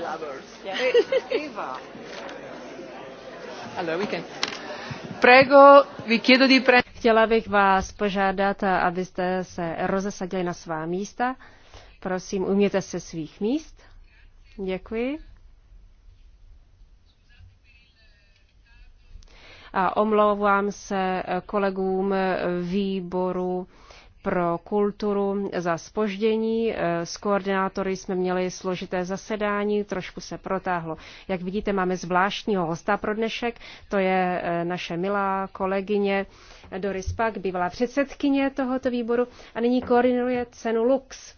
lovers. E, Prego, Chtěla bych vás požádat, abyste se rozesadili na svá místa. Prosím, uměte se svých míst. Děkuji. A omlouvám se kolegům výboru pro kulturu za spoždění. Eh, s koordinátory jsme měli složité zasedání, trošku se protáhlo. Jak vidíte, máme zvláštního hosta pro dnešek, to je eh, naše milá kolegyně Doris Pak, bývalá předsedkyně tohoto výboru a nyní koordinuje cenu Lux.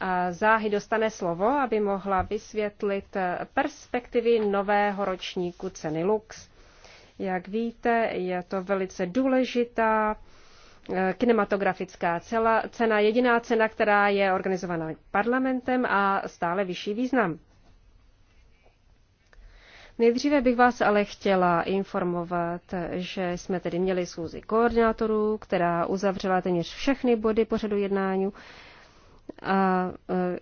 A záhy dostane slovo, aby mohla vysvětlit eh, perspektivy nového ročníku ceny Lux. Jak víte, je to velice důležitá Eh, kinematografická cela, cena, jediná cena, která je organizovaná parlamentem a stále vyšší význam. Nejdříve bych vás ale chtěla informovat, že jsme tedy měli schůzi koordinátorů, která uzavřela téměř všechny body pořadu jednání. A eh,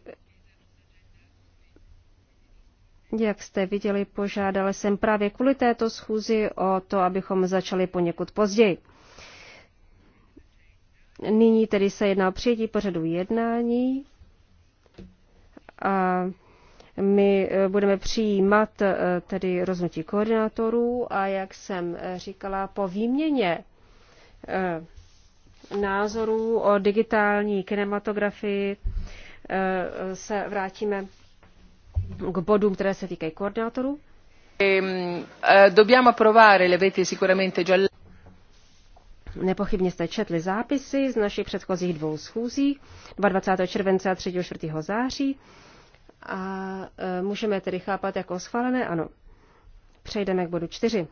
jak jste viděli, požádala jsem právě kvůli této schůzi o to, abychom začali poněkud později. Nyní tedy se jedná o přijetí pořadu jednání a my e, budeme přijímat e, tedy rozhodnutí koordinátorů a jak jsem e, říkala, po výměně názorů o digitální kinematografii se vrátíme k bodům, které se týkají koordinátorů. Ehm, dobbiamo le avete sicuramente già Nepochybně jste četli zápisy z našich předchozích dvou schůzí, 22. července a 3. 4. září. A e, můžeme tedy chápat jako schválené? Ano. Přejdeme k bodu 4.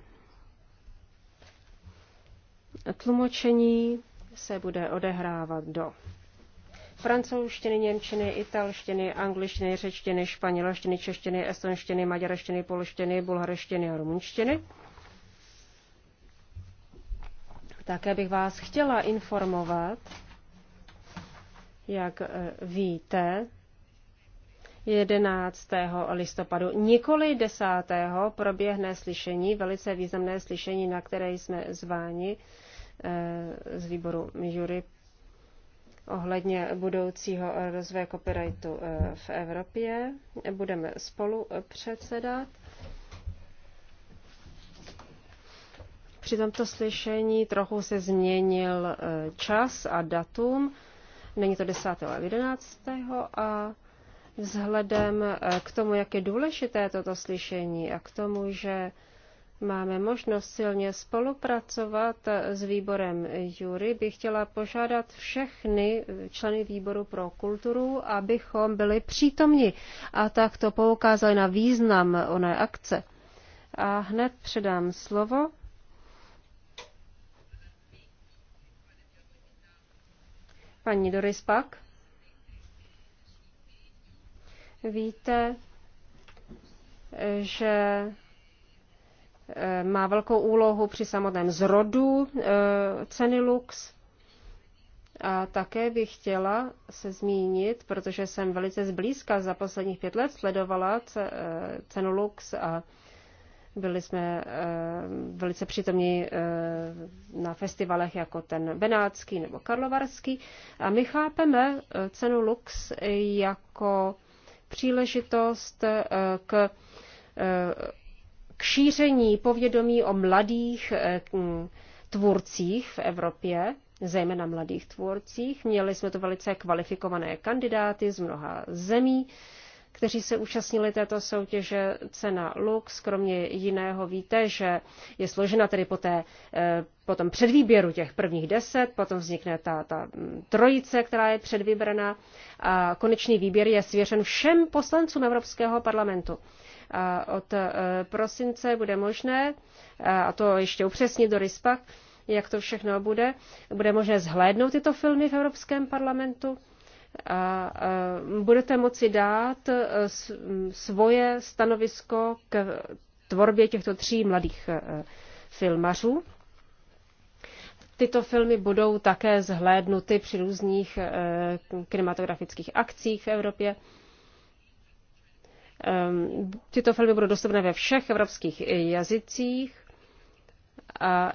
Tlumočení se bude odehrávat do francouzštiny, němčiny, italštiny, angličtiny, řečtiny, španělštiny, češtiny, estonštiny, maďarštiny, polštiny, bulharštiny a rumunštiny. Také bych vás chtěla informovat, jak eh, víte, 11. listopadu, nikoli 10. proběhne slyšení, velice významné slyšení, na které jsme zváni eh, z výboru jury ohledně budoucího rozvoje copyrightu eh, v Evropě. Budeme spolu předsedat. Při tomto slyšení trochu se změnil e, čas a datum. Není to 10. a 11. a vzhledem e, k tomu, jak je důležité toto slyšení a k tomu, že máme možnost silně spolupracovat e, s výborem Jury, bych chtěla požádat všechny členy výboru pro kulturu, abychom byli přítomni a tak to poukázali na význam oné akce. A hned předám slovo Paní Doris Pak. Víte, že eh, má velkou úlohu při samotném zrodu eh, ceny Lux. A také bych chtěla se zmínit, protože jsem velice zblízka za posledních pět let sledovala eh, cenu Lux a byli jsme eh, velice přítomní eh, na festivalech jako ten Benátský nebo Karlovarský a my chápeme eh, cenu Lux jako příležitost k, k šíření povědomí o mladých tvůrcích v Evropě, zejména mladých tvůrcích. Měli jsme to velice kvalifikované kandidáty z mnoha zemí, kteří se účastnili této soutěže Cena Lux. Kromě jiného víte, že je složena tedy po, té, eh, po tom předvýběru těch prvních deset, potom vznikne ta, ta mm, trojice, která je předvybraná a konečný výběr je svěřen všem poslancům Evropského parlamentu. A od eh, prosince bude možné, eh, a to ještě upřesnit do RISPAC, jak to všechno bude, bude možné zhlédnout tyto filmy v Evropském parlamentu a budete moci dát e, svoje stanovisko k tvorbě těchto tří mladých e, filmařů. Tyto filmy budou také zhlédnuty při různých e, kinematografických akcích v Evropě. Ehm, tyto filmy budou dostupné ve všech evropských jazycích a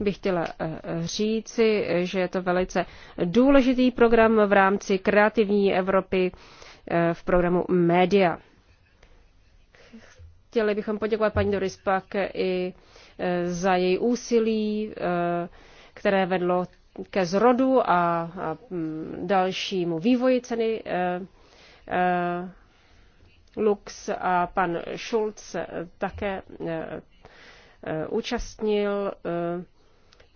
bych chtěla eh, říci, že je to velice důležitý program v rámci kreativní Evropy eh, v programu Média. Chtěli bychom poděkovat paní Doris Pak i eh, za její úsilí, které vedlo ke zrodu a hm, dalšímu vývoji ceny Lux a pan Schulz také účastnil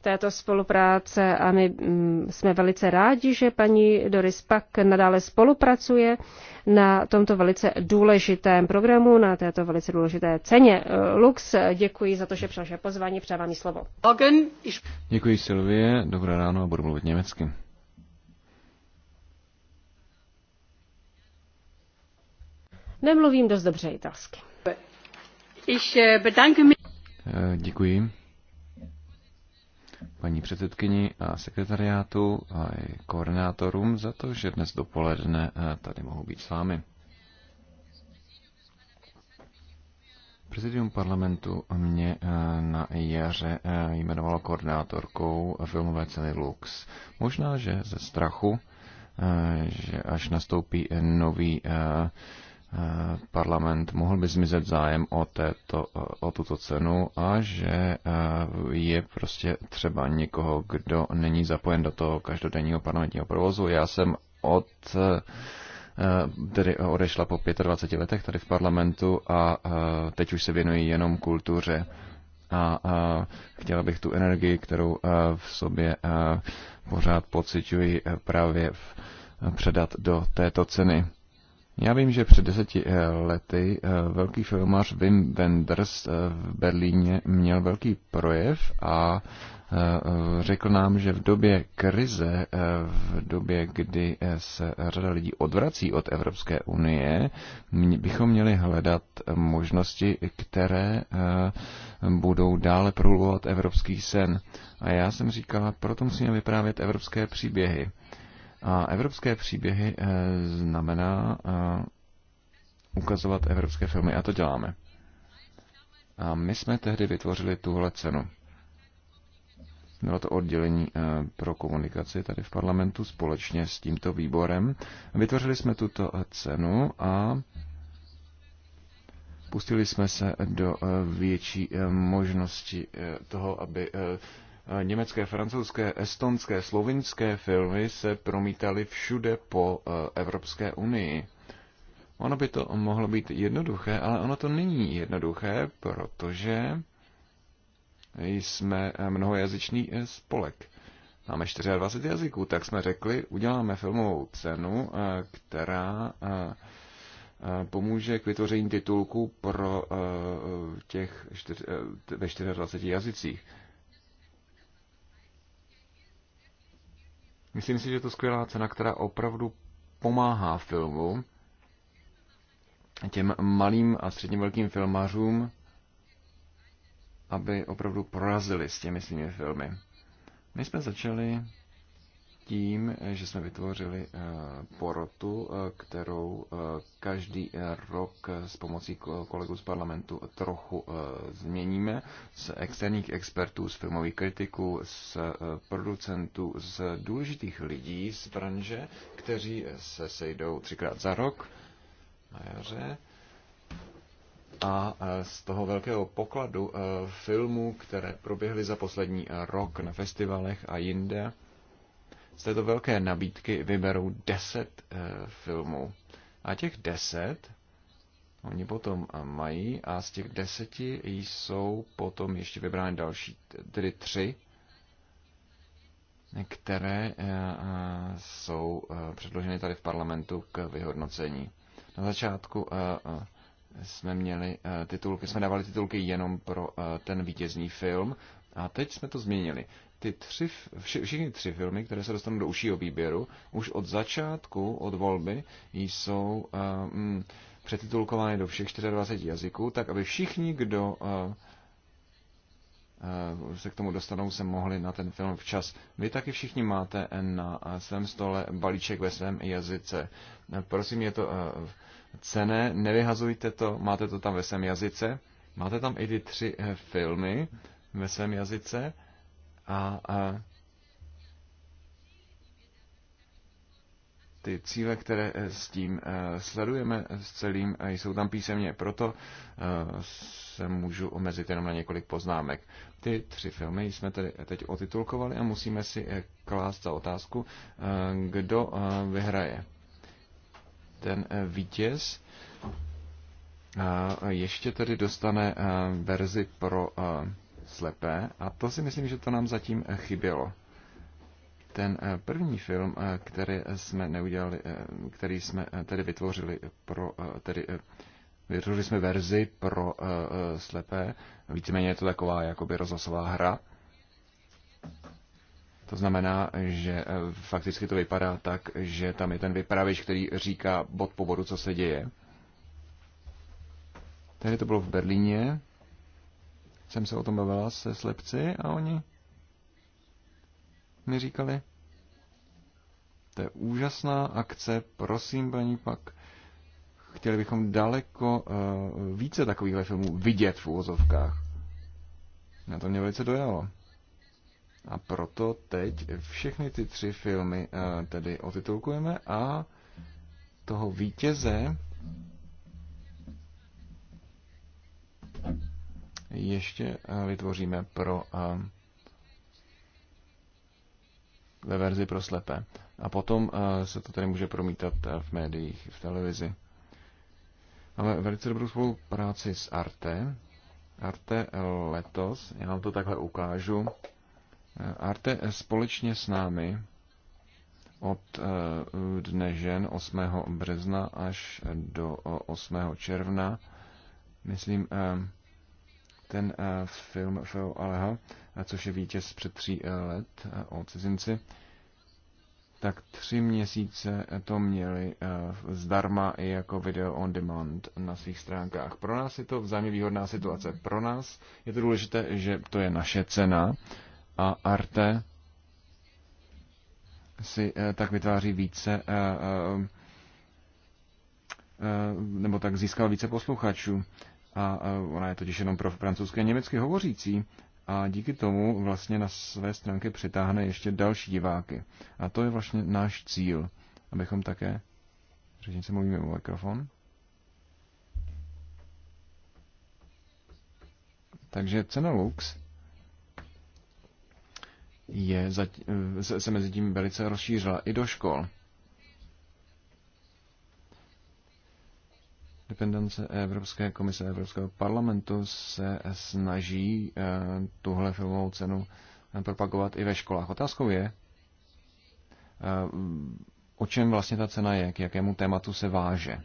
této spolupráce a my mm, jsme velice rádi, že paní Doris Pak nadále spolupracuje na tomto velice důležitém programu, na této velice důležité ceně. Eh, Lux, děkuji za to, že přišel pozvání, přeji vám slovo. Děkuji Silvie, dobré ráno a budu mluvit německy. Nemluvím dost dobře italsky. Eh, eh, děkuji paní předsedkyni a sekretariátu a i koordinátorům za to, že dnes dopoledne eh, tady mohu být s vámi. Prezidium parlamentu mě eh, na jaře eh, jmenovalo koordinátorkou filmové ceny Lux. Možná, že ze strachu, že až nastoupí nový Eh, parlament mohl by zmizet zájem o, této, eh, o tuto cenu a že eh, je prostě třeba někoho, kdo není zapojen do toho každodenního parlamentního provozu. Já jsem od tedy odešla po 25 letech tady v parlamentu a teď už se věnuji jenom kultuře. A, chtěla bych tu energii, kterou v sobě pořád pociťuji právě v, předat do této ceny. Já vím, že před deseti eh, lety eh, velký filmař Wim Wenders eh, v Berlíně měl velký projev a řekl nám, že v době krize, v době, kdy se řada lidí odvrací od Evropské unie, bychom měli hledat možnosti, které budou dále průlovat evropský sen. A já jsem říkala, proto musíme vyprávět evropské příběhy. A evropské příběhy eh, znamená eh, ukazovat evropské filmy a to děláme. A my jsme tehdy vytvořili tuhle cenu. Bylo to oddělení eh, pro komunikaci tady v parlamentu společně s tímto výborem. Vytvořili jsme tuto cenu a pustili jsme se do větší možnosti toho, aby Německé, francouzské, estonské, slovinské filmy se promítaly všude po eh, Evropské unii. Ono by to mohlo být jednoduché, ale ono to není jednoduché, protože jsme eh, mnohojazyčný eh, spolek. Máme 24 jazyků, tak jsme řekli, uděláme filmovou cenu, která pomůže k vytvoření titulků pro těch čtyř, ve 24 jazycích. Myslím si, že to skvělá cena, která opravdu pomáhá filmu, těm malým a středně velkým filmařům, aby opravdu prorazili s těmi svými filmy. My jsme začali tím, že jsme vytvořili eh, porotu, eh, kterou eh, každý rok s pomocí kolegů z parlamentu trochu změníme, z externích expertů, z filmových kritiků, z producentů, z důležitých lidí z branže, kteří se sejdou třikrát za rok na jaře a z toho velkého pokladu filmů, které proběhly za poslední rok na festivalech a jinde, z této velké nabídky vyberou 10 eh, filmů. A těch 10 oni potom eh, mají a z těch 10 jsou potom ještě vybrány další, tedy 3, které eh, jsou předloženy tady v parlamentu k vyhodnocení. Na začátku jsme měli titulky, jsme dávali titulky jenom pro ten vítězný film a teď jsme to změnili ty tři, vše, všechny tři filmy, které se dostanou do užšího výběru, už od začátku, od volby, jsou um, přetitulkovány do všech 24 jazyků, tak aby všichni, kdo uh, uh, se k tomu dostanou, se mohli na ten film včas. Vy taky všichni máte na svém stole balíček ve svém jazyce. Prosím, je to uh, cené, nevyhazujte to, máte to tam ve svém jazyce. Máte tam i ty tři filmy ve svém jazyce a, a ty cíle, které eh, s tím eh, sledujeme, eh, s celým, jsou tam písemně, proto se můžu omezit jenom na několik poznámek. Ty tři filmy jsme tedy teď otitulkovali a musíme si klást za otázku, kdo vyhraje. Ten vítěz ještě tedy dostane verzi pro slepé a to si myslím, že to nám zatím eh, chybělo. Ten eh, první film, eh, který jsme neudělali, který jsme tedy vytvořili pro, tedy vytvořili jsme verzi pro slepé, víceméně je to taková jakoby rozhlasová hra, to znamená, že fakticky to vypadá tak, že tam je ten vypravič, který říká bod po bodu, co se děje. Tady to bylo v Berlíně jsem se o tom bavila se slepci a oni mi říkali, to je úžasná akce, prosím paní pak, chtěli bychom daleko uh, více takovýchhle filmů vidět v úvozovkách. Na to mě velice dojalo. A proto teď všechny ty tři filmy uh, tedy otitulkujeme a toho vítěze ještě eh, vytvoříme pro eh, ve verzi pro slepé. A potom eh, se to tedy může promítat v médiích, v televizi. Máme velice dobrou spolupráci s Arte. Arte letos, já vám to takhle ukážu. Arte společně s námi od dne žen 8. března až do 8. června, myslím, ten eh, film Feo Aleha, eh, což je vítěz před tří eh, let o cizinci, tak tři měsíce to měli zdarma i jako video on demand na svých stránkách. Pro nás je to vzájemně výhodná situace. Pro nás je to důležité, že to je naše cena a Arte si tak vytváří více nebo tak získal více posluchačů a ona je totiž jenom pro francouzské a německy hovořící a díky tomu vlastně na své stránky přitáhne ještě další diváky. A to je vlastně náš cíl, abychom také... Řečnice mluvíme o mikrofon. Takže cena Lux je, se, se mezi tím velice rozšířila i do škol. dependence Evropské komise Evropského parlamentu se snaží eh, tuhle filmovou cenu eh, propagovat i ve školách. Otázkou je, eh, o čem vlastně ta cena je, k jakému tématu se váže.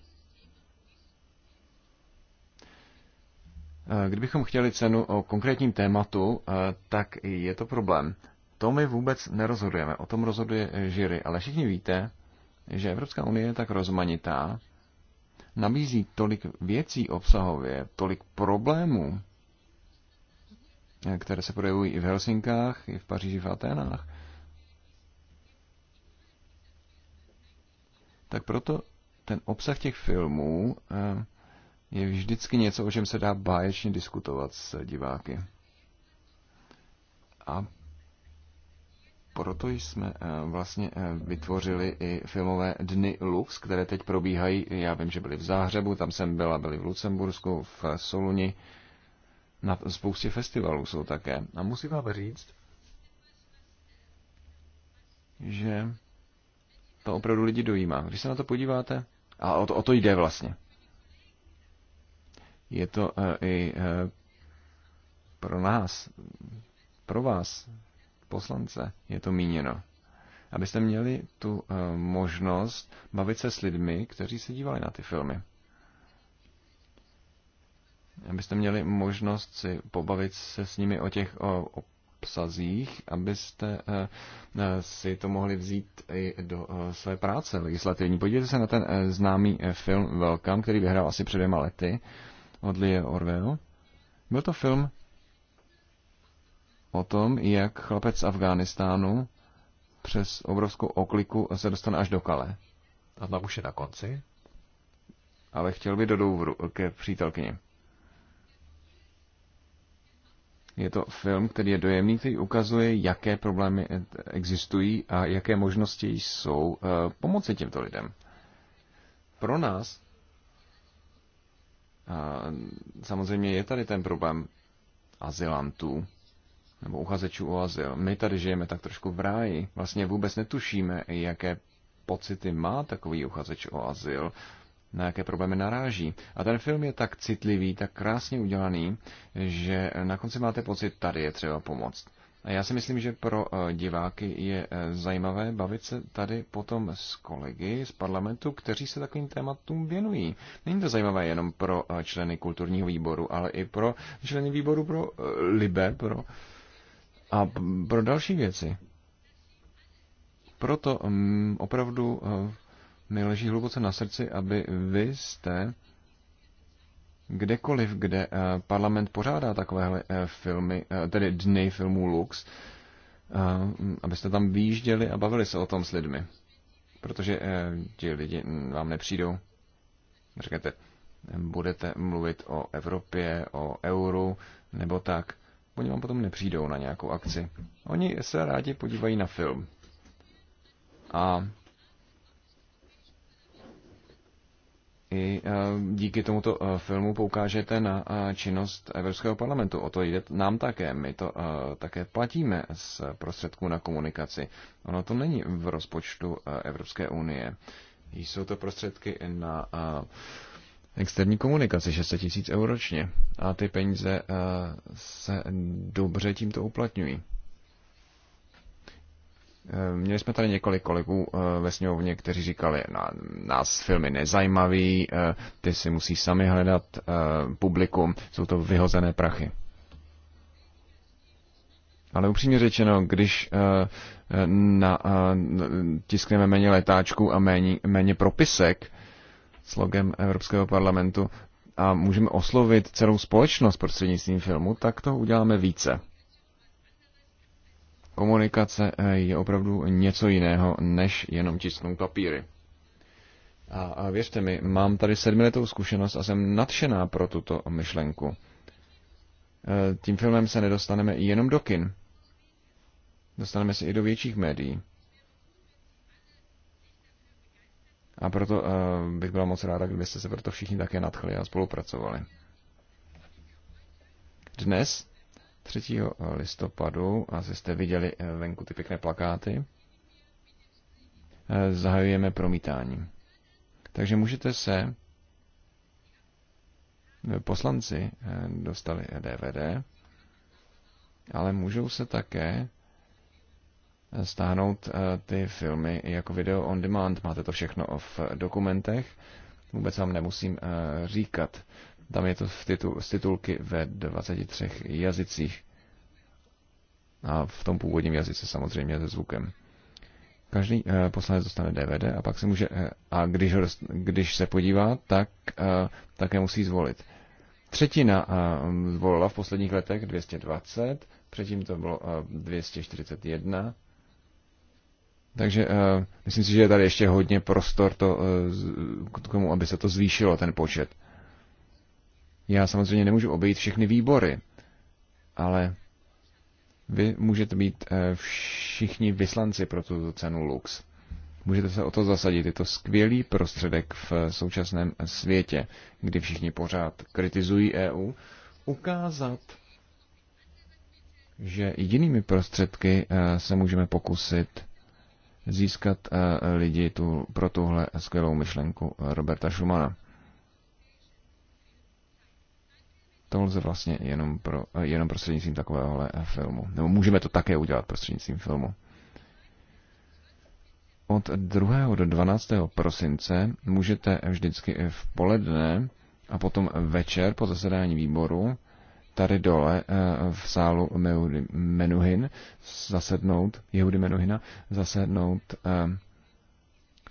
Kdybychom chtěli cenu o konkrétním tématu, tak je to problém. To my vůbec nerozhodujeme, o tom rozhoduje žiry, ale všichni víte, že Evropská unie je tak rozmanitá, nabízí tolik věcí obsahově, tolik problémů, které se projevují i v Helsinkách, i v Paříži, v Aténách. Tak proto ten obsah těch filmů eh, je vždycky něco, o čem se dá báječně diskutovat s diváky. A proto jsme eh, vlastně eh, vytvořili i filmové dny Lux, které teď probíhají. Já vím, že byly v Záhřebu, tam jsem byla, byly v Lucembursku, v Soluni. Na spoustě festivalů jsou také. A musím vám říct, že to opravdu lidi dojímá. Když se na to podíváte, a o to, o to jde vlastně. Je to uh, i uh, pro nás, pro vás poslance je to míněno. Abyste měli tu eh, možnost bavit se s lidmi, kteří se dívali na ty filmy. Abyste měli možnost si pobavit se s nimi o těch o, o psazích, abyste eh, eh, si to mohli vzít i do své práce legislativní. Podívejte se na ten známý film Welcome, který vyhrál asi před dvěma lety od Lee Orwell. Byl to film o tom, jak chlapec z Afghánistánu přes obrovskou okliku se dostane až do Kale. A tam už je na konci. Ale chtěl by do Douvru ke přítelkyni. Je to film, který je dojemný, který ukazuje, jaké problémy existují a jaké možnosti jsou eh, pomoci těmto lidem. Pro nás samozřejmě je tady ten problém azylantů, nebo uchazečů o azyl. My tady žijeme tak trošku v ráji. Vlastně vůbec netušíme, jaké pocity má takový uchazeč o azyl, na jaké problémy naráží. A ten film je tak citlivý, tak krásně udělaný, že na konci máte pocit, tady je třeba pomoct. A já si myslím, že pro eh, diváky je eh, zajímavé bavit se tady potom s kolegy z parlamentu, kteří se takovým tématům věnují. Není to zajímavé jenom pro eh, členy kulturního výboru, ale i pro členy výboru pro Libe, pro a pro další věci. Proto mm, opravdu eh, mi leží hluboce na srdci, aby vy jste kdekoliv, kde eh, parlament pořádá takovéhle eh, filmy, tedy dny filmů Lux, mm, abyste tam výjížděli a bavili se o tom s lidmi. Protože ti lidi vám nepřijdou. Řeknete, budete mluvit o Evropě, o euru, nebo tak – Oni vám potom nepřijdou na nějakou akci. Oni se rádi podívají na film. A i eh, díky tomuto eh, filmu poukážete na eh, činnost Evropského parlamentu. O to jde nám také. My to také platíme z prostředků na komunikaci. Ono to není v rozpočtu Evropské unie. Jsou to prostředky na externí komunikaci 600 tisíc eur ročně a ty peníze eh, se dobře tímto uplatňují. Eh, měli jsme tady několik kolegů eh, ve sněmovně, kteří říkali, na no, nás filmy nezajímaví, ty si musí sami hledat publikum, jsou to vyhozené prachy. Ale upřímně řečeno, když na, tiskneme méně letáčku a méně, méně propisek, slogem Evropského parlamentu a můžeme oslovit celou společnost prostřednictvím filmu, tak to uděláme více. Komunikace eh, je opravdu něco jiného, než jenom tisknout papíry. A, a věřte mi, mám tady sedmiletou zkušenost a jsem nadšená pro tuto myšlenku. Eh, tím filmem se nedostaneme jenom do kin. Dostaneme se i do větších médií. A proto eh, bych byla moc ráda, kdybyste se proto všichni také nadchli a spolupracovali. Dnes, 3. Eh, listopadu, asi jste viděli eh, venku ty pěkné plakáty, zahajujeme promítání. Takže můžete se poslanci dostali DVD, ale můžou se také stáhnout eh, ty filmy jako video on demand. Máte to všechno v dokumentech, vůbec vám nemusím eh, říkat. Tam je to v titul, z titulky ve 23 jazycích. A v tom původním jazyce samozřejmě se zvukem. Každý eh, poslanec dostane DVD a pak se může, a když, ho, když se podívá, tak také musí zvolit. Třetina zvolila v posledních letech 220, předtím to bylo 241, takže uh, myslím si, že je tady ještě hodně prostor to, uh, k tomu, aby se to zvýšilo, ten počet. Já samozřejmě nemůžu obejít všechny výbory, ale vy můžete být uh, všichni vyslanci pro tuto cenu Lux. Můžete se o to zasadit. Je to skvělý prostředek v současném světě, kdy všichni pořád kritizují EU, ukázat, že jinými prostředky se můžeme pokusit získat eh, lidi tu, pro tuhle skvělou myšlenku eh, Roberta Schumana. To lze vlastně jenom, pro, eh, jenom prostřednictvím takovéhohle filmu. Nebo můžeme to také udělat prostřednictvím filmu. Od 2. do 12. prosince můžete vždycky v poledne a potom večer po zasedání výboru tady dole eh, v sálu Menuhin zasednout, Jehudy Menuhina, zasednout eh,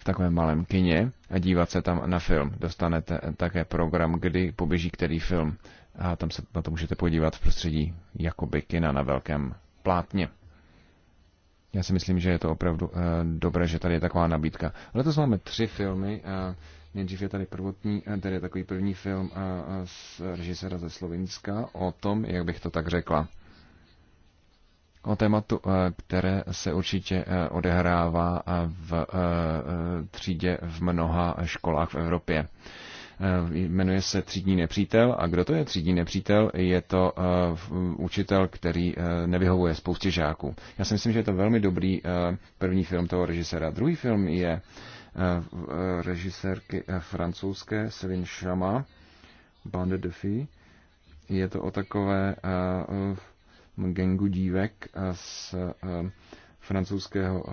v takovém malém kině a dívat se tam na film. Dostanete eh, také program, kdy poběží který film a tam se na to můžete podívat v prostředí jakoby kina na velkém plátně. Já si myslím, že je to opravdu dobré, že tady je taková nabídka. Letos máme tři filmy, Nejdřív je tady prvotní, eh, tedy takový první film eh, eh, z režisera ze Slovinska o tom, jak bych to tak řekla. O tématu, které se určitě odehrává v třídě v mnoha školách v Evropě jmenuje se třídní nepřítel. A kdo to je třídní nepřítel? Je to učitel, který nevyhovuje spoustě žáků. Já si myslím, že je to velmi dobrý první film toho režiséra. Druhý film je Eh, režisérky eh, francouzské Céline Chama, Bande de Fille. Je to o takové eh, gengu dívek z francouzského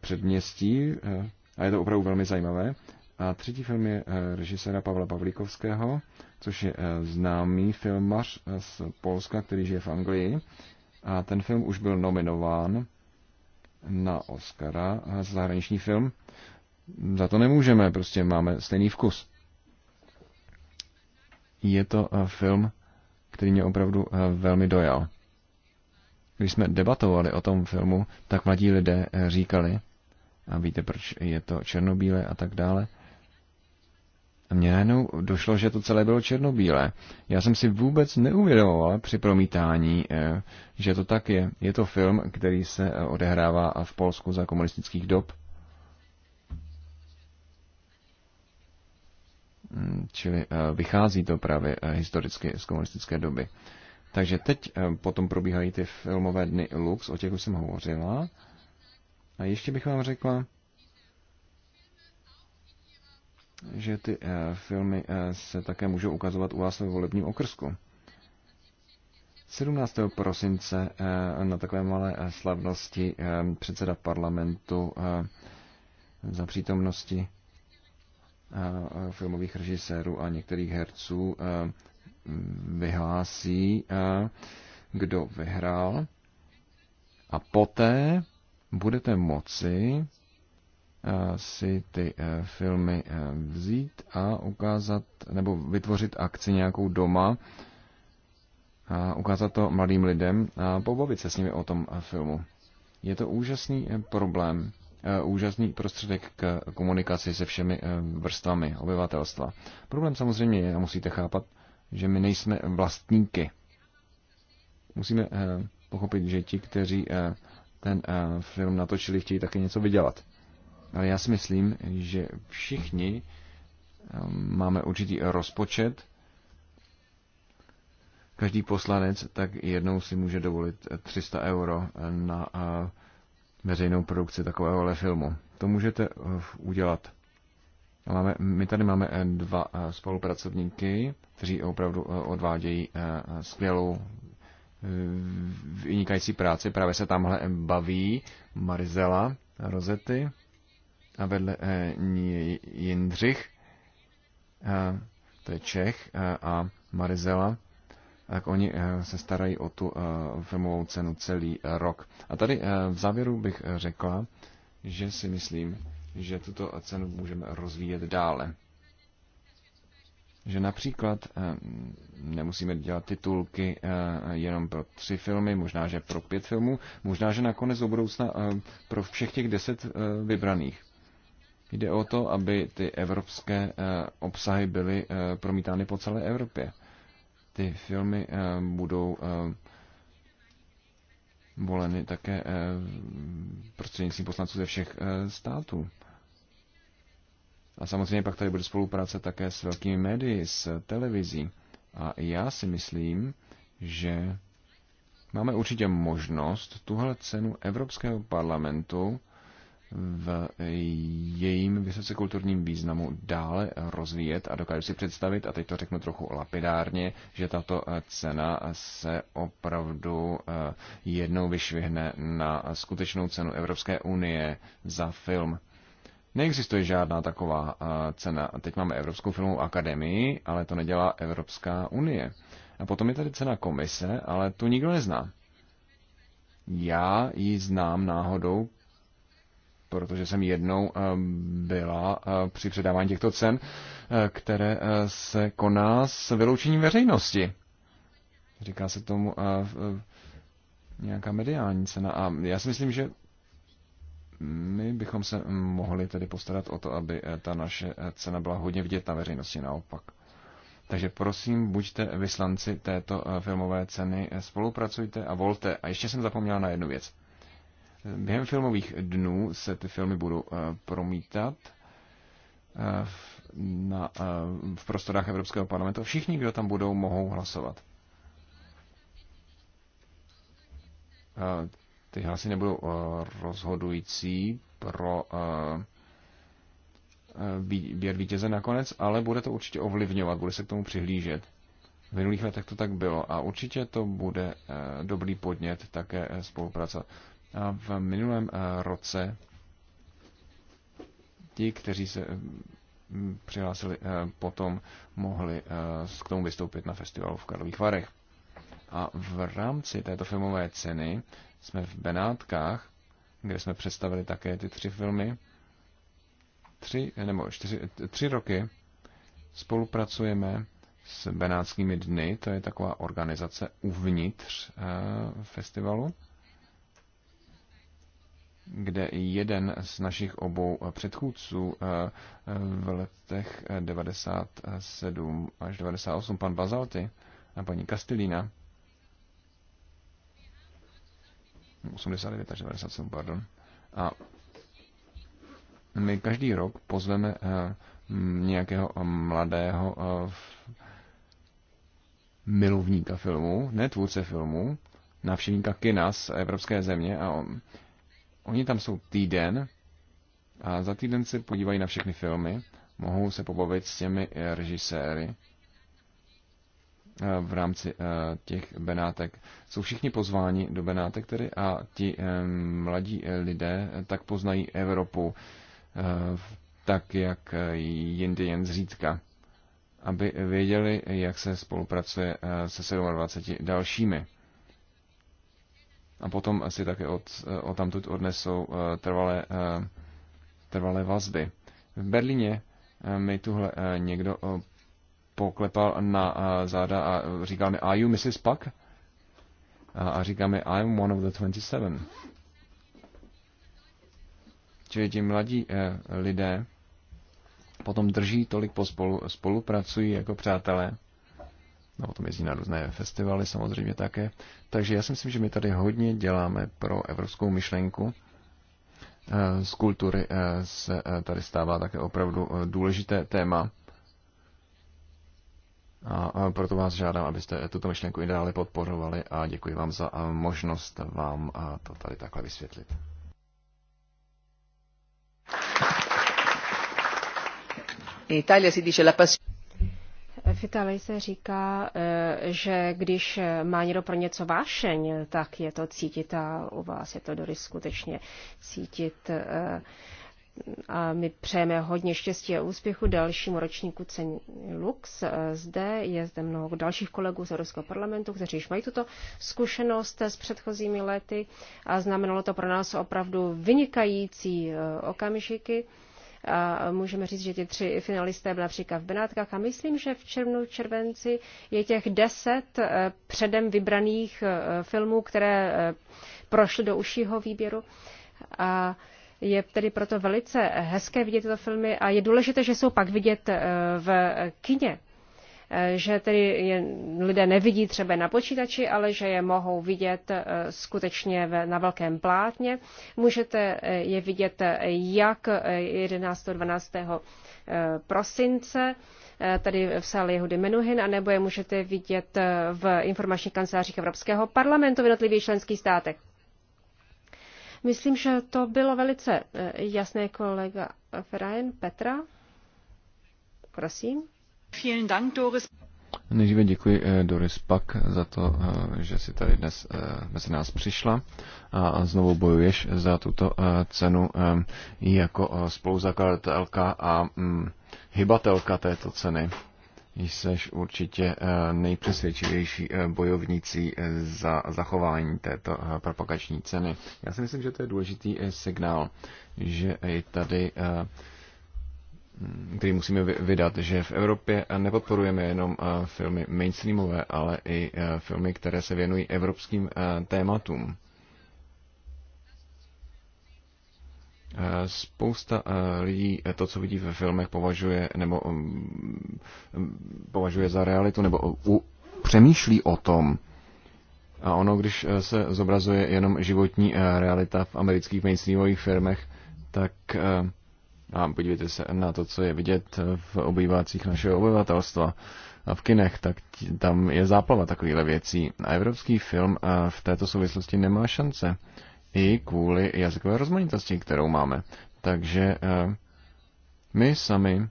předměstí a je to opravdu velmi zajímavé. A třetí film je režiséra Pavla Pavlíkovského, což je známý filmař z Polska, který žije v Anglii. A ten film už byl nominován na Oscara za zahraniční film za to nemůžeme, prostě máme stejný vkus. Je to eh, film, který mě opravdu eh, velmi dojal. Když jsme debatovali o tom filmu, tak mladí lidé eh, říkali, a víte, proč je to černobílé a tak dále, a mně najednou došlo, že to celé bylo černobílé. Já jsem si vůbec neuvědomoval při promítání, že to tak je. Je to film, který se odehrává v Polsku za komunistických dob. Mm, čili eh, vychází to právě eh, historicky z komunistické doby. Takže teď eh, potom probíhají ty filmové dny Lux, o těch už jsem hovořila. A ještě bych vám řekla, že ty filmy se také můžou ukazovat u vás ve volebním okrsku. 17. prosince na takové malé slavnosti předseda parlamentu za přítomnosti filmových režisérů a některých herců mm, vyhlásí, kdo vyhrál. A poté budete moci si ty e, filmy e, vzít a ukázat, nebo vytvořit akci nějakou doma, a ukázat to mladým lidem a pobavit se s nimi o tom filmu. Je to úžasný e, problém. Eh, úžasný prostředek k komunikaci se všemi eh, vrstvami obyvatelstva. Problém samozřejmě je, a musíte chápat, že my nejsme vlastníky. Musíme eh, pochopit, že ti, kteří ten film natočili, chtějí taky něco vydělat. Ale já si myslím, že všichni máme určitý rozpočet. Každý poslanec tak jednou si může dovolit 300 euro na veřejnou produkci takovéhohle filmu. To můžete eh, udělat. Máme, my tady máme eh, dva eh, spolupracovníky, kteří opravdu odvádějí skvělou vynikající práci. Právě se tamhle baví Marizela Rozety a vedle ní Jindřich, to je Čech a Marizela tak oni eh, se starají o tu eh, filmovou cenu celý eh, rok. A tady v závěru bych řekla, že si myslím, že tuto cenu můžeme rozvíjet dále. Že například nemusíme dělat titulky jenom pro tři filmy, možná, že pro pět filmů, možná, že nakonec do budoucna pro všech těch deset vybraných. Jde o to, aby ty evropské obsahy byly promítány po celé Evropě ty filmy eh, budou eh, voleny také eh, prostřednictvím poslanců ze všech států. A samozřejmě pak tady bude spolupráce také s velkými médii, s televizí. A já si myslím, že máme určitě možnost tuhle cenu Evropského parlamentu v jejím vysoce kulturním významu dále rozvíjet a dokážu si představit, a teď to řeknu trochu lapidárně, že tato cena se opravdu eh, jednou vyšvihne na skutečnou cenu Evropské unie za film. Neexistuje žádná taková eh, cena. Teď máme Evropskou filmovou akademii, ale to nedělá Evropská unie. A potom je tady cena komise, ale tu nikdo nezná. Já ji znám náhodou protože jsem jednou eh, byla eh, při předávání těchto cen, eh, které se koná s vyloučením veřejnosti. Říká se tomu nějaká mediální cena. A já si myslím, že my bychom se mohli tedy postarat o to, aby ta naše cena byla hodně vidět na veřejnosti naopak. Takže prosím, buďte vyslanci této filmové ceny, spolupracujte a volte. A ještě jsem zapomněla na jednu věc. Během filmových dnů se ty filmy budou eh, promítat eh, v, na, eh, v prostorách Evropského parlamentu. Všichni, kdo tam budou, mohou hlasovat. Ty hlasy nebudou rozhodující pro výběr vítěze nakonec, ale bude to určitě ovlivňovat, bude se k tomu přihlížet. V minulých letech to tak bylo a určitě to bude dobrý podnět také spolupracovat. A v minulém eh, roce ti, kteří se eh, přihlásili eh, potom, mohli k tomu vystoupit na festivalu v Karlových Varech. A v rámci této filmové ceny jsme v Benátkách, kde jsme představili také ty tři filmy, tři nebo čtyři, tři roky spolupracujeme s Benátskými dny, to je taková organizace uvnitř festivalu kde jeden z našich obou předchůdců eh, eh, v letech 97 eh, až 98, pan Bazalty a paní Kastilína, 89 až 97, pardon, a my každý rok pozveme nějakého mladého milovníka filmu, ne tvůrce filmu, návštěvníka kina z evropské země a on, Oni tam jsou týden a za týden se podívají na všechny filmy, mohou se pobavit s těmi eh, režiséry eh, v rámci eh, těch Benátek. Jsou všichni pozváni do Benátek tedy a ti mladí lidé tak poznají Evropu tak, jak jindy jen zřídka, aby věděli, jak se spolupracuje se 27 dalšími a potom si také od, eh, od tamtud odnesou eh, trvalé, eh, trvalé vazby. V Berlíně mi tuhle někdo poklepal na záda a říkal mi, are you Mrs. Puck? A říká mi, I'm one of the 27. Čili ti mladí lidé potom drží tolik pospolu, spolupracují jako přátelé a no, potom jezdí na různé festivaly samozřejmě také. Takže já si myslím, že my tady hodně děláme pro evropskou myšlenku. Eh, z kultury eh, se eh, tady stává také opravdu důležité téma. A proto vás žádám, abyste tuto myšlenku i dále podporovali a děkuji vám za možnost vám to tady takhle vysvětlit. Italia si dice la passione. V Italii se říká, e, že když má někdo pro něco vášeň, tak je to cítit a u vás je to do skutečně cítit. E, a my přejeme hodně štěstí a úspěchu dalšímu ročníku cen Lux. E, zde je zde mnoho dalších kolegů z Evropského parlamentu, kteří již mají tuto zkušenost s předchozími lety a znamenalo to pro nás opravdu vynikající okamžiky. A můžeme říct, že ti tři finalisté byla například v Benátkách a myslím, že v červnu, červenci je těch deset eh, předem vybraných eh, filmů, které eh, prošly do užšího výběru. A je tedy proto velice hezké vidět tyto filmy a je důležité, že jsou pak vidět v kině. Eh, že tedy je, lidé nevidí třeba na počítači, ale že je mohou vidět eh, skutečně na velkém plátně. Můžete eh, je vidět jak 11. 12. prosince, tady v sále Jehudy Menuhin, anebo je můžete vidět v informačních kancelářích Evropského parlamentu v jednotlivých členských státech. Myslím, že to bylo velice jasné kolega Ferajen Petra. Prosím. Nejdříve děkuji eh, Doris Pak za to, eh, že jsi tady dnes eh, mezi nás přišla a znovu bojuješ za tuto cenu jako spoluzakladatelka a mm, hybatelka této ceny. Jsi určitě nejpřesvědčivější bojovnící za zachování této propagační ceny. Já si myslím, že to je důležitý signál, že i tady který musíme vydat, že v Evropě nepodporujeme jenom eh, filmy mainstreamové, ale i eh, filmy, které se věnují evropským eh, tématům. Spousta lidí to, co vidí ve filmech, považuje nebo mm, mm, považuje za realitu nebo u, přemýšlí o tom. A ono, když se zobrazuje jenom životní realita v amerických mainstreamových filmech, tak a podívejte se na to, co je vidět v obývácích našeho obyvatelstva a v kinech, tak tam je záplava takovýchhle věcí. A evropský film eh, v této souvislosti nemá šance i kvůli jazykové rozmanitosti, kterou máme. Takže eh, my sami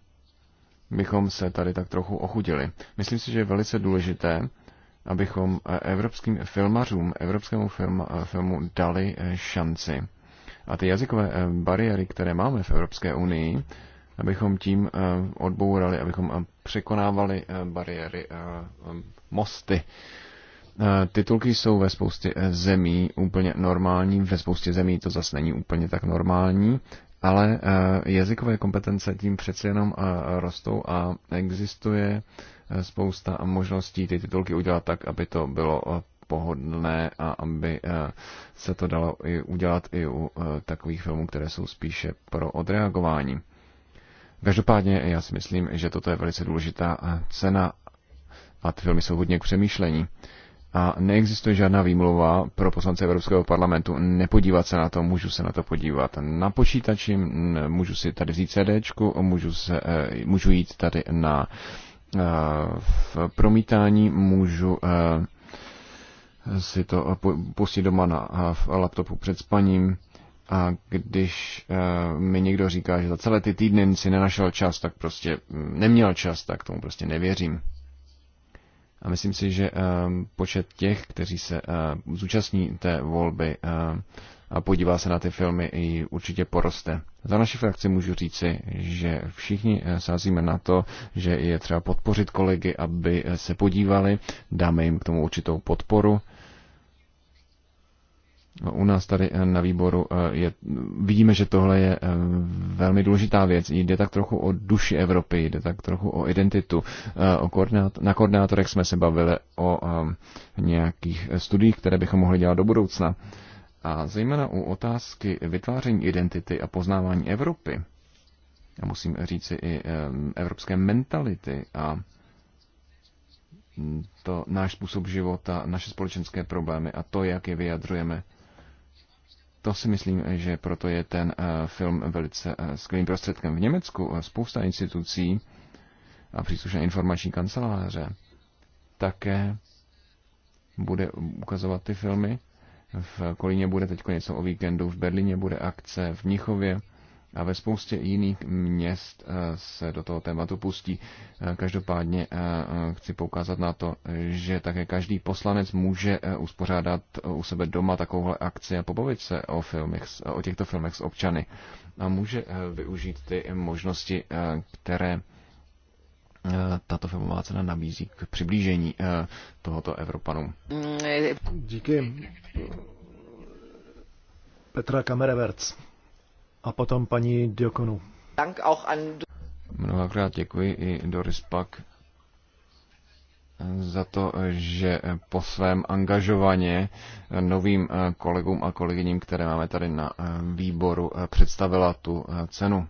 bychom se tady tak trochu ochudili. Myslím si, že je velice důležité, abychom eh, evropským filmařům, evropskému film, filmu dali šanci a ty jazykové eh, bariéry, které máme v Evropské unii, abychom tím eh, odbourali, abychom eh, překonávali bariéry mosty. Titulky jsou ve spoustě zemí úplně normální, ve spoustě zemí to zase není úplně tak normální, ale jazykové kompetence tím přece jenom rostou a existuje spousta možností ty titulky udělat tak, aby to bylo pohodlné a aby eh, se to dalo i udělat i u eh, takových filmů, které jsou spíše pro odreagování. Každopádně já si myslím, že toto je velice důležitá eh, cena a ty filmy jsou hodně k přemýšlení. A neexistuje žádná výmluva pro poslance Evropského parlamentu nepodívat se na to, můžu se na to podívat na počítači, můžu si tady vzít CD, můžu, se, můžu jít tady na v promítání, můžu si to eh, pustit doma na eh, laptopu před spaním. A když eh, mi někdo říká, že za celé ty týdny si nenašel čas, tak prostě mm, neměl čas, tak tomu prostě nevěřím. A myslím si, že počet těch, kteří se zúčastní té volby a podívá se na ty filmy, i určitě poroste. Za naši frakci můžu říci, že všichni sázíme na to, že je třeba podpořit kolegy, aby se podívali, dáme jim k tomu určitou podporu No, u nás tady eh, na výboru eh, je, vidíme, že tohle je eh, velmi důležitá věc. Jde tak trochu o duši Evropy, jde tak trochu o identitu. O koordinátor, na koordinátorech jsme se bavili o nějakých studiích, které bychom mohli dělat do budoucna. A zejména u otázky vytváření identity a poznávání Evropy, a musím říci i evropské mentality a to náš způsob života, naše společenské problémy a to, jak je vyjadřujeme, to si myslím, že proto je ten eh, film velice eh, skvělým prostředkem. V Německu eh, spousta institucí a příslušné informační kanceláře také bude ukazovat ty filmy. V Kolíně bude teď něco o víkendu, v Berlíně bude akce, v Mnichově a ve spoustě jiných měst eh, se do toho tématu pustí. Eh, každopádně eh, chci poukázat na to, že také každý poslanec může uspořádat u sebe doma takovouhle akci a pobavit se o, filmech, o těchto filmech s občany a může využít ty možnosti, které tato filmová cena nabízí k přiblížení tohoto evropanu. Mm, Díky. Petra Kamereverc a potom paní Diokonu. Mnohokrát děkuji i Doris Pak za to, že po svém angažovaně novým kolegům a kolegyním, které máme tady na výboru, představila tu cenu.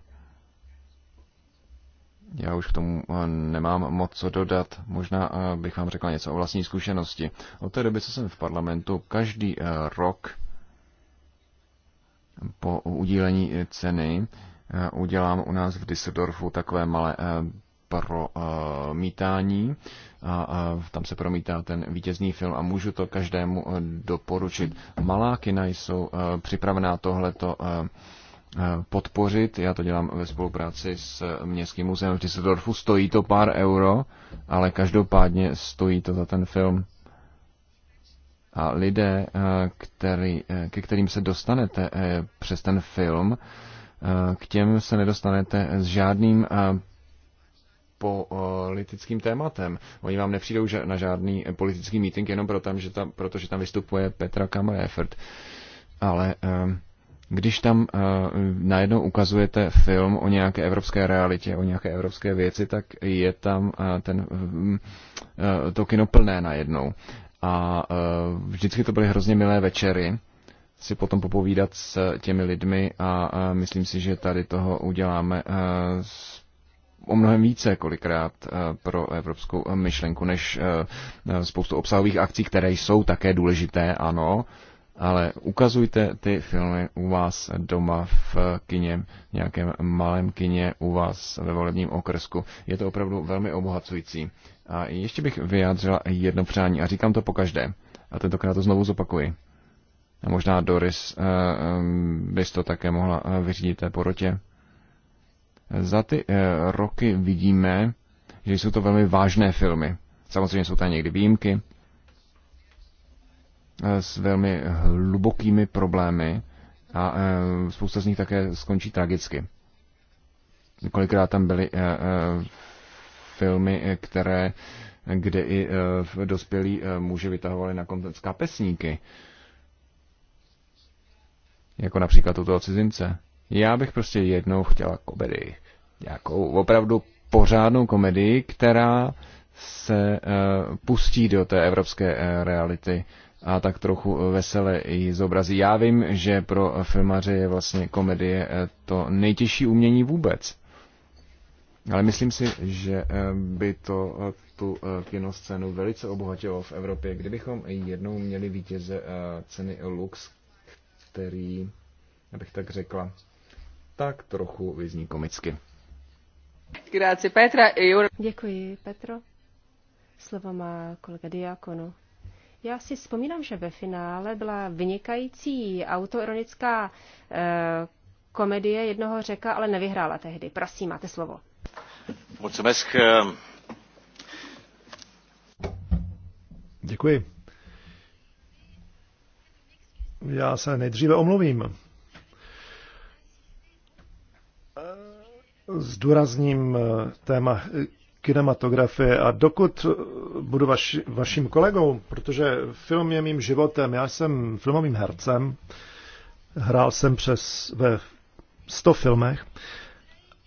Já už k tomu nemám moc co dodat. Možná bych vám řekla něco o vlastní zkušenosti. Od té doby, co jsem v parlamentu, každý rok po udílení ceny eh, udělám u nás v Düsseldorfu takové malé eh, promítání. Eh, a, tam se promítá ten vítězný film a můžu to každému doporučit. Malá kina jsou připravená tohleto podpořit. Já to dělám ve spolupráci s Městským muzeem v Düsseldorfu. Stojí to pár euro, ale každopádně stojí to za ten film. A lidé, eh, který, eh, ke kterým se dostanete eh, přes ten film, k těm se nedostanete s žádným politickým tématem. Oni vám nepřijdou na žádný politický meeting jenom proto, že tam, protože tam vystupuje Petra Kamrefert. Ale když tam najednou ukazujete film o nějaké evropské realitě, o nějaké evropské věci, tak je tam ten, to kino plné najednou. A e, vždycky to byly hrozně milé večery si potom popovídat s těmi lidmi a e, myslím si, že tady toho uděláme e, o mnohem více kolikrát pro evropskou myšlenku, než spoustu obsahových akcí, které jsou také důležité, ano, ale ukazujte ty filmy u vás doma v kině, v nějakém malém kině u vás ve volebním okrsku. Je to opravdu velmi obohacující. A ještě bych vyjádřila jedno přání a říkám to pokaždé, A tentokrát to znovu zopakuji. A možná Doris eh, eh, bys to také mohla eh, vyřídit té porotě. Za ty roky vidíme, že jsou to velmi vážné filmy. Samozřejmě jsou tam někdy výjimky, Eh, s velmi hlubokými problémy a eh, spousta z nich také skončí tragicky. Kolikrát tam byly eh, filmy, které, kde i dospělí muži vytahovali na konec kapesníky. Jako například tuto cizince. Já bych prostě jednou chtěla komedii. Nějakou opravdu pořádnou komedii, která se pustí do té evropské reality a tak trochu vesele ji zobrazí. Já vím, že pro filmaře je vlastně komedie eh, to nejtěžší umění vůbec. Ale myslím si, že eh, by to eh, tu kinoscénu velice obohatilo v Evropě, kdybychom jednou měli vítěze ceny Lux, který, abych tak řekla, tak trochu vyzní komicky. Děkuji, Petro. Slovo má kolega Diakonu. Já si vzpomínám, že ve finále byla vynikající autoironická eh, komedie jednoho řeka, ale nevyhrála tehdy. Prosím, máte slovo. Mulțumesc. Děkuji. Já se nejdříve omluvím. Zdůrazním eh, téma kinematografie a dokud budu vaš, vaším kolegou, protože film je mým životem, já jsem filmovým hercem, hrál jsem přes ve 100 filmech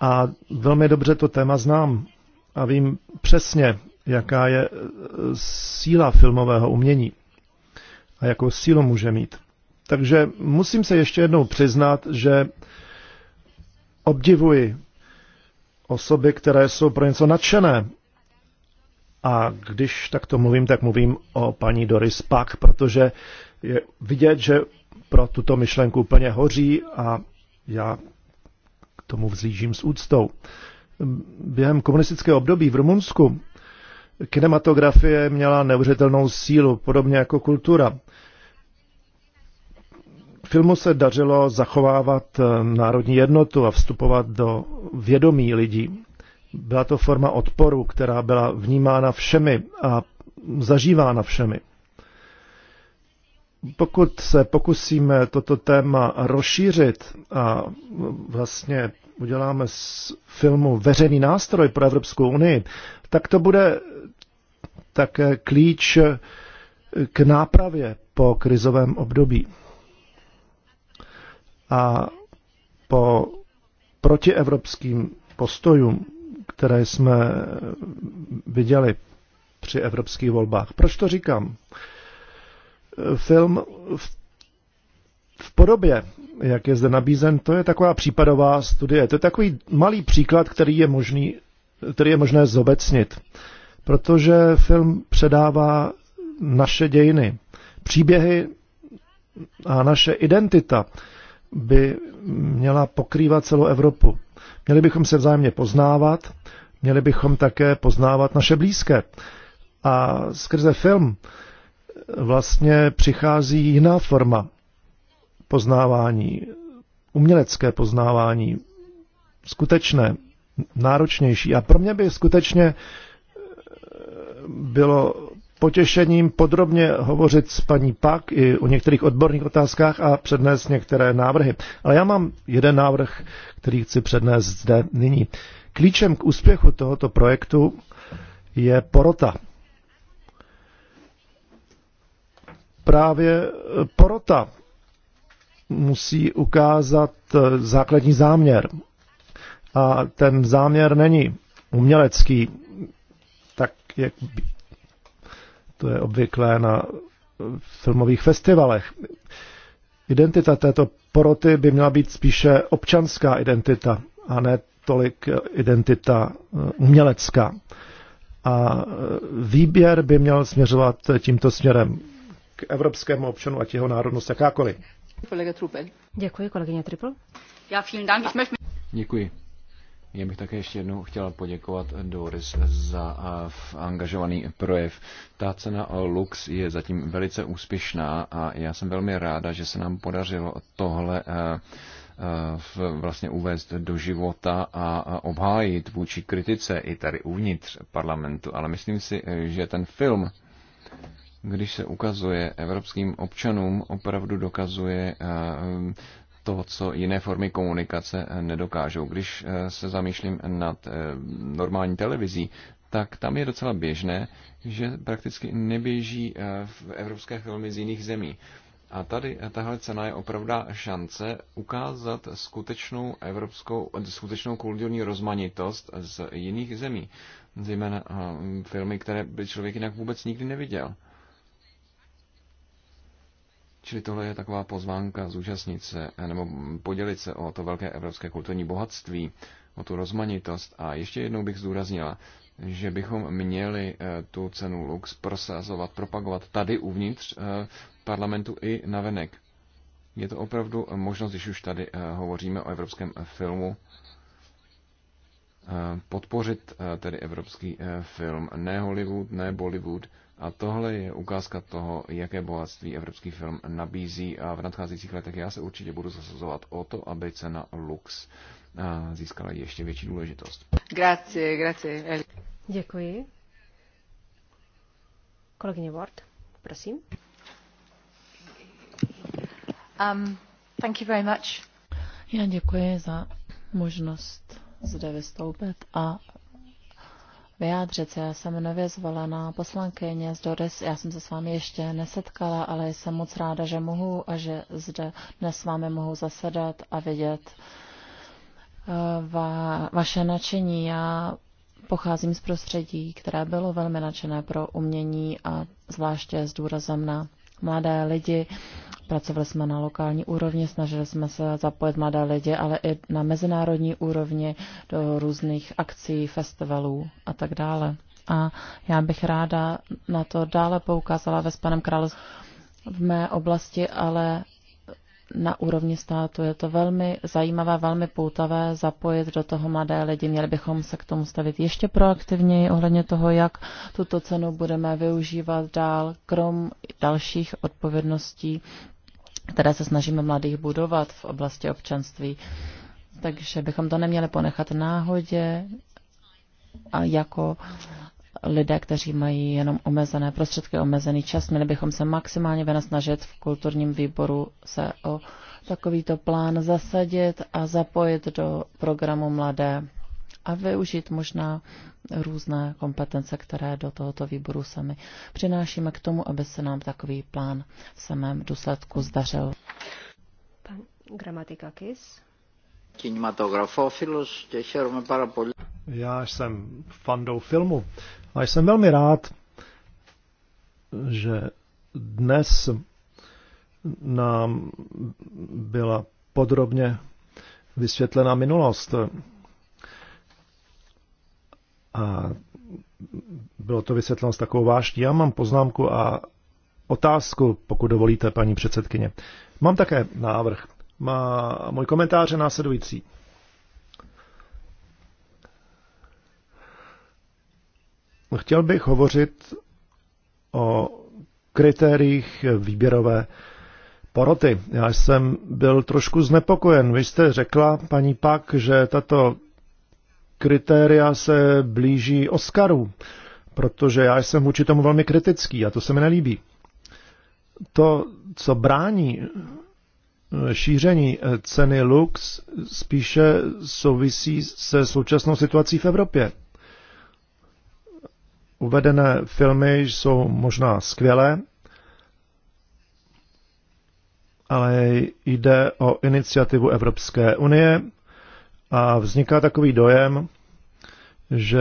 a velmi dobře to téma znám a vím přesně, jaká je e, síla filmového umění a jakou sílu může mít. Takže musím se ještě jednou přiznat, že obdivuji osoby, které jsou pro něco nadšené. A když takto mluvím, tak mluvím o paní Doris Pak, protože je vidět, že pro tuto myšlenku úplně hoří a já k tomu vzlížím s úctou. Během komunistického období v Rumunsku kinematografie měla neuvěřitelnou sílu, podobně jako kultura filmu se dařilo zachovávat eh, národní jednotu a vstupovat do vědomí lidí. Byla to forma odporu, která byla vnímána všemi a zažívána všemi. Pokud se pokusíme toto téma rozšířit a vlastně uděláme z filmu veřejný nástroj pro Evropskou unii, tak to bude také klíč k nápravě po krizovém období a po protievropským postojům, které jsme viděli při evropských volbách. Proč to říkám? Film v, v podobě, jak je zde nabízen, to je taková případová studie. To je takový malý příklad, který je, možný, který je možné zobecnit. Protože film předává naše dějiny, příběhy a naše identita by měla pokrývat celou Evropu. Měli bychom se vzájemně poznávat, měli bychom také poznávat naše blízké. A skrze film vlastně přichází jiná forma poznávání, umělecké poznávání, skutečné, náročnější. A pro mě by skutečně bylo potěšením podrobně hovořit s paní Pak i o některých odborných otázkách a přednést některé návrhy. Ale já mám jeden návrh, který chci přednést zde nyní. Klíčem k úspěchu tohoto projektu je porota. Právě porota musí ukázat základní záměr. A ten záměr není umělecký, tak jak to je obvyklé na filmových festivalech. Identita této poroty by měla být spíše občanská identita a ne tolik identita eh, umělecká. A eh, výběr by měl směřovat tímto směrem k evropskému občanu, ať jeho národnost jakákoliv. Děkuji, kolegyně Triple. Já vielen Dank. Děkuji. Já bych také ještě jednou chtěla poděkovat Doris za angažovaný projev. Ta cena Lux je zatím velice úspěšná a já jsem velmi ráda, že se nám podařilo tohle vlastně uvést do života a obhájit vůči kritice i tady uvnitř parlamentu. Ale myslím si, že ten film, když se ukazuje evropským občanům, opravdu dokazuje toho, co jiné formy komunikace eh, nedokážou. Když eh, se zamýšlím nad eh, normální televizí, tak tam je docela běžné, že prakticky neběží v evropské filmy z jiných zemí. A tady tahle cena je opravdu šance ukázat skutečnou evropskou, skutečnou kulturní rozmanitost z jiných zemí. Zejména filmy, které by člověk jinak vůbec nikdy neviděl. Čili tohle je taková pozvánka zúčastnit se nebo podělit se o to velké evropské kulturní bohatství, o tu rozmanitost. A ještě jednou bych zdůraznila, že bychom měli eh, tu cenu Lux prosazovat, propagovat tady uvnitř eh, parlamentu i navenek. Je to opravdu možnost, když už tady eh, hovoříme o evropském filmu, podpořit tedy evropský film, ne Hollywood, ne Bollywood, a tohle je ukázka toho, jaké bohatství evropský film nabízí a v nadcházejících letech já se určitě budu zasazovat o to, aby cena Lux eh, získala ještě větší důležitost. Grazie, grazie. Děkuji. Kolegyně Ward, prosím. Um, thank you very much. Já děkuji za možnost zde vystoupit a vyjádřit se. Já jsem nově zvolená poslankyně z Doris. Já jsem se s vámi ještě nesetkala, ale jsem moc ráda, že mohu a že zde dnes s vámi mohu zasedat a vidět eh, va, vaše nadšení. Já pocházím z prostředí, které bylo velmi nadšené pro umění a zvláště s důrazem na mladé lidi Pracovali jsme na lokální úrovni, snažili jsme se zapojit mladé lidi, ale i na mezinárodní úrovni do různých akcí, festivalů a tak dále. A já bych ráda na to dále poukázala ve panem království v mé oblasti, ale na úrovni státu. Je to velmi zajímavé, velmi poutavé zapojit do toho mladé lidi. Měli bychom se k tomu stavit ještě proaktivněji ohledně toho, jak tuto cenu budeme využívat dál, krom dalších odpovědností, které se snažíme mladých budovat v oblasti občanství. Takže bychom to neměli ponechat náhodě a jako lidé, kteří mají jenom omezené prostředky, omezený čas, měli bychom se maximálně vynasnažit v kulturním výboru se o takovýto plán zasadit a zapojit do programu mladé a využít možná různé kompetence, které do tohoto výboru sami přinášíme k tomu, aby se nám takový plán v samém důsledku zdařil. Pan gramatika Kis. και χαίρομαι πάρα Já jsem fandou filmu a jsem velmi rád, že dnes nám byla podrobně vysvětlena minulost a bylo to vysvětleno s takovou váští. Já mám poznámku a otázku, pokud dovolíte, paní předsedkyně. Mám také návrh. Má můj komentář je následující. Chtěl bych hovořit o kritériích výběrové poroty. Já jsem byl trošku znepokojen. Vy jste řekla, paní Pak, že tato kritéria se blíží Oscaru, protože já jsem vůči tomu velmi kritický a to se mi nelíbí. To, co brání eh, šíření eh, ceny Lux, spíše souvisí se současnou situací v Evropě. Uvedené filmy jsou možná skvělé, ale jde o iniciativu Evropské unie, a vzniká takový dojem, že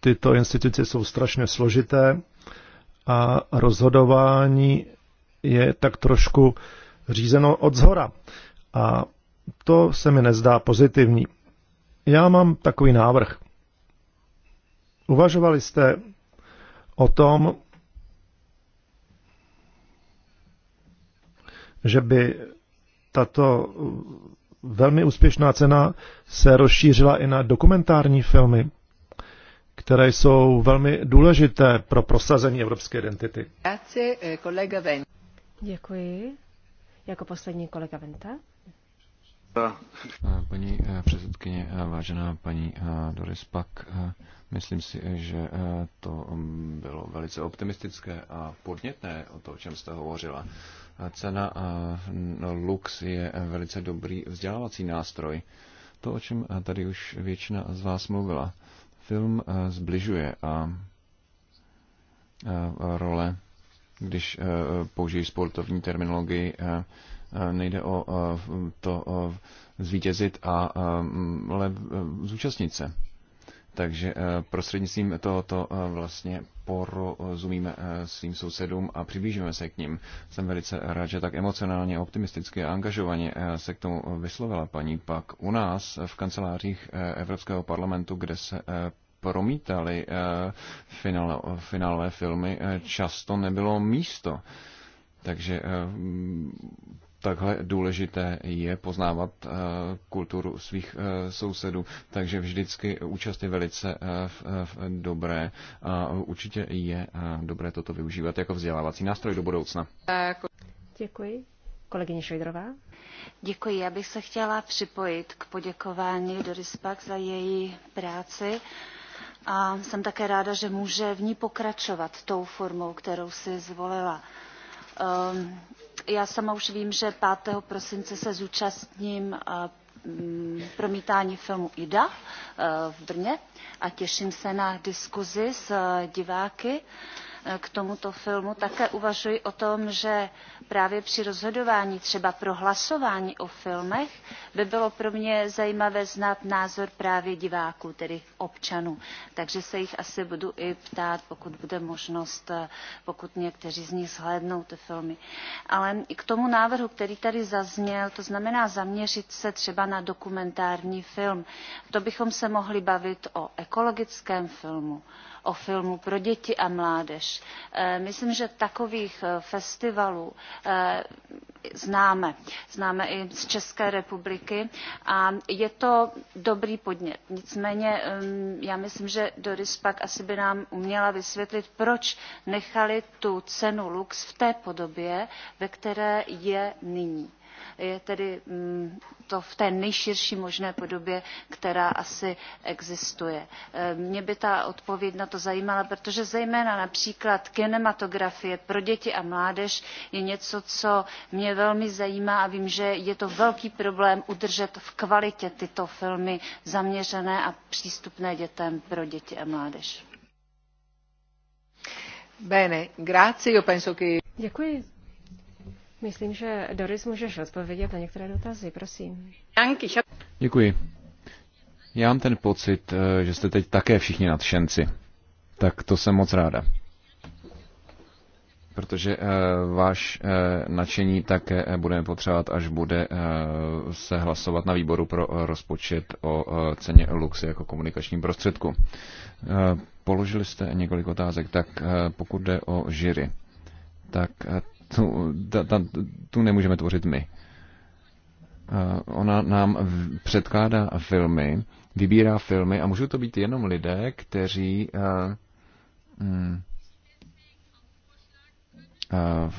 tyto instituce jsou strašně složité a rozhodování je tak trošku řízeno od zhora. A to se mi nezdá pozitivní. Já mám takový návrh. Uvažovali jste o tom, že by tato velmi úspěšná cena se rozšířila i na dokumentární filmy, které jsou velmi důležité pro prosazení evropské identity. Eh, Děkuji. Jako poslední kolega Venta. Eh, paní eh, předsedkyně, vážená paní Doris Pak, myslím si, že to mm, bylo velice optimistické a podnětné o to, o čem jste hovořila cena no, Lux je e, velice dobrý vzdělávací nástroj. To, o čem e, tady už většina z vás mluvila. Film e, zbližuje a role, když použijí sportovní terminologii, nejde o to zvítězit a ale zúčastnit se. Takže eh, prostřednictvím tohoto eh, vlastně porozumíme eh, svým sousedům a přiblížíme se k ním. Jsem velice rád, že tak emocionálně, optimisticky a angažovaně se k tomu vyslovila paní Pak u nás v kancelářích Evropského parlamentu, kde se promítali finále, finálové filmy, často nebylo místo. Takže takhle důležité je poznávat eh, kulturu svých eh, sousedů. Takže vždycky účast je velice eh, dobré a určitě je dobré toto využívat jako vzdělávací nástroj do budoucna. Děkuji. Kolegyně Švejdrová. Děkuji. Já bych se chtěla připojit k poděkování Doris Pak za její práci a jsem také ráda, že může v ní pokračovat tou formou, kterou si zvolila. Um, já sama už vím že. five prosince se zúčastním eh, mm, promítání filmu ida eh, v brně a těším se na diskusi s eh, diváky k tomuto filmu. Také uvažuji o tom, že právě při rozhodování třeba pro hlasování o filmech by bylo pro mě zajímavé znát názor právě diváků, tedy občanů. Takže se jich asi budu i ptát, pokud bude možnost, eh, pokud někteří z nich zhlédnou ty filmy. Ale i k tomu návrhu, který tady zazněl, to znamená zaměřit se třeba na dokumentární film. To bychom se mohli bavit o ekologickém filmu, o filmu pro děti a mládež. Eh, myslím, že takových eh, festivalů eh, známe. Známe i z České republiky a je to dobrý podnět. Nicméně ehm, já myslím, že Doris pak asi by nám uměla vysvětlit, proč nechali tu cenu Lux v té podobě, ve které je nyní je tedy mm, to v té nejširší možné podobě, která asi existuje. Eh, mě by ta odpověď na to zajímala, protože zejména například kinematografie pro děti a mládež je něco, co mě velmi zajímá a vím, že je to velký problém udržet v kvalitě tyto filmy zaměřené a přístupné dětem pro děti a mládež. Bene, grazie, io penso che... Děkuji. Myslím, že Doris můžeš odpovědět na některé dotazy, prosím. Děkuji. Já mám ten pocit, eh, že jste teď také všichni nadšenci. Tak to jsem moc ráda. Protože eh, váš uh, nadšení také budeme potřebovat, až bude se hlasovat na výboru pro uh, rozpočet o ceně Luxy jako komunikačním prostředku. položili jste několik otázek, tak pokud jde o žiry, tak tu, ta, ta, tu nemůžeme tvořit my. Eh, ona nám předkládá filmy, vybírá filmy a můžou to být jenom lidé, kteří eh, mm,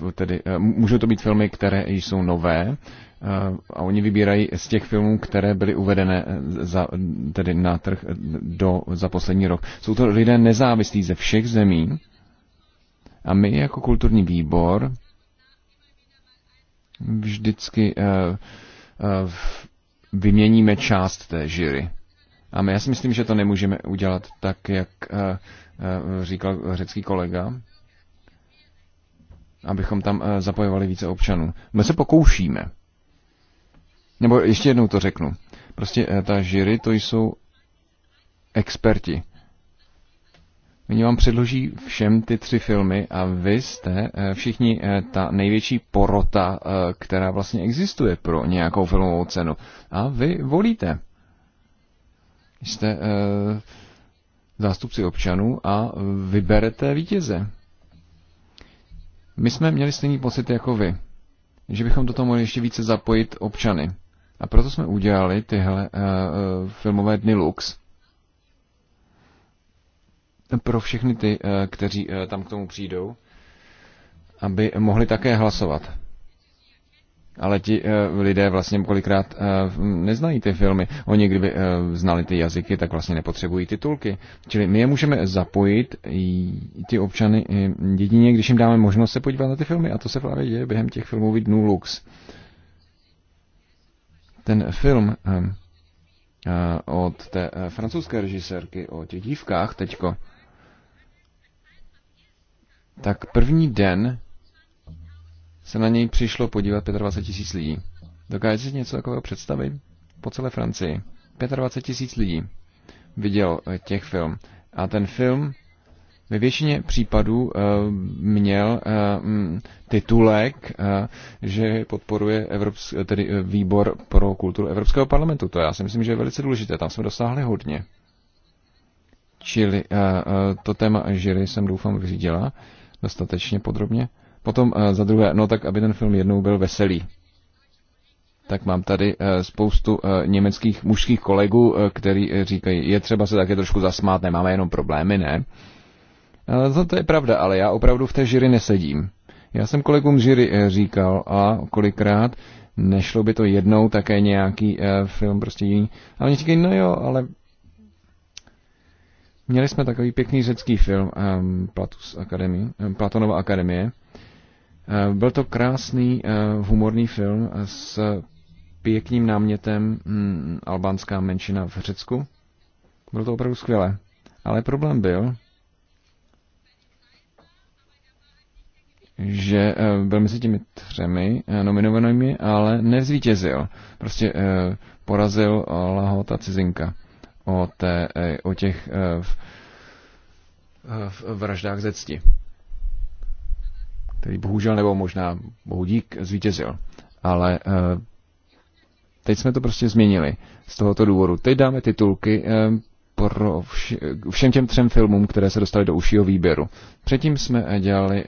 eh, tedy můžou to být filmy, které jsou nové a oni vybírají z těch filmů, které byly uvedené za, tedy na trh do, za poslední rok. Jsou to lidé nezávislí ze všech zemí a my jako kulturní výbor vždycky eh, eh, vyměníme část té žiry. A my já si myslím, že to nemůžeme udělat tak, jak eh, říkal řecký kolega, abychom tam zapojovali více občanů. My se pokoušíme. Nebo ještě jednou to řeknu. Prostě ta žiry to jsou experti. Oni vám předloží všem ty tři filmy a vy jste eh, všichni eh, ta největší porota, eh, která vlastně existuje pro nějakou filmovou cenu. A vy volíte. Jste zástupci občanů a vyberete vítěze. My jsme měli stejný pocit jako vy, že bychom do toho mohli ještě více zapojit občany. A proto jsme udělali tyhle uh, filmové dny Lux, pro všechny ty, eh, kteří eh, tam k tomu přijdou, aby mohli také hlasovat. Ale ti eh, lidé vlastně kolikrát neznají ty filmy. Oni kdyby znali ty jazyky, tak vlastně nepotřebují titulky. Čili my je můžeme zapojit, ty občany, jedině když jim dáme možnost se podívat na ty filmy. A to se právě děje během těch filmů dnů Lux. Ten film od té francouzské režisérky o těch dívkách teďko, tak první den se na něj přišlo podívat 25 tisíc lidí. Dokážete si něco takového představit? Po celé Francii. 25 tisíc lidí viděl eh, těch film. A ten film ve většině případů eh, měl eh, mm, titulek, že podporuje Evropsk, tedy výbor pro kulturu Evropského parlamentu. To já si myslím, že je velice důležité. Tam jsme dosáhli hodně. Čili to téma žiry jsem doufám vyřídila dostatečně podrobně. Potom eh, za druhé, no tak, aby ten film jednou byl veselý. Tak mám tady eh, spoustu eh, německých mužských kolegů, který říkají, je třeba se také trošku zasmát, nemáme jenom problémy, ne? No to je pravda, ale já opravdu v té žiry nesedím. Já jsem kolegům z žiry říkal a kolikrát nešlo by to jednou také nějaký film prostě jiný. A oni říkají, no jo, ale Měli jsme takový pěkný řecký film um, Platus Academy, um, ehm, Platonova akademie. Uh, byl to krásný uh, humorný film s pěkným námětem um, albánská menšina v Řecku. Bylo to opravdu skvělé. Ale problém byl, že byl mezi těmi třemi eh, nominovanými, ale nezvítězil. Prostě eh, porazil eh, ho cizinka o, té, eh, o těch eh, v, v vraždách ze cti, který bohužel nebo možná bohu dík zvítězil. Ale eh, teď jsme to prostě změnili z tohoto důvodu. Teď dáme titulky pro všem těm třem filmům, které se dostaly do užšího výběru. Předtím jsme dělali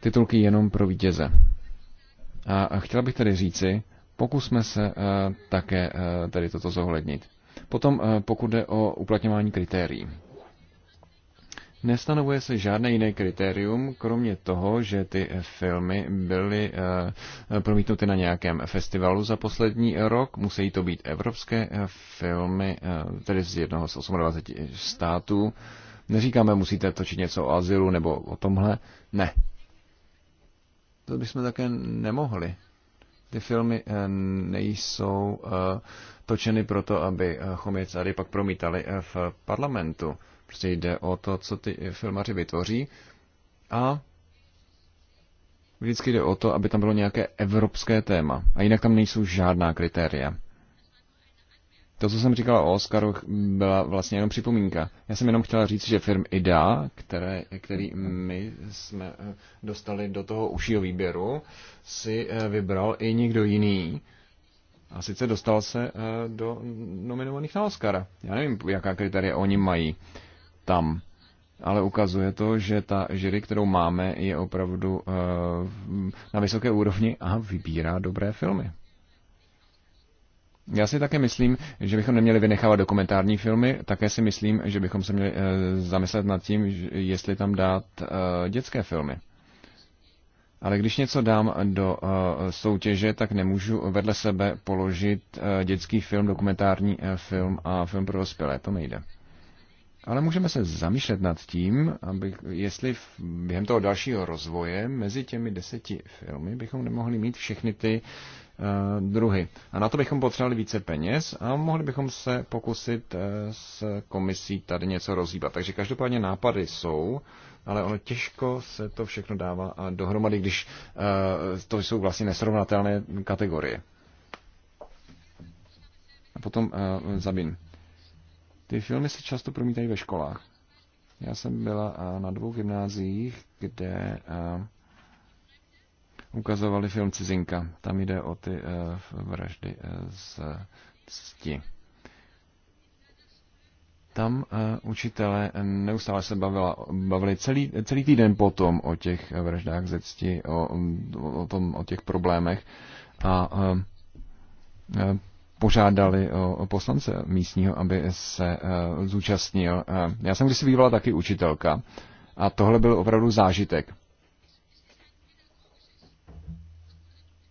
titulky jenom pro vítěze. A chtěla bych tady říci, Pokusme se eh, také eh, tady toto zohlednit. Potom, eh, pokud jde o uplatňování kritérií. Nestanovuje se žádné jiné kritérium, kromě toho, že ty filmy byly promítnuty na nějakém festivalu za poslední rok. Musí to být evropské filmy, tedy z jednoho z 28 států. Neříkáme, musíte točit něco o azylu nebo o tomhle. Ne. To bychom také nemohli. Ty filmy eh, nejsou eh, točeny proto, aby eh, chomicary pak promítali v parlamentu. Prostě jde o to, co ty filmaři vytvoří a vždycky jde o to, aby tam bylo nějaké evropské téma. A jinak tam nejsou žádná kritéria. To, co jsem říkal o Oscaru, byla vlastně jenom připomínka. Já jsem jenom chtěla říct, že firm IDA, které, který my jsme eh, dostali do toho užšího výběru, si eh, vybral i někdo jiný. A sice dostal se eh, do nominovaných na Oscara. Já nevím, jaká kritéria oni mají tam. Ale ukazuje to, že ta žiry, kterou máme, je opravdu na vysoké úrovni a vybírá dobré filmy. Já si také myslím, že bychom neměli vynechávat dokumentární filmy, také si myslím, že bychom se měli eh, zamyslet nad tím, jestli tam dát eh, dětské filmy. Ale když něco dám do eh, soutěže, tak nemůžu vedle sebe položit dětský film, dokumentární film a film pro dospělé. To nejde. Ale můžeme se zamýšlet nad tím, aby, jestli v, během toho dalšího rozvoje mezi těmi deseti filmy bychom nemohli mít všechny ty Eh, druhy. A na to bychom potřebovali více peněz a mohli bychom se pokusit eh, s komisí tady něco rozhýbat. Takže každopádně nápady jsou, ale ono těžko se to všechno dává a dohromady, když eh, to jsou vlastně nesrovnatelné kategorie. A potom uh, Zabin. Ty filmy se často promítají ve školách. Já jsem byla na dvou gymnáziích, kde ukazovali film Cizinka. Tam jde o ty eh, vraždy eh, z cti. Tam eh, učitele neustále se bavila, bavili celý, celý týden potom o těch vraždách ze cti, o, o, tom, o těch problémech a, uh, požádali o poslance místního, aby se zúčastnil. Já jsem kdysi bývala taky učitelka a tohle byl opravdu zážitek.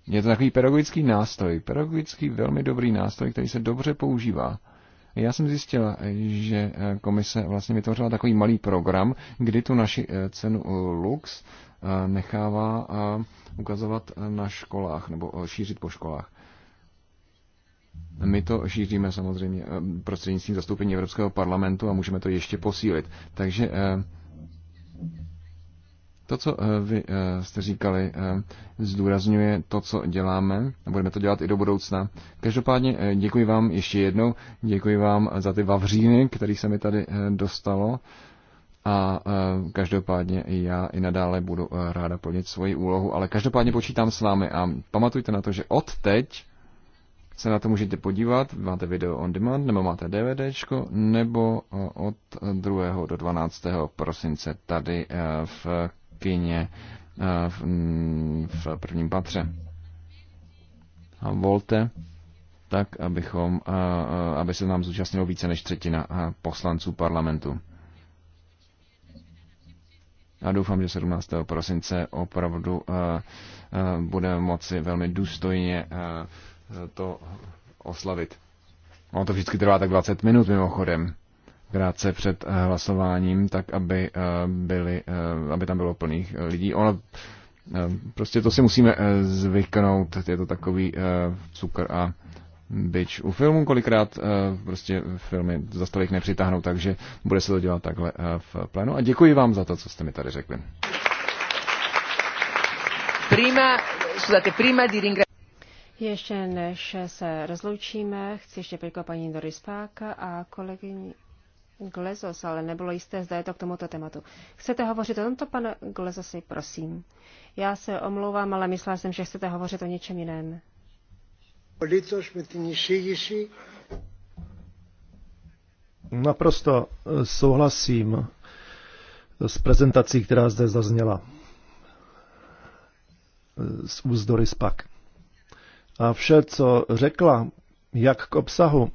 Je to takový pedagogický nástroj, pedagogický velmi dobrý nástroj, který se dobře používá. Já jsem zjistil, že komise vlastně vytvořila takový malý program, kdy tu naši eh, cenu eh, Lux eh, nechává ukazovat na školách nebo šířit po školách. My to šíříme samozřejmě prostřednictvím zastoupení Evropského parlamentu a můžeme to ještě posílit. Takže to, co eh, vy eh, jste říkali, eh, zdůrazňuje to, co děláme a budeme to dělat i do budoucna. Každopádně děkuji vám ještě jednou, děkuji vám za ty vavříny, kterých se mi tady dostalo a každopádně i já i nadále budu ráda plnit svoji úlohu, ale každopádně počítám s vámi a pamatujte na to, že od teď se na to můžete podívat, máte video on demand, nebo máte DVDčko, nebo od 2. do 12. prosince tady v kyně eh, v, mm, v prvním patře. A volte tak, abychom, eh, eh, aby se nám zúčastnilo více než třetina poslanců parlamentu. A doufám, že 17. prosince opravdu budeme moci velmi důstojně to oslavit. Ono to vždycky trvá tak 20 minut mimochodem krátce před eh, hlasováním, tak aby, eh, byli, eh, aby tam bylo plných lidí. Ono, prostě to si musíme zvyknout, je to takový cukr a byč. U filmu kolikrát prostě filmy za stolik nepřitáhnou, takže bude se to dělat takhle v plénu. A děkuji vám za to, co jste mi tady řekli. Prima, prima Ještě než se rozloučíme, chci ještě poděkovat paní Doris Páka a kolegyni Glezos, ale nebylo jisté, zda je to k tomuto tématu. Chcete hovořit o tomto, pane Glezosi, prosím? Já se omlouvám, ale myslel jsem, že chcete hovořit o něčem jiném. Naprosto souhlasím s prezentací, která zde zazněla z úzdory SPAK. A vše, co řekla, jak k obsahu,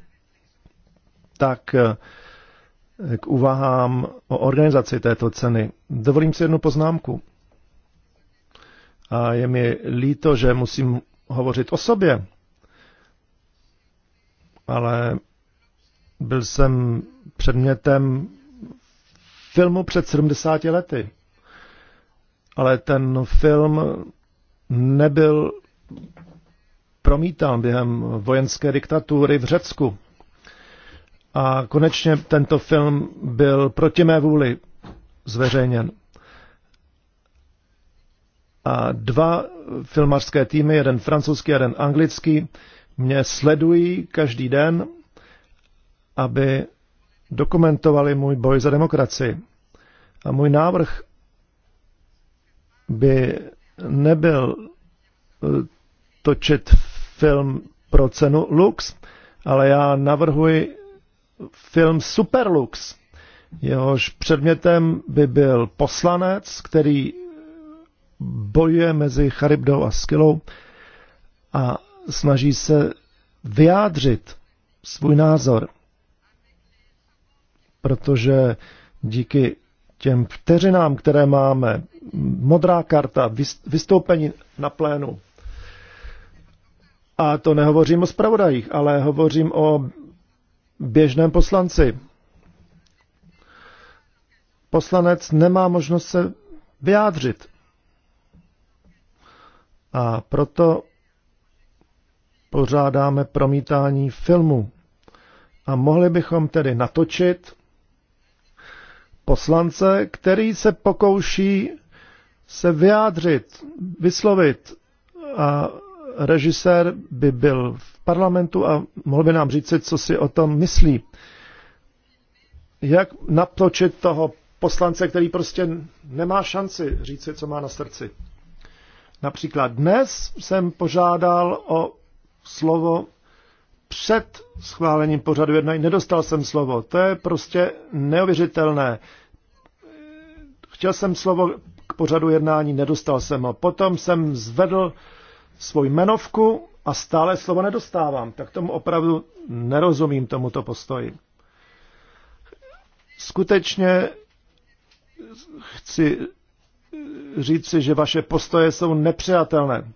tak k uvahám o organizaci této ceny. Dovolím si jednu poznámku. A je mi líto, že musím hovořit o sobě, ale byl jsem předmětem filmu před 70 lety. Ale ten film nebyl promítán během vojenské diktatury v Řecku. A konečně tento film byl proti mé vůli zveřejněn. A dva filmařské týmy, jeden francouzský, jeden anglický, mě sledují každý den, aby dokumentovali můj boj za demokracii. A můj návrh by nebyl eh, točit film pro cenu Lux, ale já navrhuji film Superlux. Jehož předmětem by byl poslanec, který bojuje mezi Charybdou a Skylou a snaží se vyjádřit svůj názor. Protože díky těm vteřinám, které máme, modrá karta, vystoupení na plénu, a to nehovořím o spravodajích, ale hovořím o běžném poslanci. Poslanec nemá možnost se vyjádřit. A proto pořádáme promítání filmu. A mohli bychom tedy natočit poslance, který se pokouší se vyjádřit, vyslovit a režisér by byl v parlamentu a mohl by nám říct, co si o tom myslí. Jak natočit toho poslance, který prostě nemá šanci říct si, co má na srdci. Například dnes jsem požádal o slovo před schválením pořadu jednání. Nedostal jsem slovo. To je prostě neuvěřitelné. Chtěl jsem slovo k pořadu jednání, nedostal jsem ho. Potom jsem zvedl svou jmenovku a stále slovo nedostávám. Tak tomu opravdu nerozumím tomuto postoji. Skutečně chci říci, že vaše postoje jsou nepřijatelné.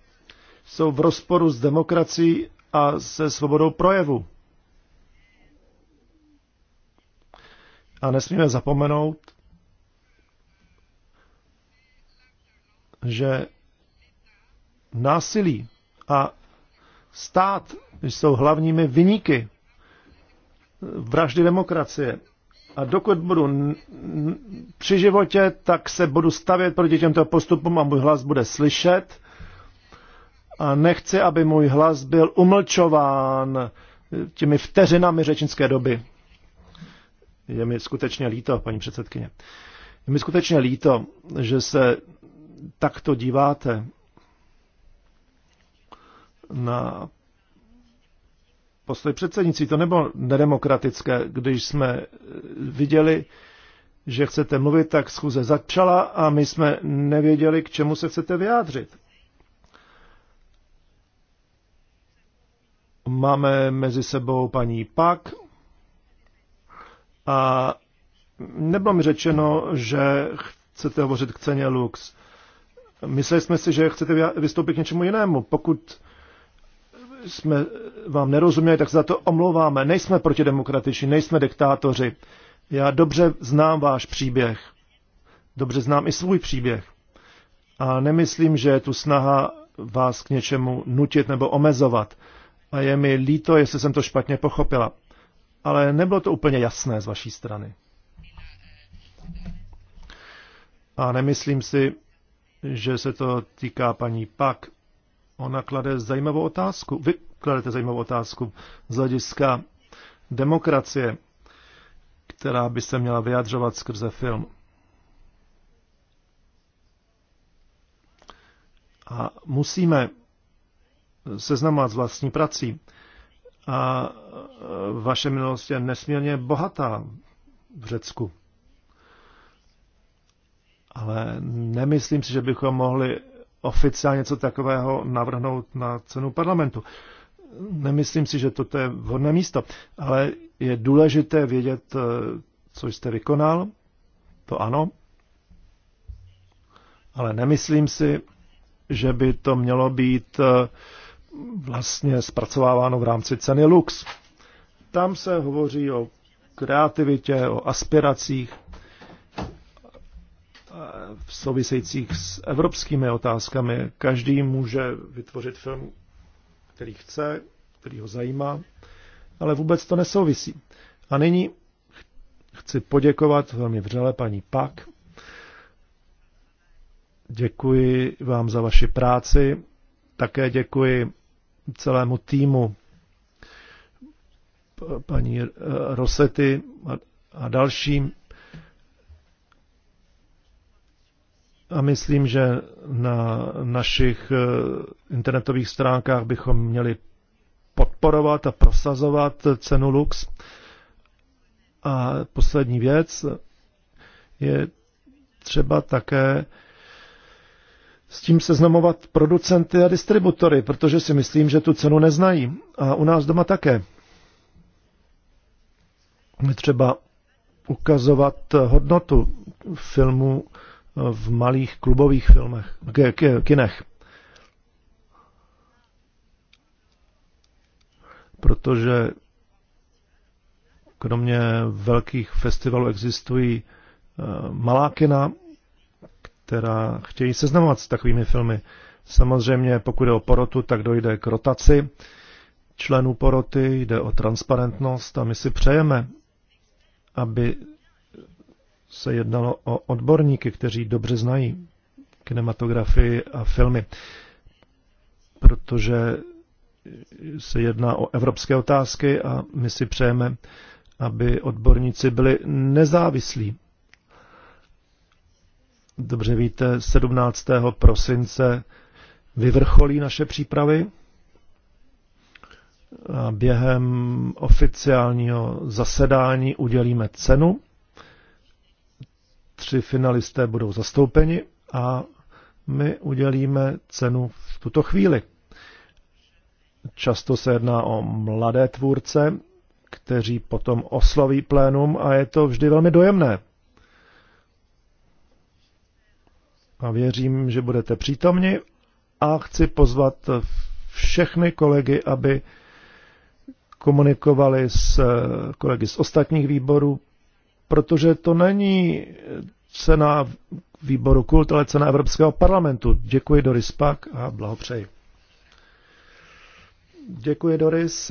Jsou v rozporu s demokracií a se svobodou projevu. A nesmíme zapomenout, že násilí a stát jsou hlavními vyníky vraždy demokracie. A dokud budu při životě, tak se budu stavět proti těmto postupům a můj hlas bude slyšet. A nechci, aby můj hlas byl umlčován těmi vteřinami řečnické doby. Je mi skutečně líto, paní předsedkyně. Je mi skutečně líto, že se takto díváte na postoj předsednicí. To nebylo nedemokratické, když jsme eh, viděli, že chcete mluvit, tak schůze začala a my jsme nevěděli, k čemu se chcete vyjádřit. Máme mezi sebou paní Pak a nebylo mi řečeno, že chcete hovořit k ceně Lux. Mysleli jsme si, že chcete vystoupit k něčemu jinému. Pokud jsme vám nerozuměli, tak za to omlouváme. Nejsme protidemokratiční, nejsme diktátoři. Já dobře znám váš příběh. Dobře znám i svůj příběh. A nemyslím, že je tu snaha vás k něčemu nutit nebo omezovat. A je mi líto, jestli jsem to špatně pochopila. Ale nebylo to úplně jasné z vaší strany. A nemyslím si, že se to týká paní Pak ona klade zajímavou otázku. Vy kladete zajímavou otázku z hlediska demokracie, která by se měla vyjadřovat skrze film. A musíme seznamovat s vlastní prací. A vaše minulost je nesmírně bohatá v Řecku. Ale nemyslím si, že bychom mohli oficiálně něco takového navrhnout na cenu parlamentu. Nemyslím si, že toto je vhodné místo, ale je důležité vědět, eh, co jste vykonal, to ano, ale nemyslím si, že by to mělo být eh, vlastně zpracováváno v rámci ceny Lux. Tam se hovoří o kreativitě, o aspiracích v souvisejících s evropskými otázkami. Každý může vytvořit film, který chce, který ho zajímá, ale vůbec to nesouvisí. A nyní chci poděkovat velmi vřele paní Pak. Děkuji vám za vaši práci. Také děkuji celému týmu paní Rosety a dalším A myslím, že na našich eh, internetových stránkách bychom měli podporovat a prosazovat cenu Lux. A poslední věc je třeba také s tím seznamovat producenty a distributory, protože si myslím, že tu cenu neznají. A u nás doma také. Je třeba ukazovat hodnotu filmu v malých klubových filmech, k, k, kinech. Protože kromě velkých festivalů existují eh, malá kina, která chtějí seznamovat s takovými filmy. Samozřejmě, pokud je o porotu, tak dojde k rotaci členů poroty, jde o transparentnost a my si přejeme, aby se jednalo o odborníky, kteří dobře znají kinematografii a filmy, protože se jedná o evropské otázky a my si přejeme, aby odborníci byli nezávislí. Dobře víte, 17. prosince vyvrcholí naše přípravy. A během oficiálního zasedání udělíme cenu tři finalisté budou zastoupeni a my udělíme cenu v tuto chvíli. Často se jedná o mladé tvůrce, kteří potom osloví plénum a je to vždy velmi dojemné. A věřím, že budete přítomni a chci pozvat všechny kolegy, aby komunikovali s kolegy z ostatních výborů, protože to není cena výboru kult, ale cena Evropského parlamentu. Děkuji Doris Pak a blahopřeji. Děkuji Doris.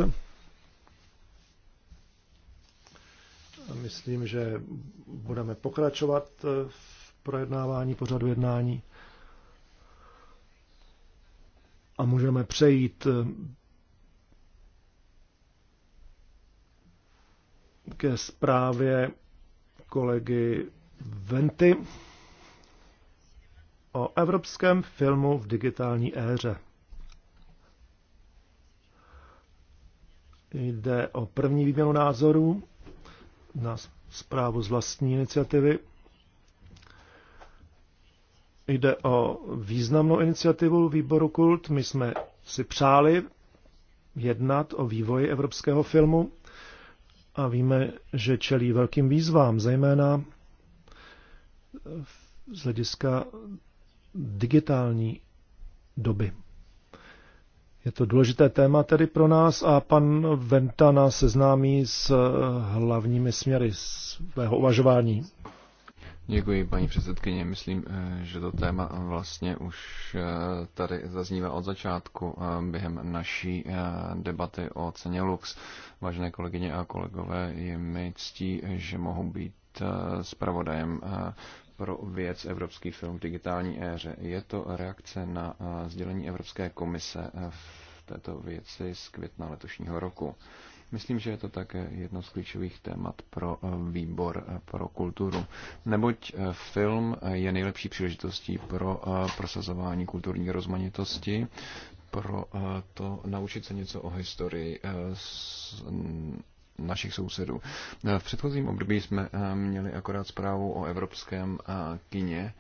A myslím, že budeme pokračovat v projednávání pořadu jednání a můžeme přejít ke zprávě kolegy Venty o evropském filmu v digitální éře. Jde o první výměnu názorů na zprávu z vlastní iniciativy. Jde o významnou iniciativu výboru Kult. My jsme si přáli jednat o vývoji evropského filmu a víme, že čelí velkým výzvám, zejména z hlediska digitální doby. Je to důležité téma tedy pro nás a pan Venta nás seznámí s hlavními směry svého uvažování. Děkuji, paní předsedkyně. Myslím, eh, že to téma vlastně už eh, tady zaznívá od začátku eh, během naší debaty o ceně Lux. Vážené kolegyně a kolegové, je mi ctí, že mohu být zpravodajem pro věc Evropský film v digitální éře. Je to reakce na sdělení Evropské komise v této věci z května letošního roku. Myslím, že je to také jedno z klíčových témat pro eh, výbor eh, pro kulturu, neboť eh, film je nejlepší příležitostí pro prosazování kulturní rozmanitosti, pro to naučit se něco o historii našich sousedů. V předchozím období jsme měli akorát zprávu o evropském kině,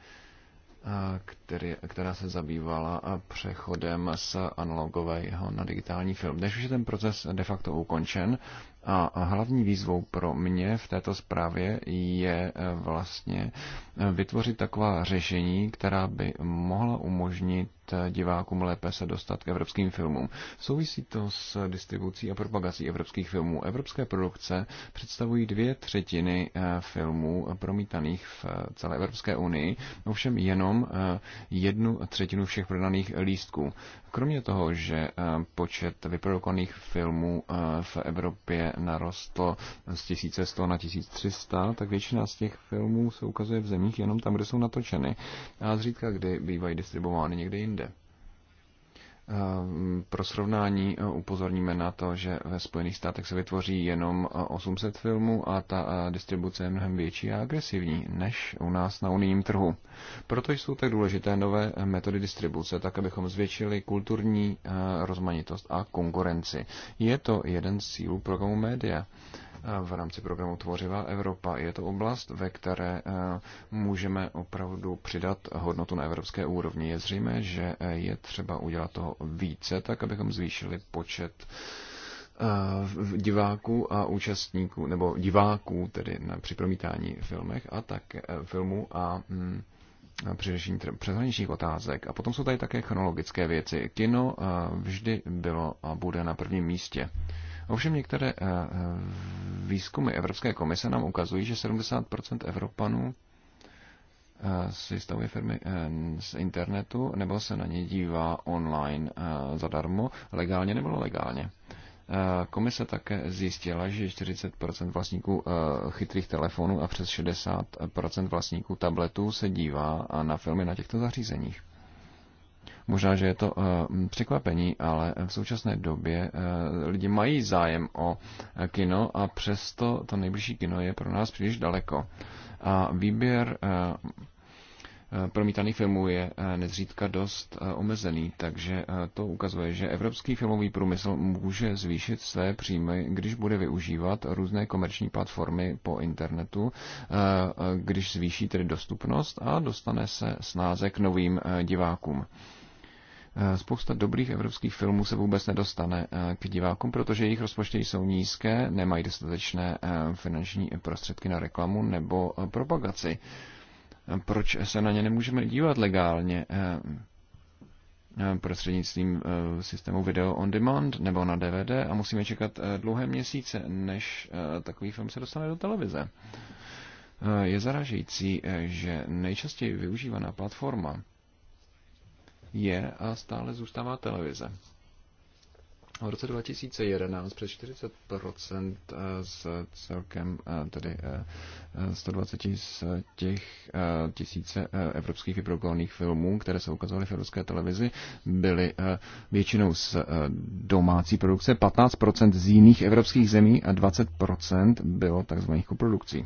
který, která se zabývala přechodem z analogového na digitální film. Dnes už je ten proces de facto ukončen a hlavní výzvou pro mě v této zprávě je eh, vlastně eh, vytvořit taková řešení, která by mohla umožnit divákům lépe se dostat k evropským filmům. Souvisí to s distribucí a propagací evropských filmů. Evropské produkce představují dvě třetiny eh, filmů promítaných v eh, celé Evropské unii, ovšem jenom eh, jednu třetinu všech prodaných lístků. Kromě toho, že počet vyprodukovaných filmů v Evropě narostl z 1100 na 1300, tak většina z těch filmů se ukazuje v zemích jenom tam, kde jsou natočeny a zřídka kdy bývají distribuovány někde jinde. Ehm, pro srovnání eh, upozorníme na to, že ve Spojených státech se vytvoří jenom 800 eh, filmů a ta eh, distribuce je mnohem větší a agresivní než u nás na unijním trhu. Proto jsou tak důležité nové metody distribuce, tak abychom zvětšili kulturní rozmanitost a konkurenci. Je to jeden z cílů programu média v rámci programu Tvořivá Evropa. Je to oblast, ve které eh, můžeme opravdu přidat hodnotu na evropské úrovni. Je zřejmé, že eh, je třeba udělat toho více, tak abychom zvýšili počet eh, diváků a účastníků, nebo diváků tedy na, připromítání filmech a tak, filmů a mm, především při přeshraničních otázek. A potom jsou tady také chronologické věci. Kino vždy bylo a bude na prvním místě. Ovšem některé eh, eh, výzkumy Evropské komise nám ukazují, že 70% Evropanů eh, si stavuje firmy z internetu nebo se na ně dívá online zadarmo, legálně nebo legálně. Komise také zjistila, že 40% vlastníků chytrých telefonů a přes 60% vlastníků tabletů se dívá na filmy na těchto zařízeních. Možná, že je to eh, překvapení, ale v současné době eh, lidi mají zájem o eh, kino a přesto to nejbližší kino je pro nás příliš daleko. A výběr promítaných filmů je nezřídka dost omezený, takže to ukazuje, že evropský filmový průmysl může zvýšit své příjmy, když bude využívat různé komerční platformy po internetu, když zvýší tedy dostupnost a dostane se snáze k novým divákům. Eh, spousta dobrých evropských filmů se vůbec nedostane eh, k divákům, protože jejich rozpočty jsou nízké, nemají dostatečné eh, finanční prostředky na reklamu nebo propagaci. Proč se na ně nemůžeme dívat legálně? prostřednictvím systému video on demand nebo na DVD a musíme čekat dlouhé měsíce, než takový film se dostane do televize. Je zaražející, že nejčastěji využívaná platforma je a stále zůstává televize. V roce 2011 přes 40% eh, z celkem eh, tedy 120 eh, z těch tisíce evropských vyprodukovaných filmů, které se ukazovaly v evropské televizi, byly většinou z domácí produkce, 15% z jiných evropských zemí a 20% bylo takzvaných koprodukcí.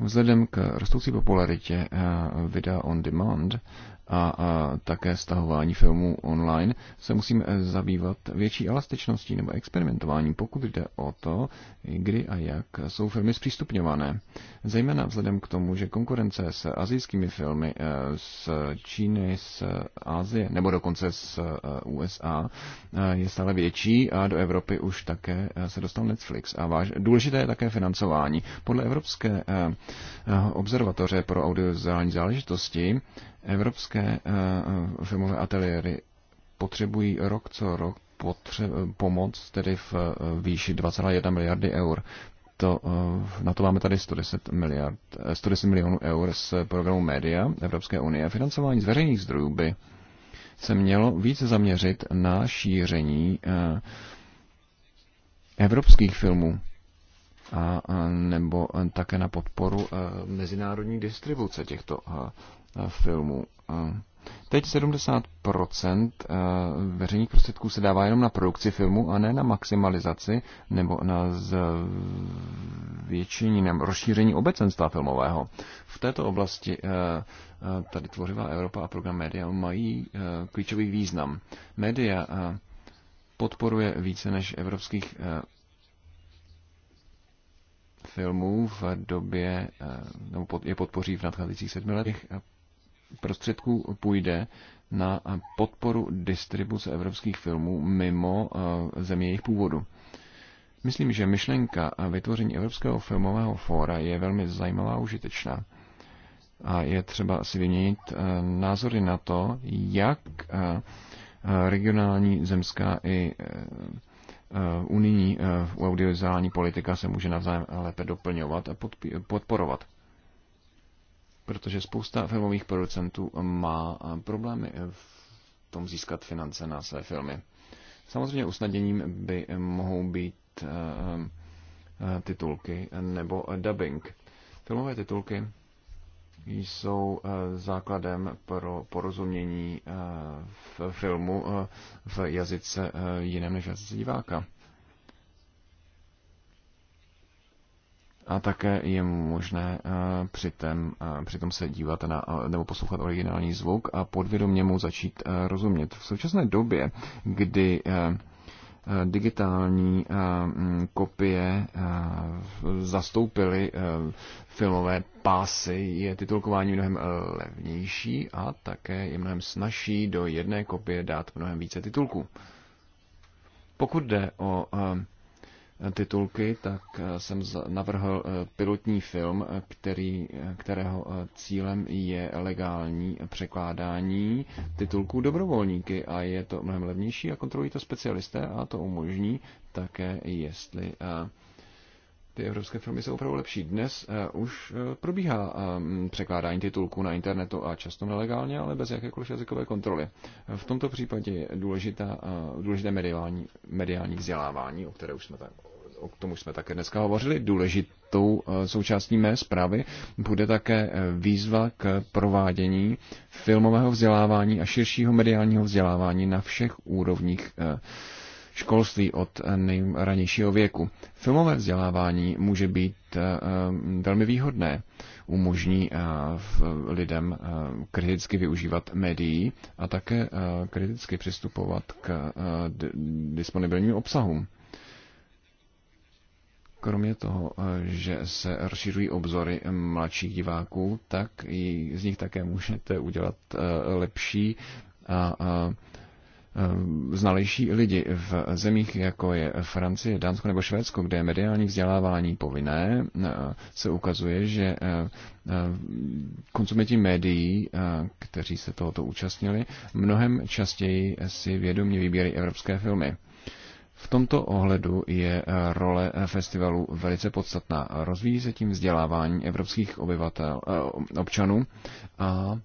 Vzhledem k rostoucí popularitě eh, videa on demand a, a také stahování filmů online, se musíme eh, zabývat větší elastičností nebo experimentováním, pokud jde o to, kdy a jak jsou filmy zpřístupňované. Zejména vzhledem k tomu, že konkurence s azijskými filmy eh, z Číny, z Asie nebo dokonce z eh, USA je stále větší a do Evropy už také se dostal Netflix. A váž... důležité je také financování. Podle Evropské observatoře pro audiovizuální záležitosti Evropské eh, eh, filmové ateliéry potřebují rok co rok potře- pomoc, tedy v eh, výši 2,1 miliardy eur. To, na to máme tady 110, miliard, 110 milionů eur z programu Média Evropské unie. Financování z veřejných zdrojů by se mělo více zaměřit na šíření evropských filmů a, nebo také na podporu mezinárodní distribuce těchto filmů. Teď 70% veřejných prostředků se dává jenom na produkci filmu a ne na maximalizaci nebo na zvětšení nebo rozšíření obecenstva filmového. V této oblasti tady Tvořivá Evropa a program Média mají klíčový význam. Media podporuje více než evropských filmů v době, eh, nebo je podpoří v nadcházejících sedmi letech, eh, prostředků půjde na podporu distribuce evropských filmů mimo eh, země jejich původu. Myslím, že myšlenka a vytvoření Evropského filmového fóra je velmi zajímavá a užitečná. A je třeba si vyměnit názory na to, jak regionální, zemská i Eh, unijní eh, audiovizuální politika se může navzájem lépe doplňovat a podporovat. Protože spousta filmových producentů má eh, problémy v tom získat finance na své filmy. Samozřejmě usnadněním by mohou být titulky nebo dubbing. Filmové titulky jsou eh, základem pro porozumění eh, v filmu eh, v jazyce jiném než jazyce diváka. A také je možné při při tom se dívat na, nebo poslouchat originální zvuk a podvědomě mu začít rozumět. V současné době, kdy Eh, digitální eh, mm, kopie eh, zastoupily filmové pásy, je titulkování mnohem levnější a také je mnohem snažší do jedné kopie dát mnohem více titulků. Pokud jde o titulky, tak eh, jsem navrhl eh, pilotní film, eh, který, kterého cílem je legální překládání titulků dobrovolníky a je to mnohem levnější a kontrolují to specialisté a to umožní také, jestli ty evropské filmy jsou opravdu lepší. Dnes uh, už uh, probíhá um, překládání titulků na internetu a často nelegálně, ale bez jakékoliv jazykové kontroly. V tomto případě je důležitá, uh, důležité mediální, mediální vzdělávání, o které už jsme tak o tom už jsme také dneska hovořili, důležitou součástí mé zprávy bude také výzva k provádění filmového vzdělávání a širšího mediálního vzdělávání na všech úrovních školství od nejranějšího věku. Filmové vzdělávání může být eh, eh, velmi výhodné. Umožní eh, lidem kriticky využívat médií a také kriticky přistupovat k disponibilním obsahům kromě toho, že se rozšiřují obzory mladších diváků, tak i z nich také můžete udělat lepší a Eh, znalejší lidi v zemích, jako je Francie, Dánsko nebo Švédsko, kde je mediální vzdělávání povinné, eh, se ukazuje, že eh, konzumenti médií, kteří se tohoto účastnili, mnohem častěji si vědomě vybírají evropské filmy. V tomto ohledu je role festivalu velice podstatná. Rozvíjí se tím vzdělávání evropských obyvatel, občanů a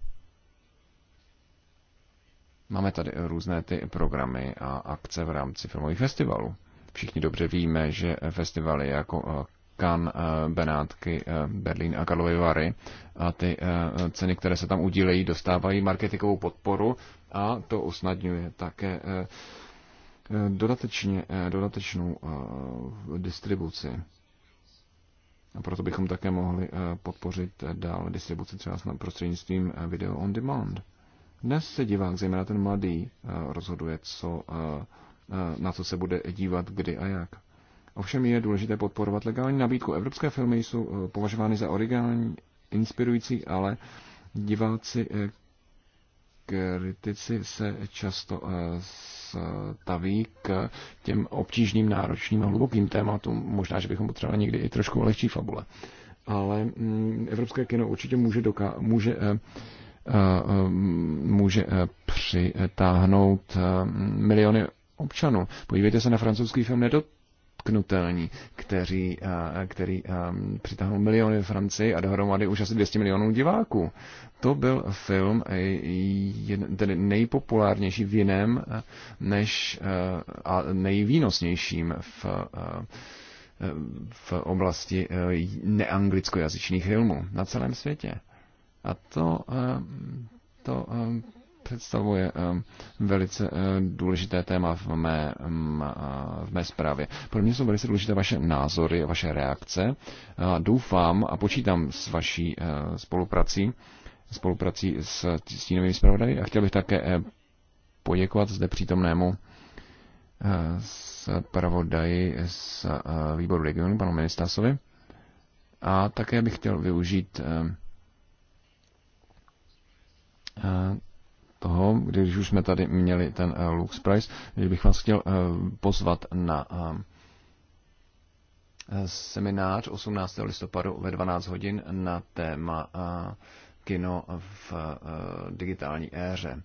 Máme tady různé ty programy a akce v rámci filmových festivalů. Všichni dobře víme, že festivaly jako Kan, eh, eh, Benátky, eh, Berlín a Karlovy Vary a ty ceny, které se tam udílejí, dostávají marketingovou podporu a to usnadňuje také dodatečně, dodatečnou distribuci. A proto bychom také mohli podpořit dál distribuci třeba prostřednictvím video on demand. Dnes se divák, zejména ten mladý, eh, rozhoduje, co, eh, eh, na co se bude dívat, kdy a jak. Ovšem je důležité podporovat legální nabídku. Evropské filmy jsou považovány za originální, inspirující, ale diváci, kritici se často staví k těm obtížným, náročným a hlubokým tématům. Možná, že bychom potřebovali někdy i trošku lehčí fabule. Ale mm, evropské kino určitě může, doká- může Eh, eh, může eh, přitáhnout miliony občanů. Podívejte se na francouzský film Nedotknutelní, kteří, který přitáhl miliony v Francii a dohromady už asi 200 milionů diváků. To byl film tedy nejpopulárnější v jiném než a nejvýnosnějším v v oblasti neanglickojazyčných filmů na celém světě. A to, eh, to eh, představuje eh, velice důležité téma v mé, mm, v mé zprávě. Pro mě jsou velice důležité vaše názory, vaše reakce. Doufám a počítám s vaší spoluprací, spoluprací s stínovými zpravodaji a chtěl bych také poděkovat zde přítomnému zpravodaji z výboru regionu, panu ministasovi. A také bych chtěl využít Eh, toho, když už jsme tady měli ten eh, Lux Price, že bych vás chtěl eh, pozvat na seminář 18. listopadu ve 12 hodin na téma kino v digitální éře.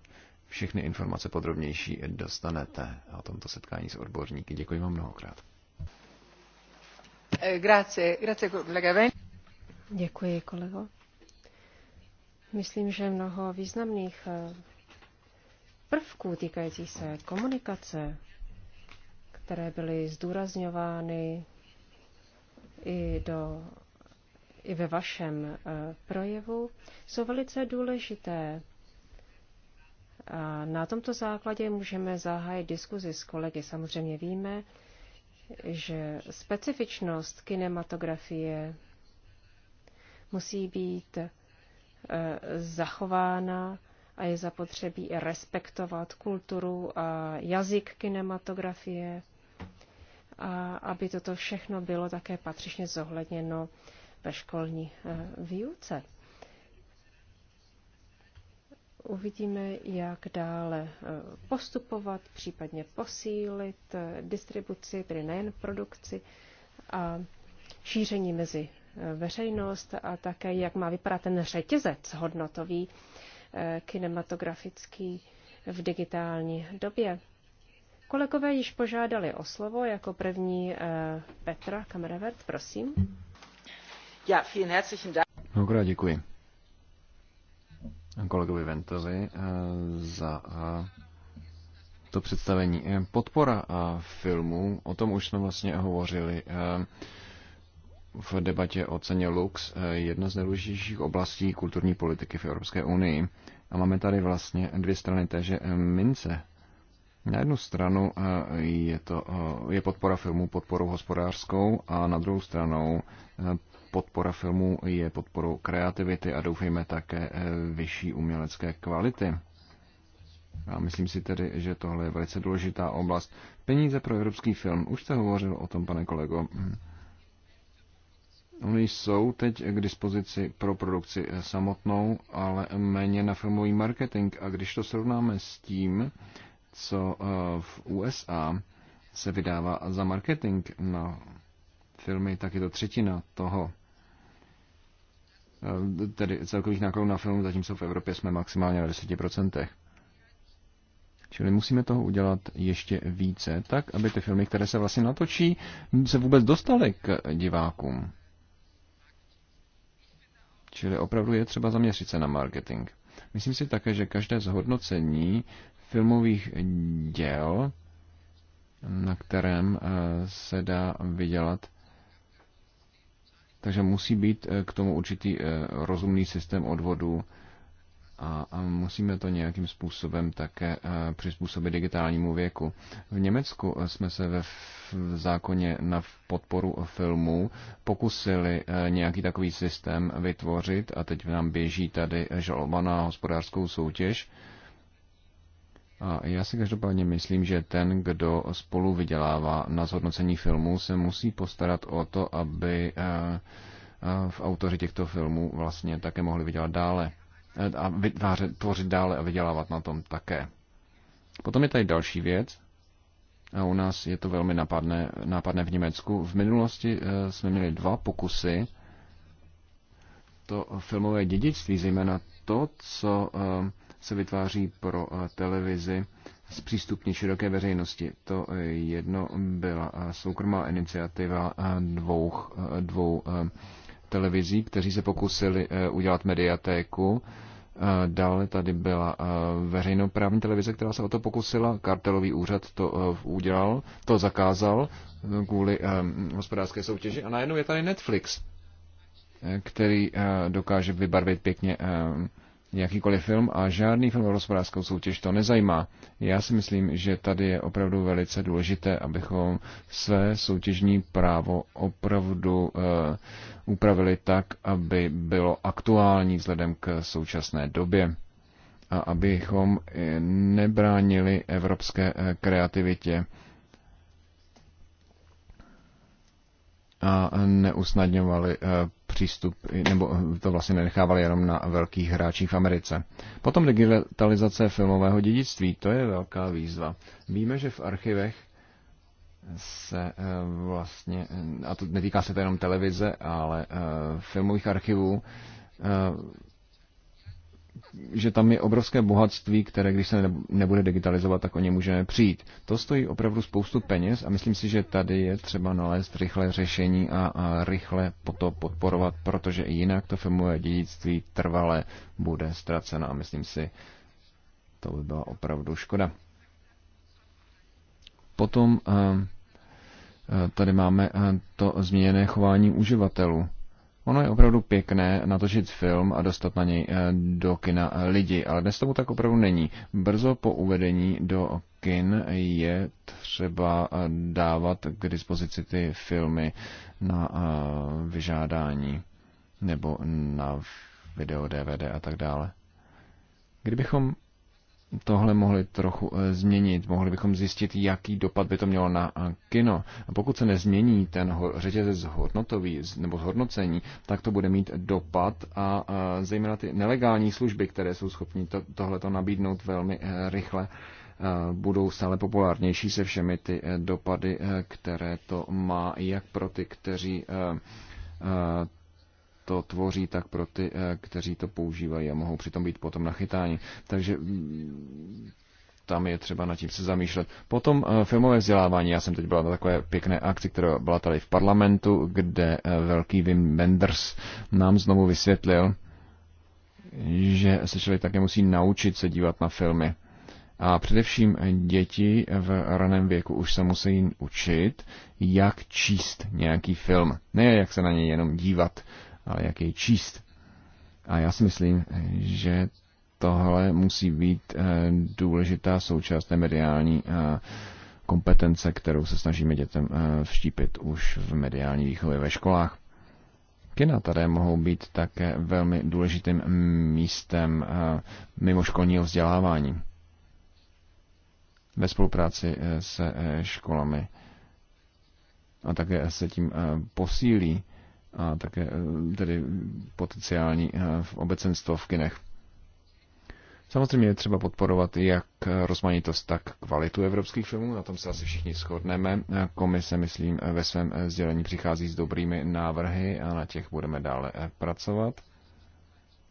Všechny informace podrobnější dostanete o tomto setkání s odborníky. Děkuji vám mnohokrát. Grazie, grazie kolega Děkuji, kolego. Myslím, že mnoho významných eh, prvků týkajících se komunikace, které byly zdůrazňovány i, do, i ve vašem eh, projevu, jsou velice důležité. A na tomto základě můžeme zahájit diskuzi s kolegy. Samozřejmě víme, že specifičnost kinematografie musí být Eh, zachována a je zapotřebí i respektovat kulturu a jazyk kinematografie, a aby toto všechno bylo také patřičně zohledněno ve školní eh, výuce. Uvidíme, jak dále eh, postupovat, případně posílit distribuci, tedy nejen produkci a šíření mezi veřejnost a také jak má vypadat ten řetězec hodnotový eh, kinematografický v digitální době. Kolegové již požádali o slovo jako první eh, Petra Kamerevert, prosím. Ja, vielen herzlichen Dank. Mnohokrát děkuji kolegovi Ventovi eh, za to představení. Podpora filmů, o tom už jsme vlastně hovořili v debatě o ceně Lux eh, jedna z nejdůležitějších oblastí kulturní politiky v Evropské unii. A máme tady vlastně dvě strany téže eh, mince. Na jednu stranu eh, je, to, je podpora filmů podporou hospodářskou a na druhou stranou podpora filmů je podporou kreativity a doufejme také vyšší umělecké kvality. A myslím si tedy, že tohle je velice důležitá oblast. Peníze pro evropský film. Už jste hovořil o tom, pane kolego. Ony jsou teď k dispozici pro produkci eh, samotnou, ale méně na filmový marketing. A když to srovnáme s tím, co eh, v USA se vydává za marketing na filmy, tak je to třetina toho, eh, tedy celkových nákladů na film, zatímco v Evropě jsme maximálně na 10%. Čili musíme toho udělat ještě více, tak aby ty filmy, které se vlastně natočí, se vůbec dostaly k divákům. Čili opravdu je třeba zaměřit se na marketing. Myslím si také, že každé zhodnocení filmových děl, na kterém eh, se dá vydělat, takže musí být eh, k tomu určitý eh, rozumný systém odvodů, a musíme to nějakým způsobem také eh, přizpůsobit digitálnímu věku. V Německu eh, jsme se ve v zákoně na podporu filmů pokusili eh, nějaký takový systém vytvořit a teď nám běží tady žaloba na hospodářskou soutěž. A já si každopádně myslím, že ten, kdo spolu vydělává na zhodnocení filmů, se musí postarat o to, aby v autoři těchto filmů vlastně také mohli vydělat dále a vytvářet, tvořit dále a vydělávat na tom také. Potom je tady další věc, a u nás je to velmi nápadné, nápadné v Německu. V minulosti eh, jsme měli dva pokusy to filmové dědictví, zejména to, co eh, se vytváří pro eh, televizi, zpřístupnit široké veřejnosti. To jedno byla soukromá iniciativa dvou, dvou televizí, kteří se pokusili eh, udělat mediatéku. Eh, dále tady byla eh, veřejnoprávní televize, která se o to pokusila. Kartelový úřad to udělal, to zakázal kvůli hospodářské soutěži. A najednou je tady Netflix, který dokáže vybarvit pěkně jakýkoliv film a žádný film o hospodářskou soutěž to nezajímá. Já si myslím, že tady je opravdu velice důležité, abychom své soutěžní právo opravdu uh, upravili tak, aby bylo aktuální vzhledem k současné době a abychom eh, nebránili evropské eh, kreativitě a neusnadňovali přístup, nebo eh, to vlastně nenechávali jenom na velkých hráčích v Americe. Potom digitalizace filmového dědictví, to je velká výzva. Víme, že v archivech se eh, vlastně, eh, a to netýká se to jenom televize, ale filmových archivů, že tam je obrovské bohatství, které když se nebude digitalizovat, tak o ně můžeme přijít. To stojí opravdu spoustu peněz a myslím si, že tady je třeba nalézt rychlé řešení a, a rychle to podporovat, protože jinak to filmové dědictví trvale bude ztraceno a myslím si, to by byla opravdu škoda. Potom eh, eh, tady máme eh, to změněné chování uživatelů. Ono je opravdu pěkné natočit film a dostat na něj eh, do kina eh, lidi, ale dnes tomu tak opravdu není. Brzo po uvedení do kin je třeba eh, dávat k dispozici ty filmy na vyžádání nebo na video, DVD a tak dále. Kdybychom tohle mohli trochu eh, změnit. Mohli bychom zjistit, jaký dopad by to mělo na eh, kino. A pokud se nezmění ten řetězec hodnotový nebo zhodnocení, tak to bude mít dopad a eh, zejména ty nelegální služby, které jsou schopni to, tohleto nabídnout velmi rychle, budou stále populárnější se všemi ty dopady, které to má jak pro ty, kteří to tvoří, tak pro ty, eh, kteří to používají a mohou přitom být potom nachytáni. Takže mm, tam je třeba nad tím se zamýšlet. Potom eh, filmové vzdělávání. Já jsem teď byla na takové pěkné akci, která byla tady v parlamentu, kde eh, velký Wim Wenders nám znovu vysvětlil, že se člověk také musí naučit se dívat na filmy. A především děti v raném věku už se musí učit, jak číst nějaký film. Ne jak se na něj jenom dívat ale jak jej číst. A já si myslím, že tohle musí být eh, důležitá součást té mediální eh, kompetence, kterou se snažíme dětem eh, vštípit už v mediální výchově ve školách. Kina tady mohou být také velmi důležitým místem mimoškolního vzdělávání ve spolupráci se školami. A také se tím posílí a také eh, tedy potenciální eh, obecenstvo v kinech. Samozřejmě je třeba podporovat jak eh, rozmanitost, tak kvalitu evropských filmů, na tom se asi všichni shodneme. Komise, myslím, ve svém sdělení přichází s dobrými návrhy a na těch budeme dále pracovat.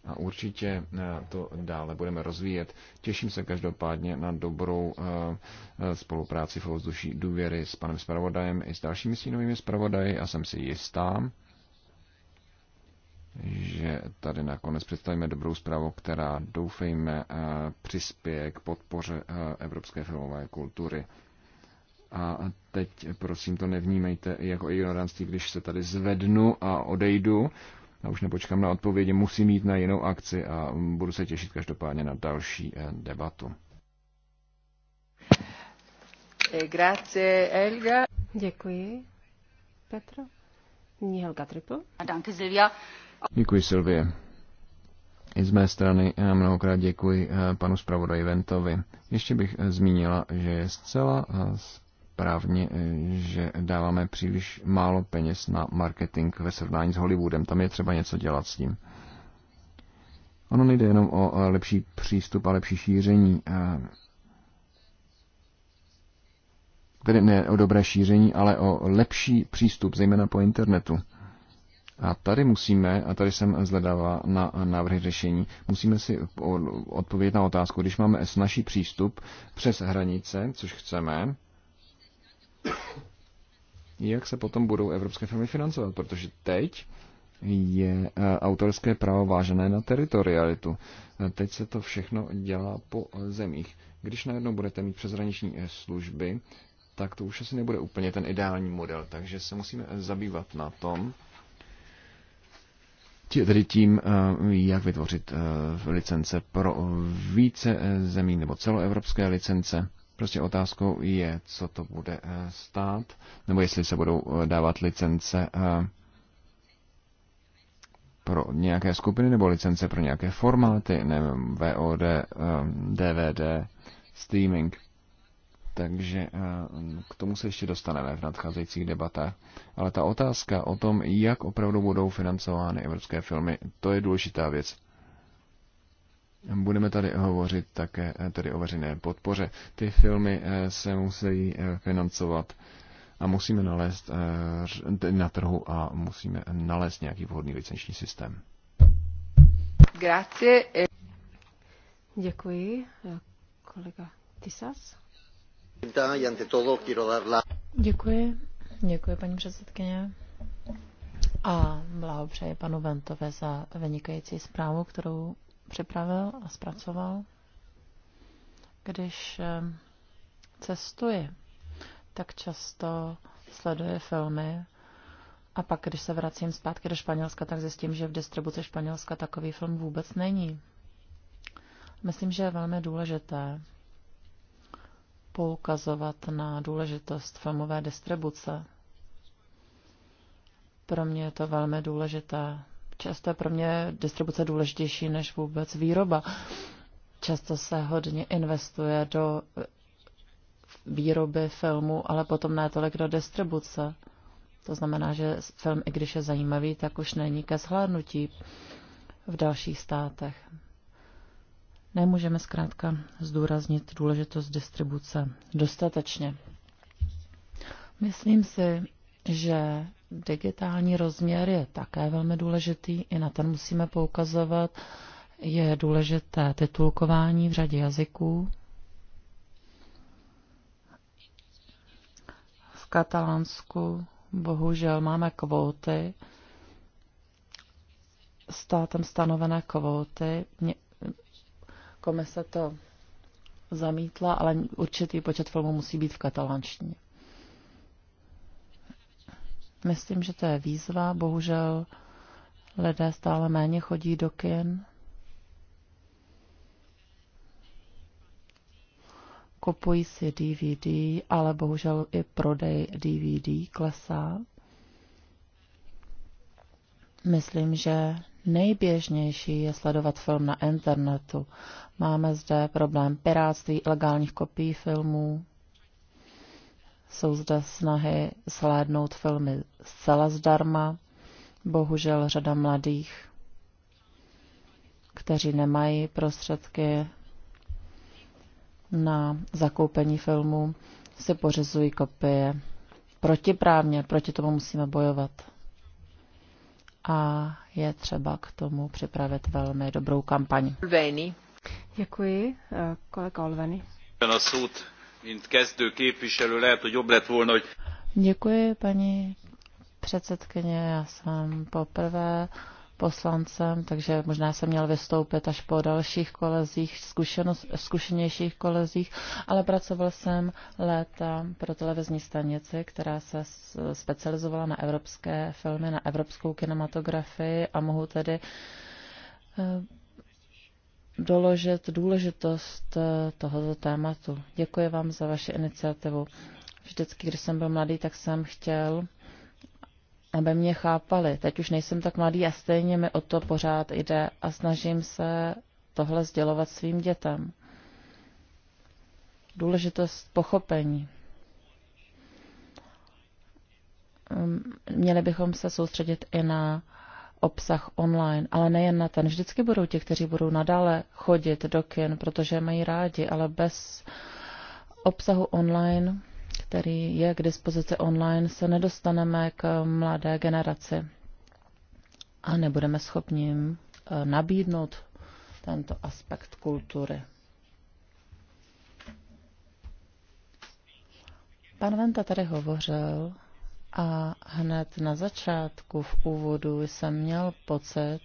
A určitě to dále budeme rozvíjet. Těším se každopádně na dobrou spolupráci v důvěry s panem zpravodajem i s dalšími stínovými zpravodaji a jsem si jistá, že tady nakonec představíme dobrou zprávu, která doufejme eh, přispěje k podpoře eh, evropské filmové kultury. A teď prosím to nevnímejte jako ignoranství, když se tady zvednu a odejdu a už nepočkám na odpovědi, musím jít na jinou akci a budu se těšit každopádně na další eh, debatu. Grazie, Děkuji, Petro. Ní Helga Triple. A danke, Silvia. Děkuji, Silvie. I z mé strany eh, mnohokrát děkuji eh, panu zpravodaji Ventovi. Ještě bych eh, zmínila, že je zcela správně, že dáváme příliš málo peněz na marketing ve srovnání s Hollywoodem. Tam je třeba něco dělat s tím. Ono nejde jenom o lepší přístup a lepší šíření, tedy ne o dobré šíření, ale o lepší přístup, zejména po internetu. A tady musíme, a tady jsem zledává na návrhy řešení, musíme si odpovědět na otázku, když máme snažší přístup přes hranice, což chceme, jak se potom budou evropské firmy financovat, protože teď je eh, autorské právo vážené na teritorialitu. Eh, teď se to všechno dělá po zemích. Když najednou budete mít přeshraniční eh, služby, tak to už asi nebude úplně ten ideální model, takže se musíme zabývat na tom, tedy tím, eh, jak vytvořit eh, licence pro eh, více zemí nebo celoevropské licence. Prostě otázkou je, co to bude stát, nebo jestli se budou dávat licence pro nějaké skupiny nebo licence pro nějaké formáty, nevím, VOD, DVD, streaming. Takže eh, k tomu se ještě dostaneme v nadcházejících debatách. Ale ta otázka o tom, jak opravdu budou financovány evropské filmy, to je důležitá věc. Budeme tady hovořit také eh, tedy o veřejné podpoře. Ty filmy eh, se musí financovat a musíme nalézt na trhu a musíme nalézt nějaký vhodný licenční systém. Grazie. Děkuji. Kolega Tisas. Děkuji. Děkuji, paní předsedkyně. A blahopřeji panu Ventovi za vynikající zprávu, kterou připravil a zpracoval. Když eh, cestuji, tak často sleduji filmy a pak, když se vracím zpátky do Španělska, tak zjistím, že v distribuci Španělska takový film vůbec není. Myslím, že je velmi důležité, poukazovat na důležitost filmové distribuce. Pro mě je to velmi důležité. Často je pro mě distribuce důležitější než vůbec výroba. Často se hodně investuje do výroby filmu, ale potom ne tolik do distribuce. To znamená, že film, i když je zajímavý, tak už není ke zhlédnutí v dalších státech. Nemůžeme zkrátka zdůraznit důležitost distribuce dostatečně. Myslím si, že digitální rozměr je také velmi důležitý, i na ten musíme poukazovat. Je důležité titulkování v řadě jazyků. V katalánsku bohužel máme kvóty, státem stanovené kvóty. Komise to zamítla, ale určitý počet filmů musí být v katalánštině. Myslím, že to je výzva. Bohužel lidé stále méně chodí do kin. Kupují si DVD, ale bohužel i prodej DVD klesá. Myslím, že Nejběžnější je sledovat film na internetu. Máme zde problém piráctví, ilegálních kopií filmů. Jsou zde snahy slédnout filmy zcela zdarma. Bohužel řada mladých, kteří nemají prostředky na zakoupení filmu, si pořizují kopie protiprávně, proti tomu musíme bojovat. A je třeba k tomu připravit velmi dobrou kampaň. Olveni, Děkuji, eh, kolega Olveny. Děkuji, paní předsedkyně. Já jsem poprvé poslancem, takže možná jsem měl vystoupit až po dalších kolezích, zkušenějších kolezích, ale pracoval jsem léta pro televizní stanici, která se specializovala na evropské filmy, na evropskou kinematografii a mohu tedy eh, doložit důležitost eh, tohoto tématu. Děkuji vám za vaši iniciativu. Vždycky, když jsem byl mladý, tak jsem chtěl aby mě chápali. Teď už nejsem tak mladý a stejně mi o to pořád jde a snažím se tohle sdělovat svým dětem. Důležitost pochopení. Um, měli bychom se soustředit i na obsah online, ale nejen na ten. Vždycky budou ti, kteří budou nadále chodit do kin, protože mají rádi, ale bez obsahu online který je k dispozici online, se nedostaneme k mladé generaci a nebudeme schopni eh, nabídnout tento aspekt kultury. Pan Venta tady hovořil a hned na začátku v úvodu jsem měl pocit,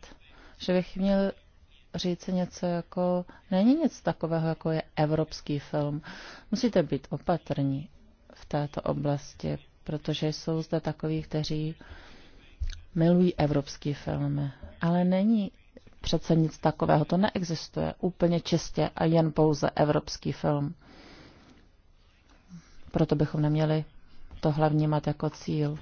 že bych měl říct něco jako, není nic takového, jako je evropský film. Musíte být opatrní této oblasti, protože jsou zde takoví, kteří milují evropský film, ale není přece nic takového, to neexistuje úplně čistě a jen pouze evropský film. Proto bychom neměli to hlavně mít jako cíl.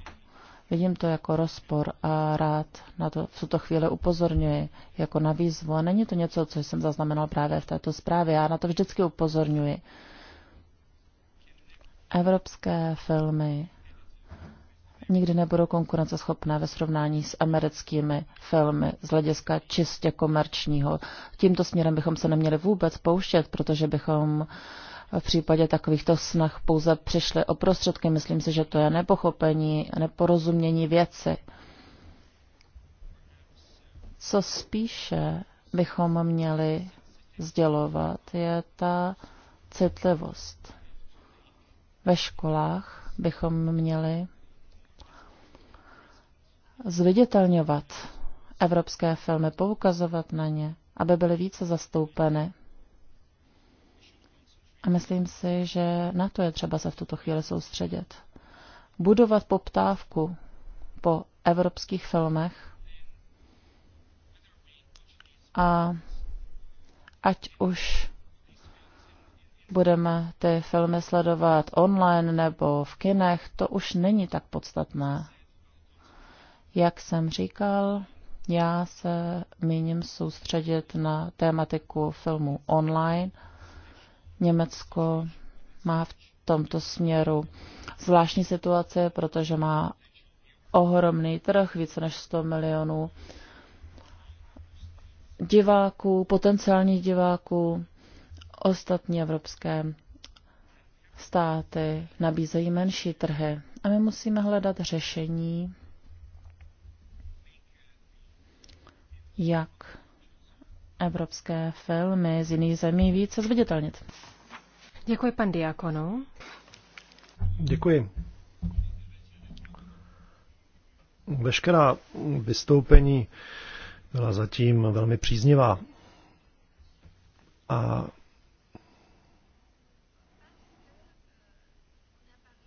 Vidím to jako rozpor a rád na to v tuto chvíli upozorňuji jako na výzvu. A není to něco, co jsem zaznamenal právě v této zprávě. Já na to vždycky upozorňuji. Evropské filmy nikdy nebudou konkurenceschopné ve srovnání s americkými filmy z hlediska čistě komerčního. Tímto směrem bychom se neměli vůbec pouštět, protože bychom v případě takovýchto snah pouze přišli o prostředky. Myslím si, že to je nepochopení, neporozumění věci. Co spíše bychom měli sdělovat, je ta citlivost ve školách bychom měli zviditelňovat evropské filmy, poukazovat na ně, aby byly více zastoupeny. A myslím si, že na to je třeba se v tuto chvíli soustředit. Budovat poptávku po evropských filmech a ať už budeme ty filmy sledovat online nebo v kinech, to už není tak podstatné. Jak jsem říkal, já se míním soustředit na tématiku filmů online. Německo má v tomto směru zvláštní situaci, protože má ohromný trh, více než 100 milionů diváků, potenciálních diváků. Ostatní evropské státy nabízejí menší trhy a my musíme hledat řešení, jak evropské filmy z jiných zemí více zviditelnit. Děkuji pan Diakonu. Děkuji. Veškerá vystoupení byla zatím velmi příznivá. A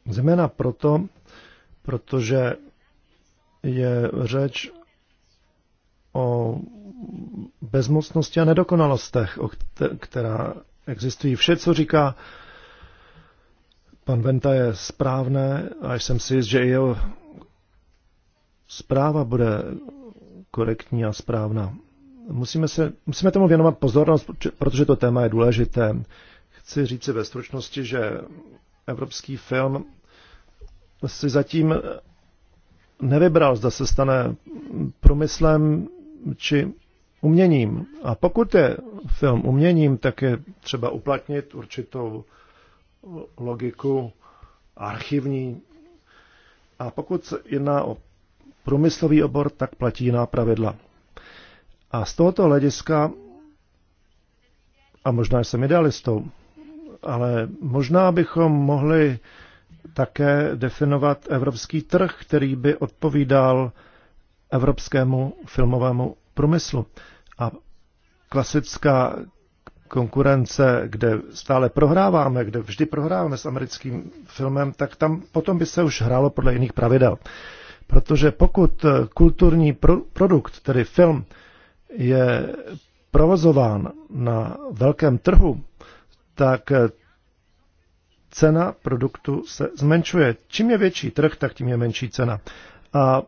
Zejména proto, protože je řeč o bezmocnosti a nedokonalostech, o která existují. Vše, co říká pan Venta, je správné a jsem si jist, že i jeho zpráva bude korektní a správná. Musíme, se, musíme tomu věnovat pozornost, protože to téma je důležité. Chci říct si ve stručnosti, že evropský film si zatím nevybral, zda se stane průmyslem či uměním. A pokud je film uměním, tak je třeba uplatnit určitou logiku archivní. A pokud se jedná o průmyslový obor, tak platí jiná pravidla. A z tohoto hlediska, a možná jsem idealistou, ale možná bychom mohli také definovat evropský trh, který by odpovídal evropskému filmovému průmyslu. A klasická konkurence, kde stále prohráváme, kde vždy prohráváme s americkým filmem, tak tam potom by se už hrálo podle jiných pravidel. Protože pokud kulturní pro- produkt, tedy film, je provozován na velkém trhu, tak eh, cena produktu se zmenšuje. Čím je větší trh, tak tím je menší cena. A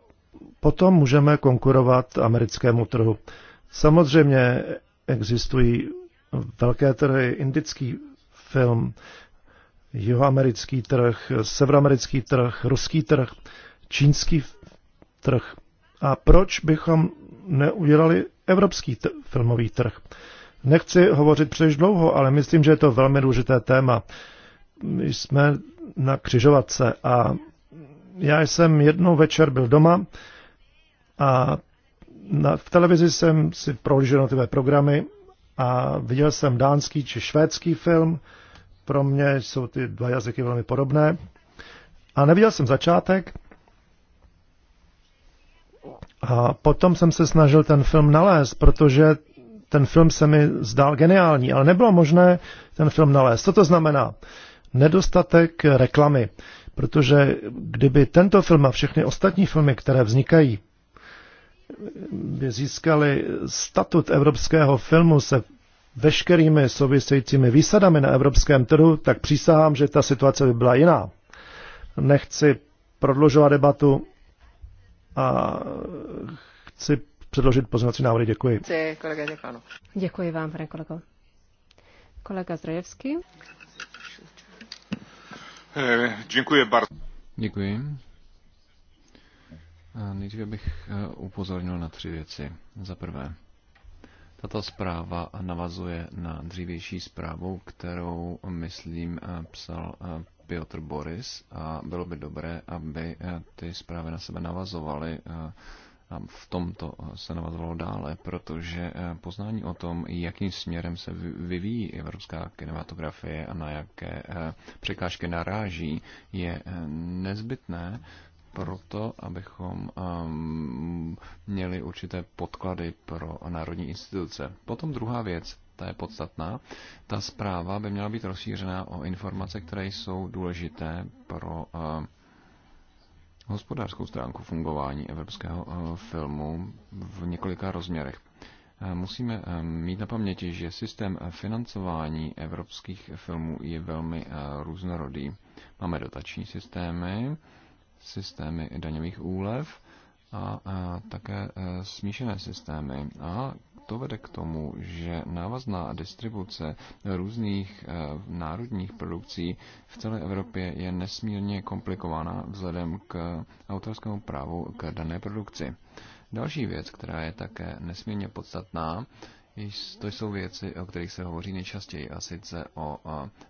potom můžeme konkurovat americkému trhu. Samozřejmě existují velké trhy, indický film, jihoamerický trh, severoamerický trh, ruský trh, čínský trh. A proč bychom neudělali evropský filmový trh? Nechci hovořit příliš dlouho, ale myslím, že je to velmi důležité téma. My jsme na křižovatce a já jsem jednou večer byl doma a na, v televizi jsem si prohlížel jednotlivé programy a viděl jsem dánský či švédský film. Pro mě jsou ty dva jazyky velmi podobné. A neviděl jsem začátek. A potom jsem se snažil ten film nalézt, protože ten film se mi zdál geniální, ale nebylo možné ten film nalézt. Co to znamená? Nedostatek reklamy, protože kdyby tento film a všechny ostatní filmy, které vznikají, by získali statut evropského filmu se veškerými souvisejícími výsadami na evropském trhu, tak přísahám, že ta situace by byla jiná. Nechci prodlužovat debatu a chci předložit poznací návrhy. Děkuji. Děkuji vám, pane kolego. Kolega Zdrojevský. Děkuji bardzo. Děkuji. Nejdříve bych eh, upozornil na tři věci. Za prvé, tato zpráva navazuje na dřívější zprávu, kterou, myslím, eh, psal eh, Piotr Boris a bylo by dobré, aby ty zprávy na sebe navazovaly a v tomto eh, se navazovalo dále, protože eh, poznání o tom, jakým směrem se vyvíjí evropská kinematografie a na jaké eh, překážky naráží, je nezbytné proto, abychom ehm, měli určité podklady pro národní instituce. Potom druhá věc, ta je podstatná. Ta zpráva by měla být rozšířena o informace, které jsou důležité pro uh, hospodářskou stránku fungování evropského eh, filmu v několika rozměrech. Eh, musíme eh, mít na paměti, že systém financování evropských filmů je velmi různorodý. Máme dotační systémy, systémy daňových úlev, a, a také e, smíšené systémy. A to vede k tomu, že návazná distribuce různých e, národních produkcí v celé Evropě je nesmírně komplikovaná vzhledem k autorskému právu k dané produkci. Další věc, která je také nesmírně podstatná, to jsou věci, o kterých se hovoří nejčastěji, a sice o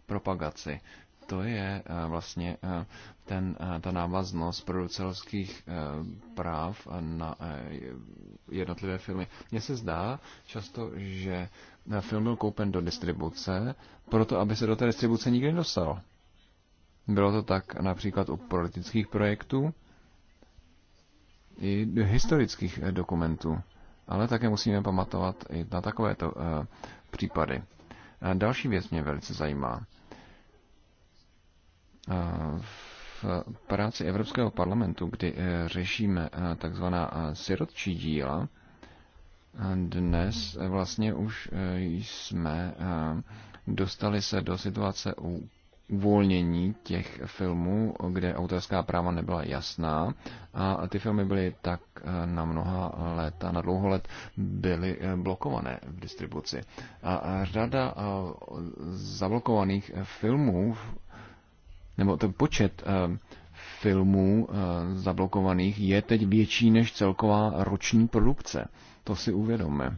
propagaci to je eh, vlastně eh, ten, eh, ta návaznost producelských práv na jednotlivé filmy. Mně se zdá často, že film byl koupen do distribuce, proto aby se do té distribuce nikdy nedostal. Bylo to tak například u politických projektů i historických dokumentů, ale také musíme pamatovat i na takovéto případy. Další věc mě velice zajímá v práci Evropského parlamentu, kdy eh, řešíme eh, takzvaná eh, sirotčí díla, dnes vlastně už jsme dostali se do situace uvolnění těch filmů, kde autorská práva nebyla jasná a ty filmy byly tak na mnoha let a na dlouho let byly blokované v distribuci. A řada zablokovaných filmů nebo ten počet eh, filmů eh, zablokovaných je teď větší než celková roční produkce. To si uvědomme.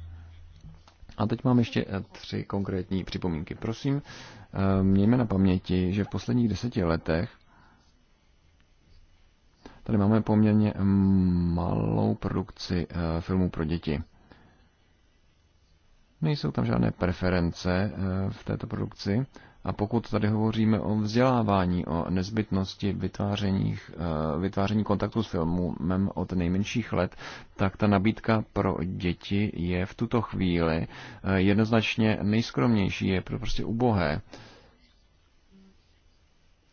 A teď mám ještě eh, tři konkrétní připomínky. Prosím, mějme na paměti, že v posledních deseti letech tady máme poměrně mm, malou produkci filmů pro děti. Nejsou tam žádné preference v této produkci. A pokud tady hovoříme o vzdělávání, o nezbytnosti vytváření, eh, vytváření kontaktu s filmem od nejmenších let, tak ta nabídka pro děti je v tuto chvíli eh, jednoznačně nejskromnější, je prostě ubohé.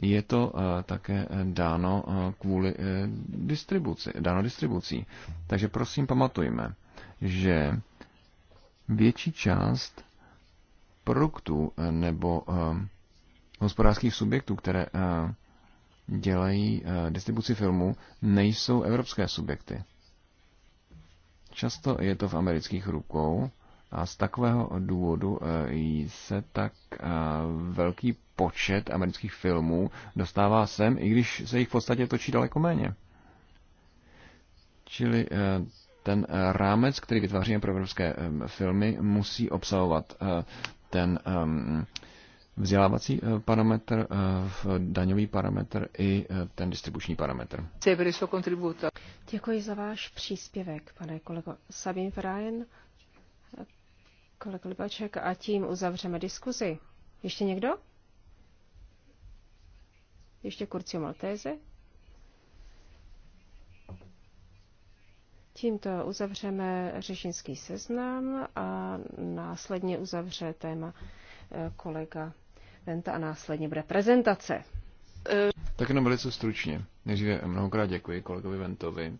Je to eh, také dáno kvůli distribuci, dáno distribucí. Takže prosím pamatujme, že větší část produktů eh, nebo eh, hospodářských subjektů, které eh, dělají distribuci filmů, nejsou evropské subjekty. Často je to v amerických rukou a z takového důvodu se tak velký počet amerických filmů dostává sem, i když se jich v podstatě točí daleko méně. Čili ten rámec, který vytváříme pro evropské filmy, musí obsahovat ten um, vzdělávací uh, parametr, uh, daňový parametr i uh, ten distribuční parametr. Děkuji za váš příspěvek, pane kolego Sabin Ryan, kolega Libaček, a tím uzavřeme diskuzi. Ještě někdo? Ještě Curcio Maltese? Tímto uzavřeme řešinský seznam a následně uzavře téma eh, kolega Venta a následně bude prezentace. Tak jenom velice stručně. Nejdříve mnohokrát děkuji kolegovi Ventovi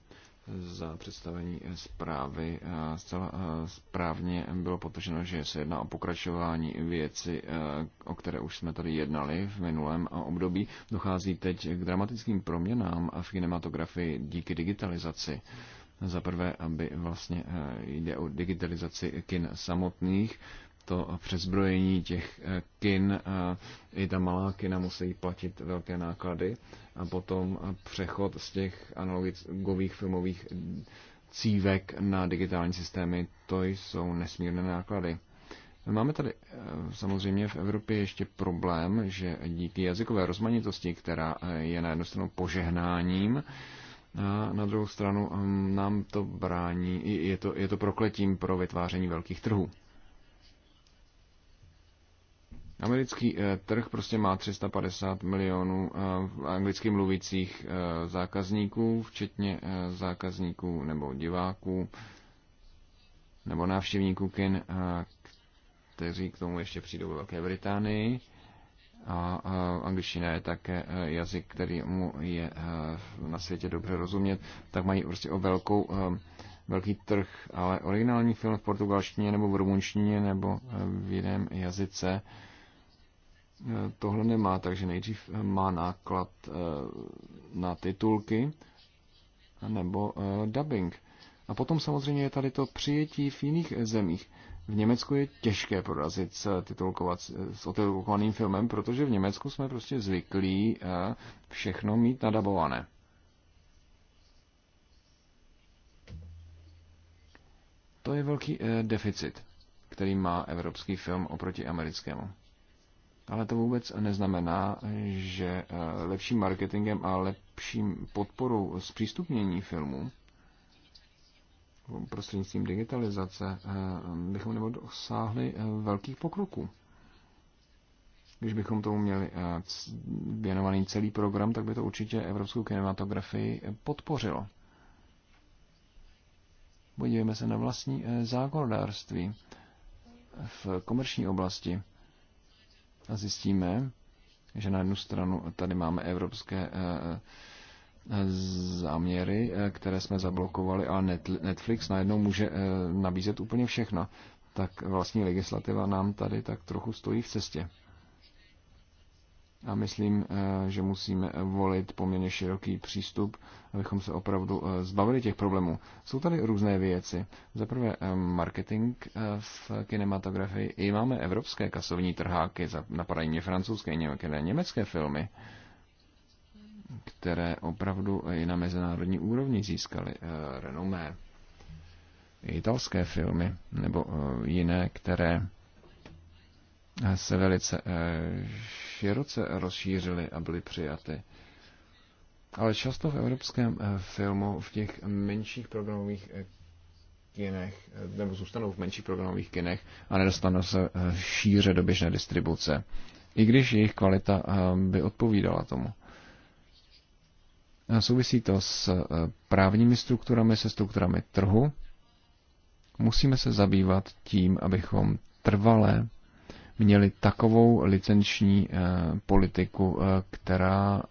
za představení zprávy. Zcela eh, správně bylo potvrzeno, že se jedná o pokračování věci, eh, o které už jsme tady jednali v minulém období. Dochází teď k dramatickým proměnám v kinematografii díky digitalizaci. Za prvé, aby vlastně eh, jde o digitalizaci kin samotných, to přezbrojení těch eh, kin, eh, i ta malá kina musí platit velké náklady a potom přechod z těch analogových filmových cívek na digitální systémy, to jsou nesmírné náklady. Máme tady samozřejmě v Evropě ještě problém, že díky jazykové rozmanitosti, která je na jednu stranu požehnáním, a na druhou stranu um, nám to brání, je to, je to prokletím pro vytváření velkých trhů. Americký eh, trh prostě má 350 milionů eh, anglicky mluvících eh, zákazníků, včetně zákazníků nebo diváků nebo návštěvníků kin, kteří k tomu ještě přijdou ve Velké Británii a angličtina je také e, jazyk, který mu je e, na světě dobře rozumět, tak mají prostě o velkou, e, velký trh, ale originální film v portugalštině nebo v rumunštině nebo v jiném jazyce tohle nemá, takže nejdřív má náklad na titulky nebo dubbing. A potom samozřejmě je tady to přijetí v jiných zemích. V Německu je těžké porazit s, titulkovat, s otitulkovaným filmem, protože v Německu jsme prostě zvyklí eh, všechno mít nadabované. To je velký eh, deficit, který má evropský film oproti americkému. Ale to vůbec neznamená, že eh, lepším marketingem a lepším podporou zpřístupnění filmu prostřednictvím digitalizace eh, bychom nebo dosáhli eh, velkých pokroků. Když bychom tomu měli eh, věnovaný celý program, tak by to určitě evropskou kinematografii podpořilo. Podívejme se na vlastní zákonodárství v komerční oblasti a zjistíme, že na jednu stranu tady máme evropské záměry, eh, které jsme zablokovali, a Netflix najednou může eh, nabízet úplně všechno. Tak vlastní legislativa nám tady tak trochu stojí v cestě. A myslím, eh, že musíme volit poměrně široký přístup, abychom se opravdu zbavili těch problémů. Jsou tady různé věci. Za prvé marketing v kinematografii. I máme evropské kasovní trháky, napadají mě francouzské, německé, německé filmy které opravdu i na mezinárodní úrovni získaly eh, renomé. Italské filmy nebo eh, jiné, které eh, se velice široce rozšířily a byly přijaty. Ale často v evropském filmu, v těch menších programových kinech, nebo zůstanou v menších programových kinech a nedostanou se šíře do běžné distribuce. I když jejich kvalita by odpovídala tomu. Eh, souvisí to s eh, právními strukturami, se strukturami trhu. Musíme se zabývat tím, abychom trvale měli takovou licenční eh, politiku, která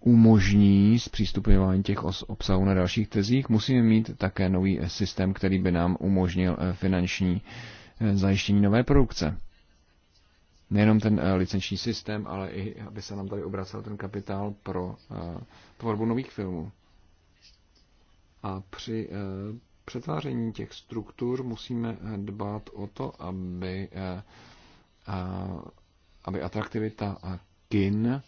umožní zpřístupňování těch obsahů na dalších tezích. Musíme mít také nový systém, který by nám umožnil finanční zajištění nové produkce nejenom ten eh, licenční systém, ale i aby se nám tady obracel ten kapitál pro eh, tvorbu nových filmů. A při eh, přetváření těch struktur musíme dbát o to, aby, aby atraktivita a kin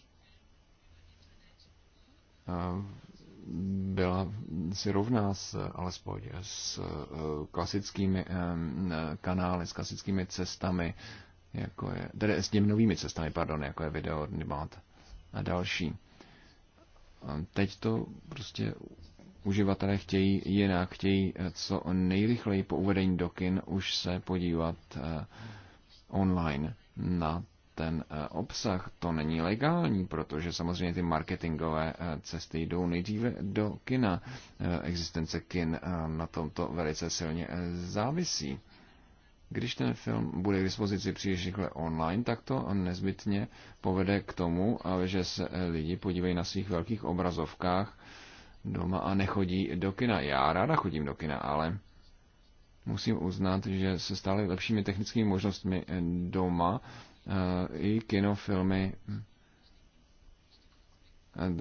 byla si rovná s, alespoň s klasickými kanály, s klasickými cestami, jako je, tedy s těmi novými cestami, pardon, jako je video, demand a další. A teď to prostě uživatelé chtějí jinak, chtějí eh, co nejrychleji po uvedení do kin už se podívat eh, online na ten eh, obsah. To není legální, protože samozřejmě ty marketingové cesty jdou nejdříve do kina. Existence kin na tomto velice silně závisí. Když ten film bude k dispozici příliš rychle online, tak to nezbytně povede k tomu, že se eh, lidi podívají na svých velkých obrazovkách doma a nechodí do kina. Já ráda chodím do kina, ale musím uznat, že se stále lepšími technickými možnostmi eh, doma eh, i kinofilmy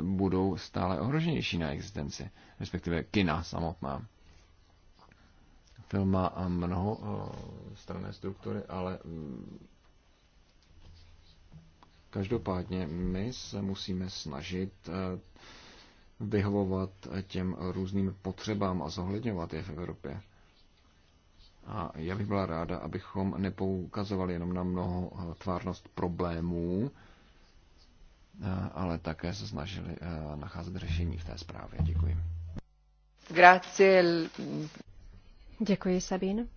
budou stále ohroženější na existenci, respektive kina samotná. Film má mnoho eh, strané struktury, ale mm, každopádně my se musíme snažit eh, vyhovovat těm různým potřebám a zohledňovat je v Evropě. A já bych byla ráda, abychom nepoukazovali jenom na mnoho eh, tvárnost problémů, ale také se snažili nacházet řešení v té zprávě. Děkuji. Grazie. Děkuji, Sabín.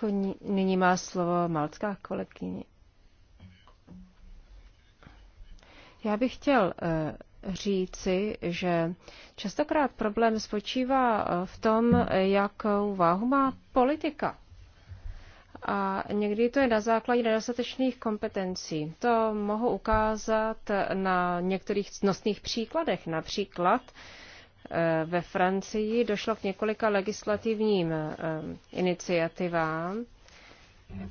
Koní, nyní má slovo malcká kolegyně. Já bych chtěl eh, říci, že častokrát problém spočívá eh, v tom, jakou váhu má politika. A někdy to je na základě nedostatečných kompetencí. To mohu ukázat na některých cnostných příkladech. Například ve Francii došlo k několika legislativním eh, iniciativám, eh,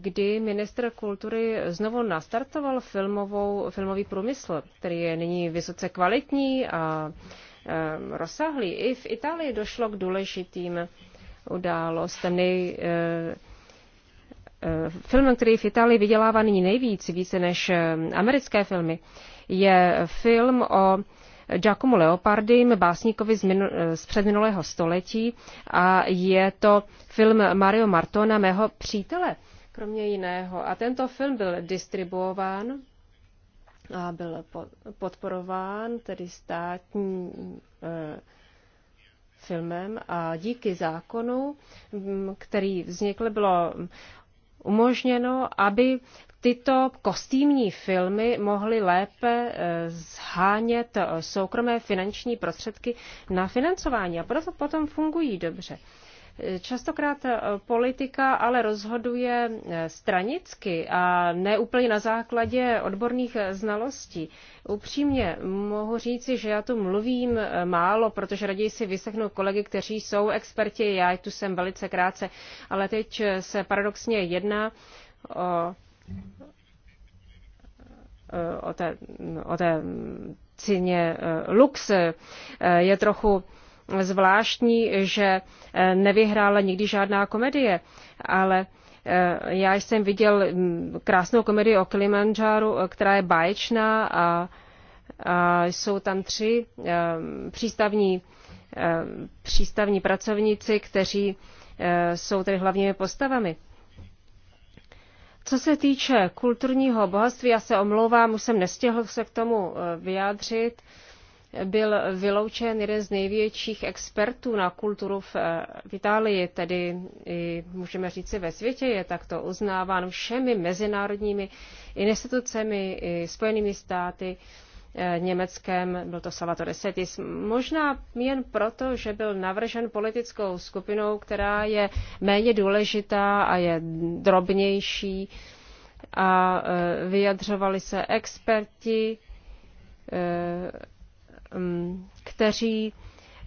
kdy minister kultury znovu nastartoval filmovou, filmový průmysl, který je nyní vysoce kvalitní a eh, rozsáhlý. I v Itálii došlo k důležitým událostem. Nej, film, který v Itálii vydělává nyní nejvíc, více než americké filmy, je film o Giacomo Leopardim, básníkovi z, minu, z předminulého století a je to film Mario Martona, mého přítele, kromě jiného. A tento film byl distribuován a byl podporován tedy státní e, filmem a díky zákonu, který vznikl, bylo umožněno, aby tyto kostýmní filmy mohly lépe eh, zhánět eh, soukromé finanční prostředky na financování a proto potom fungují dobře. Eh, častokrát politika ale rozhoduje stranicky a ne úplně na základě odborných znalostí. Upřímně mohu říci, že já tu mluvím málo, protože raději si vyslechnu kolegy, kteří jsou experti, já tu jsem velice krátce, ale teď se paradoxně jedná o o té, o té cíně eh, Lux eh, je trochu zvláštní, že eh, nevyhrála nikdy žádná komedie, ale já jsem viděl mm, krásnou komedii o Kilimanjáru, která je báječná a, a jsou tam tři přístavní, přístavní pracovníci, kteří jsou tedy hlavními postavami. Co se týče kulturního bohatství, já se omlouvám, už jsem nestihl se k tomu eh, vyjádřit. Byl vyloučen jeden z největších expertů na kulturu v, eh, v Itálii, tedy i, můžeme říci ve světě, je takto uznáván všemi mezinárodními institucemi, i Spojenými státy, Eh, německém, byl to Salvatore Setis, možná jen proto, že byl navržen politickou skupinou, která je méně důležitá a je drobnější a eh, vyjadřovali se experti, eh, mm, kteří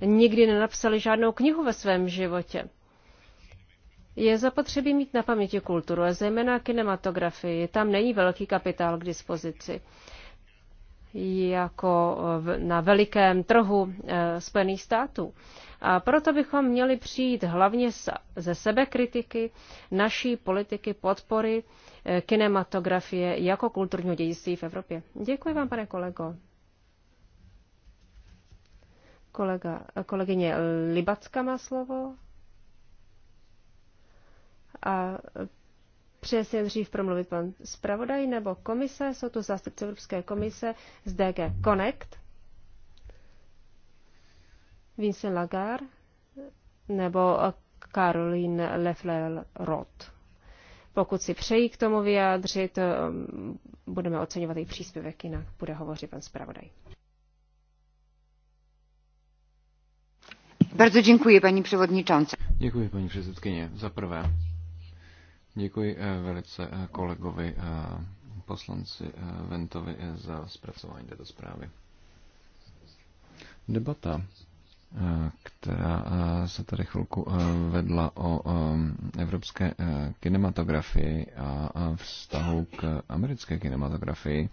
nikdy nenapsali žádnou knihu ve svém životě. Je zapotřebí mít na paměti kulturu, a zejména kinematografii. Tam není velký kapitál k dispozici jako eh, na velikém trhu eh, Spojených států. A proto bychom měli přijít hlavně ze sebekritiky naší politiky podpory eh, kinematografie jako kulturního dědictví v Evropě. Děkuji vám, pane kolego. Kolega, kolegyně Libacka má slovo. A Přesně dřív promluvit pan zpravodaj nebo komise, jsou to zástupci Evropské komise z DG Connect, Vincent Lagarde nebo eh, Caroline Leffler-Roth. Pokud si přejí k tomu vyjádřit, eh, budeme oceňovat její příspěvek, jinak bude hovořit pan zpravodaj. Bardzo dziękuję pani przewodnicząca. Děkuji paní předsedkyně. Za prvé, Děkuji eh, velice eh, kolegovi eh, poslanci Ventovi za zpracování této zprávy. Debata, která se tady chvilku vedla o evropské kinematografii a vztahu k americké kinematografii,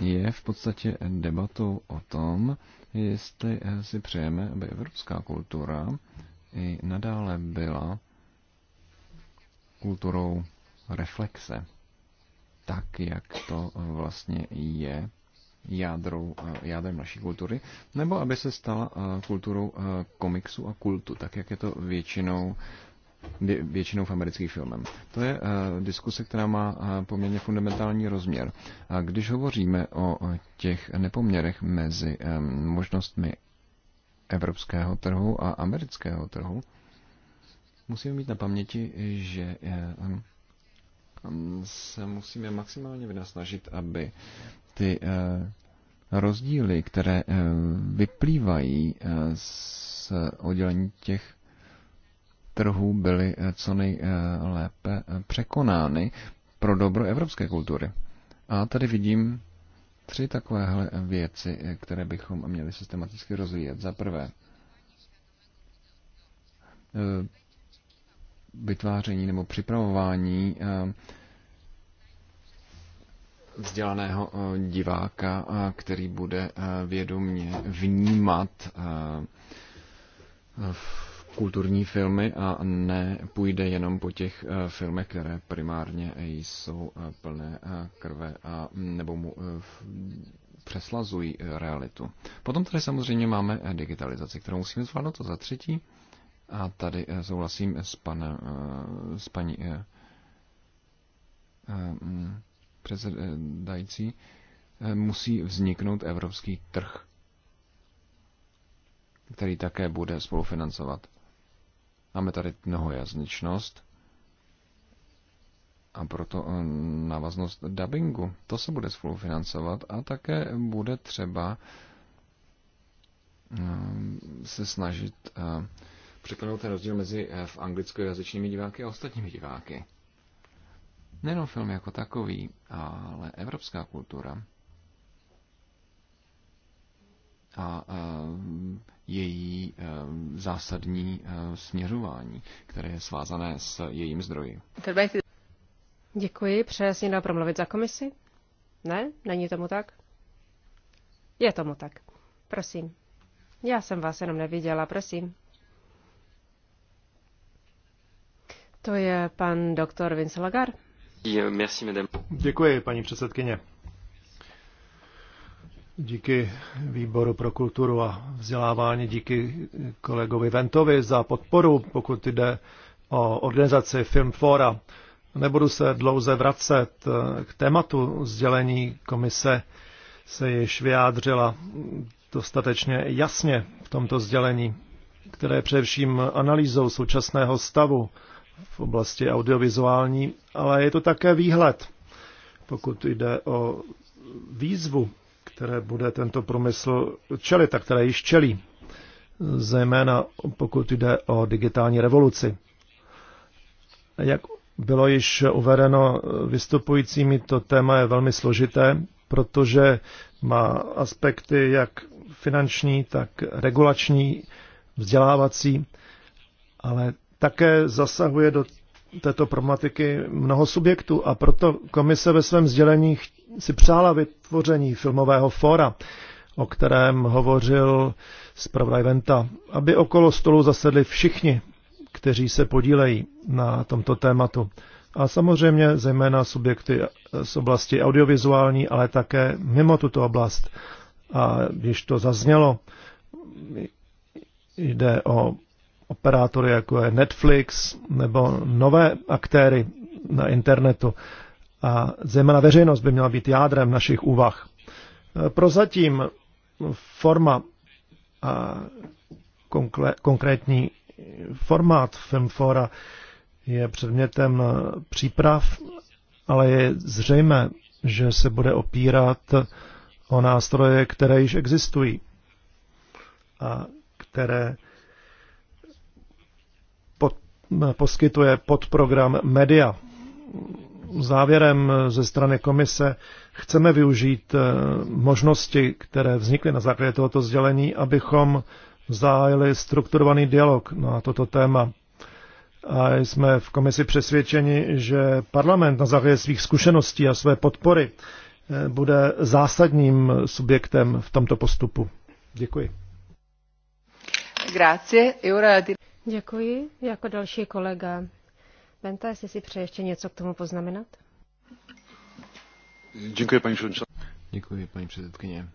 je v podstatě debatou o tom, jestli si přejeme, aby evropská kultura i nadále byla kulturou reflexe, tak jak to eh, vlastně je jádrou, eh, jádrem naší kultury, nebo aby se stala eh, kulturou komiksu a kultu, tak jak je to většinou většinou v amerických filmem. To je diskuse, která má poměrně fundamentální rozměr. A když hovoříme o, těch nepoměrech mezi možnostmi evropského trhu a amerického trhu, Musíme mít na paměti, že eh, ehm, se musíme maximálně vynasnažit, aby ty eh, rozdíly, které eh, vyplývají z oddělení těch trhů, byly co nejlépe překonány pro dobro evropské kultury. A tady vidím tři takovéhle věci, které bychom měli systematicky rozvíjet. Za prvé, vytváření nebo připravování eh, vzdělaného eh, diváka, eh, který bude vědomně vnímat kulturní filmy a ne půjde jenom po těch filmech, které primárně jsou plné krve a nebo mu přeslazují realitu. Potom tady samozřejmě máme digitalizaci, kterou musíme zvládnout to za třetí. A tady eh, souhlasím s, panem, eh, s paní eh, mm, předsedající. Musí vzniknout evropský trh, který také bude spolufinancovat. Máme tady jazničnost a proto návaznost dubbingu. To se bude spolufinancovat a také bude třeba se snažit překlenout ten rozdíl mezi eh, v anglickojazyčními diváky a ostatními diváky. Nejenom film jako takový, ale evropská kultura a eh, její eh, zásadní směřování, které je svázané s jejím zdroji. Děkuji. Přesně si promluvit za komisi? Ne? Není tomu tak? Je tomu tak. Prosím. Já jsem vás jenom neviděla, prosím. To je pan doktor Vince Lagarde. Děkuji, paní předsedkyně. Díky výboru pro kulturu a vzdělávání, díky kolegovi Ventovi za podporu, pokud jde o organizaci filmfora. Nebudu se dlouze vracet eh, k tématu sdělení komise, se již vyjádřila dostatečně jasně v tomto sdělení, které je především analýzou současného stavu v oblasti audiovizuální, ale je to také výhled, pokud jde o výzvu, které bude tento průmysl čelit a které již čelí, zejména pokud jde o digitální revoluci. Jak bylo již uvedeno vystupujícími, to téma je velmi složité, protože má aspekty jak finanční, tak regulační, vzdělávací, ale také zasahuje do této problematiky mnoho subjektů a proto komise ve svém sdělení si přála vytvoření filmového fóra, o kterém hovořil zpravodaj Venta, aby okolo stolu zasedli všichni, kteří se podílejí na tomto tématu. A samozřejmě zejména subjekty z oblasti audiovizuální, ale také mimo tuto oblast. A když to zaznělo, jde o operátory, jako je Netflix nebo nové aktéry na internetu. A zejména veřejnost by měla být jádrem našich úvah. Prozatím forma a konkrétní formát Femfora je předmětem příprav, ale je zřejmé, že se bude opírat o nástroje, které již existují a které poskytuje podprogram Media. Závěrem ze strany komise chceme využít eh, možnosti, které vznikly na základě tohoto sdělení, abychom zahájili strukturovaný dialog na toto téma. A jsme v komisi přesvědčeni, že parlament na základě svých zkušeností a své podpory eh, bude zásadním subjektem v tomto postupu. Děkuji. Grazie. E Děkuji. Jako další kolega Benta, jestli si přeje ještě něco k tomu poznamenat. Děkuji, paní předsedkyně. Děkuji, paní předsedkyně.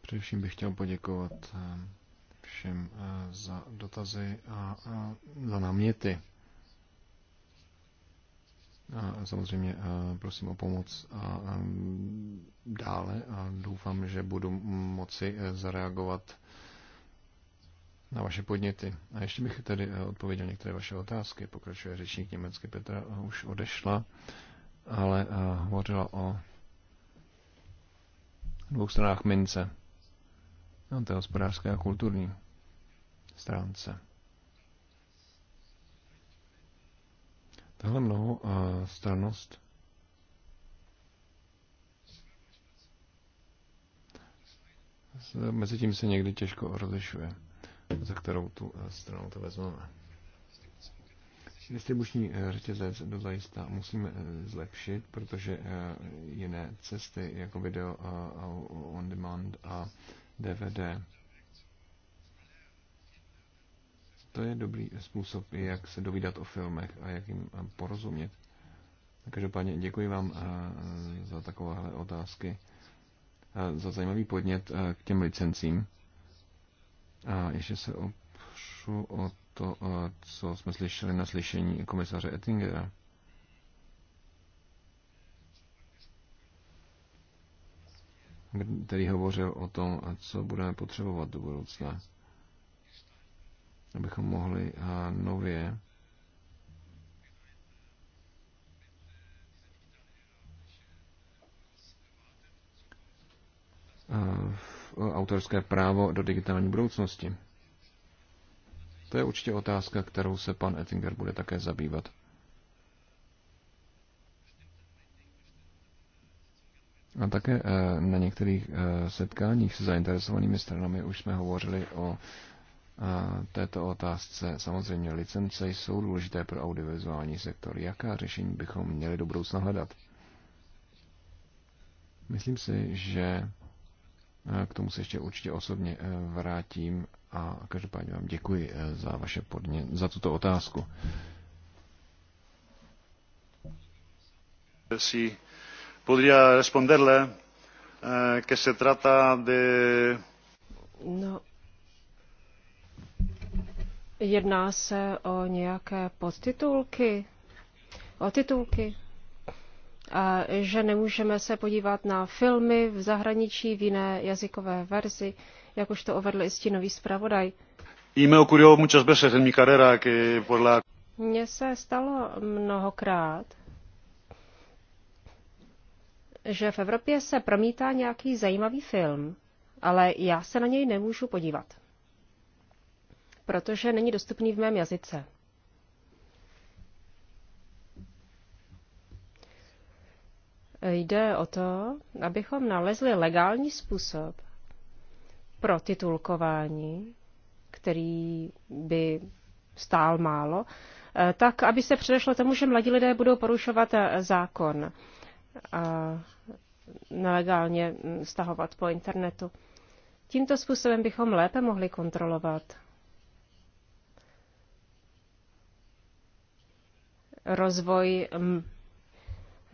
Především bych chtěl poděkovat eh, všem eh, za dotazy a za náměty. A samozřejmě eh, prosím o pomoc a dále a doufám, že budu moci zareagovat na vaše podněty. A ještě bych mhm. tady eh, odpověděl některé vaše otázky. Pokračuje řečník německy Petra, eh, už odešla, ale eh, hovořila o dvou stranách mince. No, je hospodářské a kulturní stránce. Tahle mnoho uh, stranost mezi tím se někdy těžko rozlišuje za kterou tu eh, stranu to vezmeme. Distribuční eh, řetězec do zajista musíme eh, zlepšit, protože jiné cesty jako video on demand a DVD to je dobrý způsob, jak se dovídat o filmech a jak jim porozumět. Každopádně děkuji vám za takovéhle otázky, za zajímavý podnět k těm licencím. A ještě se opřu o to, eh, co jsme slyšeli na slyšení komisaře Ettingera. který hovořil o tom, co budeme potřebovat do budoucna, abychom mohli eh, nově v eh, autorské právo do digitální budoucnosti? To je určitě otázka, kterou se pan Ettinger bude také zabývat. A také eh, na některých eh, setkáních se zainteresovanými stranami už jsme hovořili o eh, této otázce. Samozřejmě licence jsou důležité pro audiovizuální sektor. Jaká řešení bychom měli do budoucna hledat? Myslím si, že Eh, k tomu se ještě určitě osobně eh, vrátím a každopádně vám děkuji eh, za vaše podně, za tuto otázku. Si podría responderle que se trata de... No, jedná se o nějaké podtitulky, o titulky že nemůžeme se podívat na filmy v zahraničí v jiné jazykové verzi, jak už to uvedl i stínový zpravodaj. Mně se stalo mnohokrát, že v Evropě se promítá nějaký zajímavý film, ale já se na něj nemůžu podívat, protože není dostupný v mém jazyce. Jde o to, abychom nalezli legální způsob pro titulkování, který by stál málo, eh, tak aby se předešlo tomu, že mladí lidé budou porušovat eh, zákon a nelegálně mm, stahovat po internetu. Tímto způsobem bychom lépe mohli kontrolovat rozvoj mm,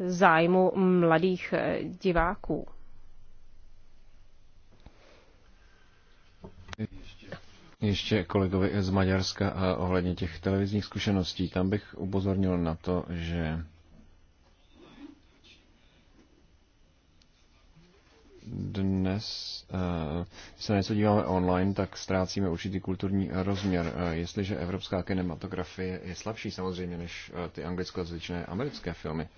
zájmu mladých eh, diváků. Ještě, kolegovi z Maďarska a eh, ohledně těch televizních zkušeností. Tam bych upozornil na to, že dnes eh, když se něco díváme online, tak ztrácíme určitý kulturní rozměr. Jestliže evropská kinematografie je slabší samozřejmě než ty anglicko zličné americké filmy,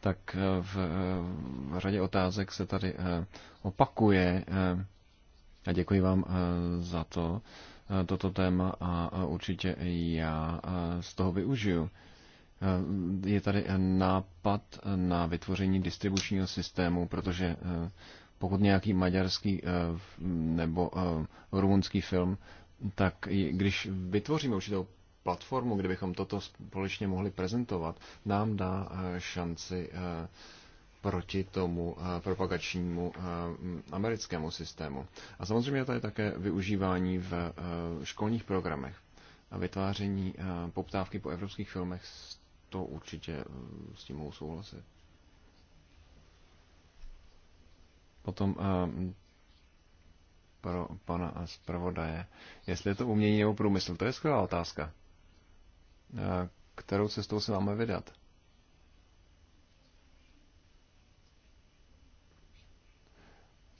tak eh, v, eh, v řadě otázek se tady eh, opakuje, a děkuji vám za to, toto téma a určitě já z toho využiju. Je tady nápad na vytvoření distribučního systému, protože pokud nějaký maďarský nebo rumunský film, tak když vytvoříme určitou platformu, kde bychom toto společně mohli prezentovat, nám dá eh, šanci eh, proti tomu eh, propagačnímu americkému systému. A samozřejmě to je také využívání v školních programech a vytváření poptávky po evropských filmech, to určitě s tím mohu souhlasit. Potom pro pana zpravodaje, jestli je to umění nebo průmysl, to je skvělá otázka. Eh, kterou cestou se máme vydat.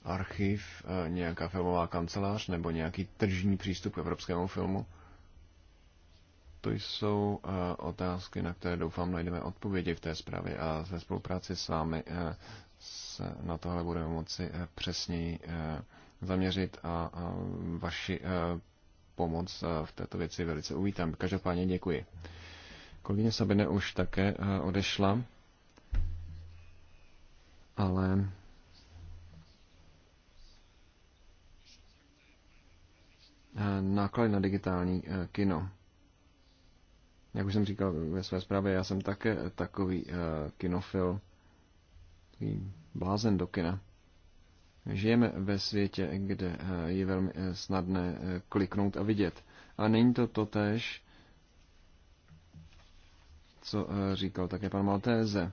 Archiv, eh, nějaká filmová kancelář nebo nějaký tržní přístup k evropskému filmu? To jsou eh, otázky, na které doufám najdeme odpovědi v té zprávě a ve spolupráci s vámi se na tohle budeme moci přesněji zaměřit a vaši pomoc eh, v této věci velice uvítám. Každopádně děkuji. Kolegyně Sabine už také eh, odešla, ale eh, náklady na digitální kino. Jak už jsem říkal ve své zprávě, já jsem také takový kinofil, takový blázen do kina. Žijeme ve světě, kde eh, je velmi eh, snadné eh, kliknout a vidět. A není to totéž, co říkal také pan Maltéze.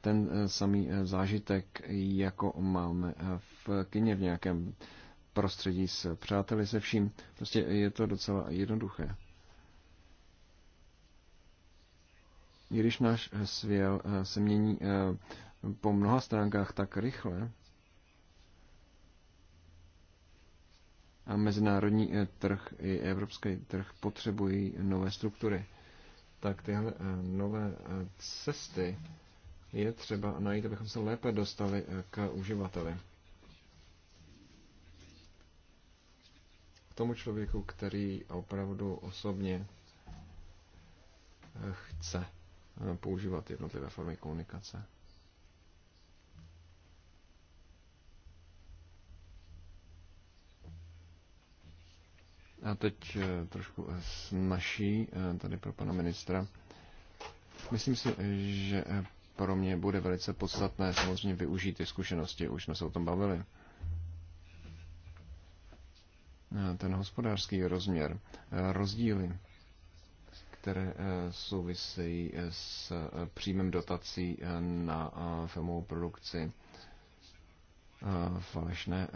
Ten samý zážitek, jako máme v kině v nějakém prostředí s přáteli, se vším. Prostě je to docela jednoduché. I když náš svět se mění po mnoha stránkách tak rychle, a mezinárodní eh, trh i evropský trh potřebují nové struktury. Tak tyhle eh, nové eh, cesty je třeba najít, abychom se lépe dostali k uživateli. K tomu člověku, který opravdu osobně chce používat jednotlivé formy komunikace. A teď eh, trošku eh, snaší eh, tady pro pana ministra. Myslím si, že pro mě bude velice podstatné samozřejmě využít ty zkušenosti, už jsme se o tom bavili. Ten hospodářský rozměr, rozdíly, které souvisejí s příjmem dotací na filmovou produkci, falešné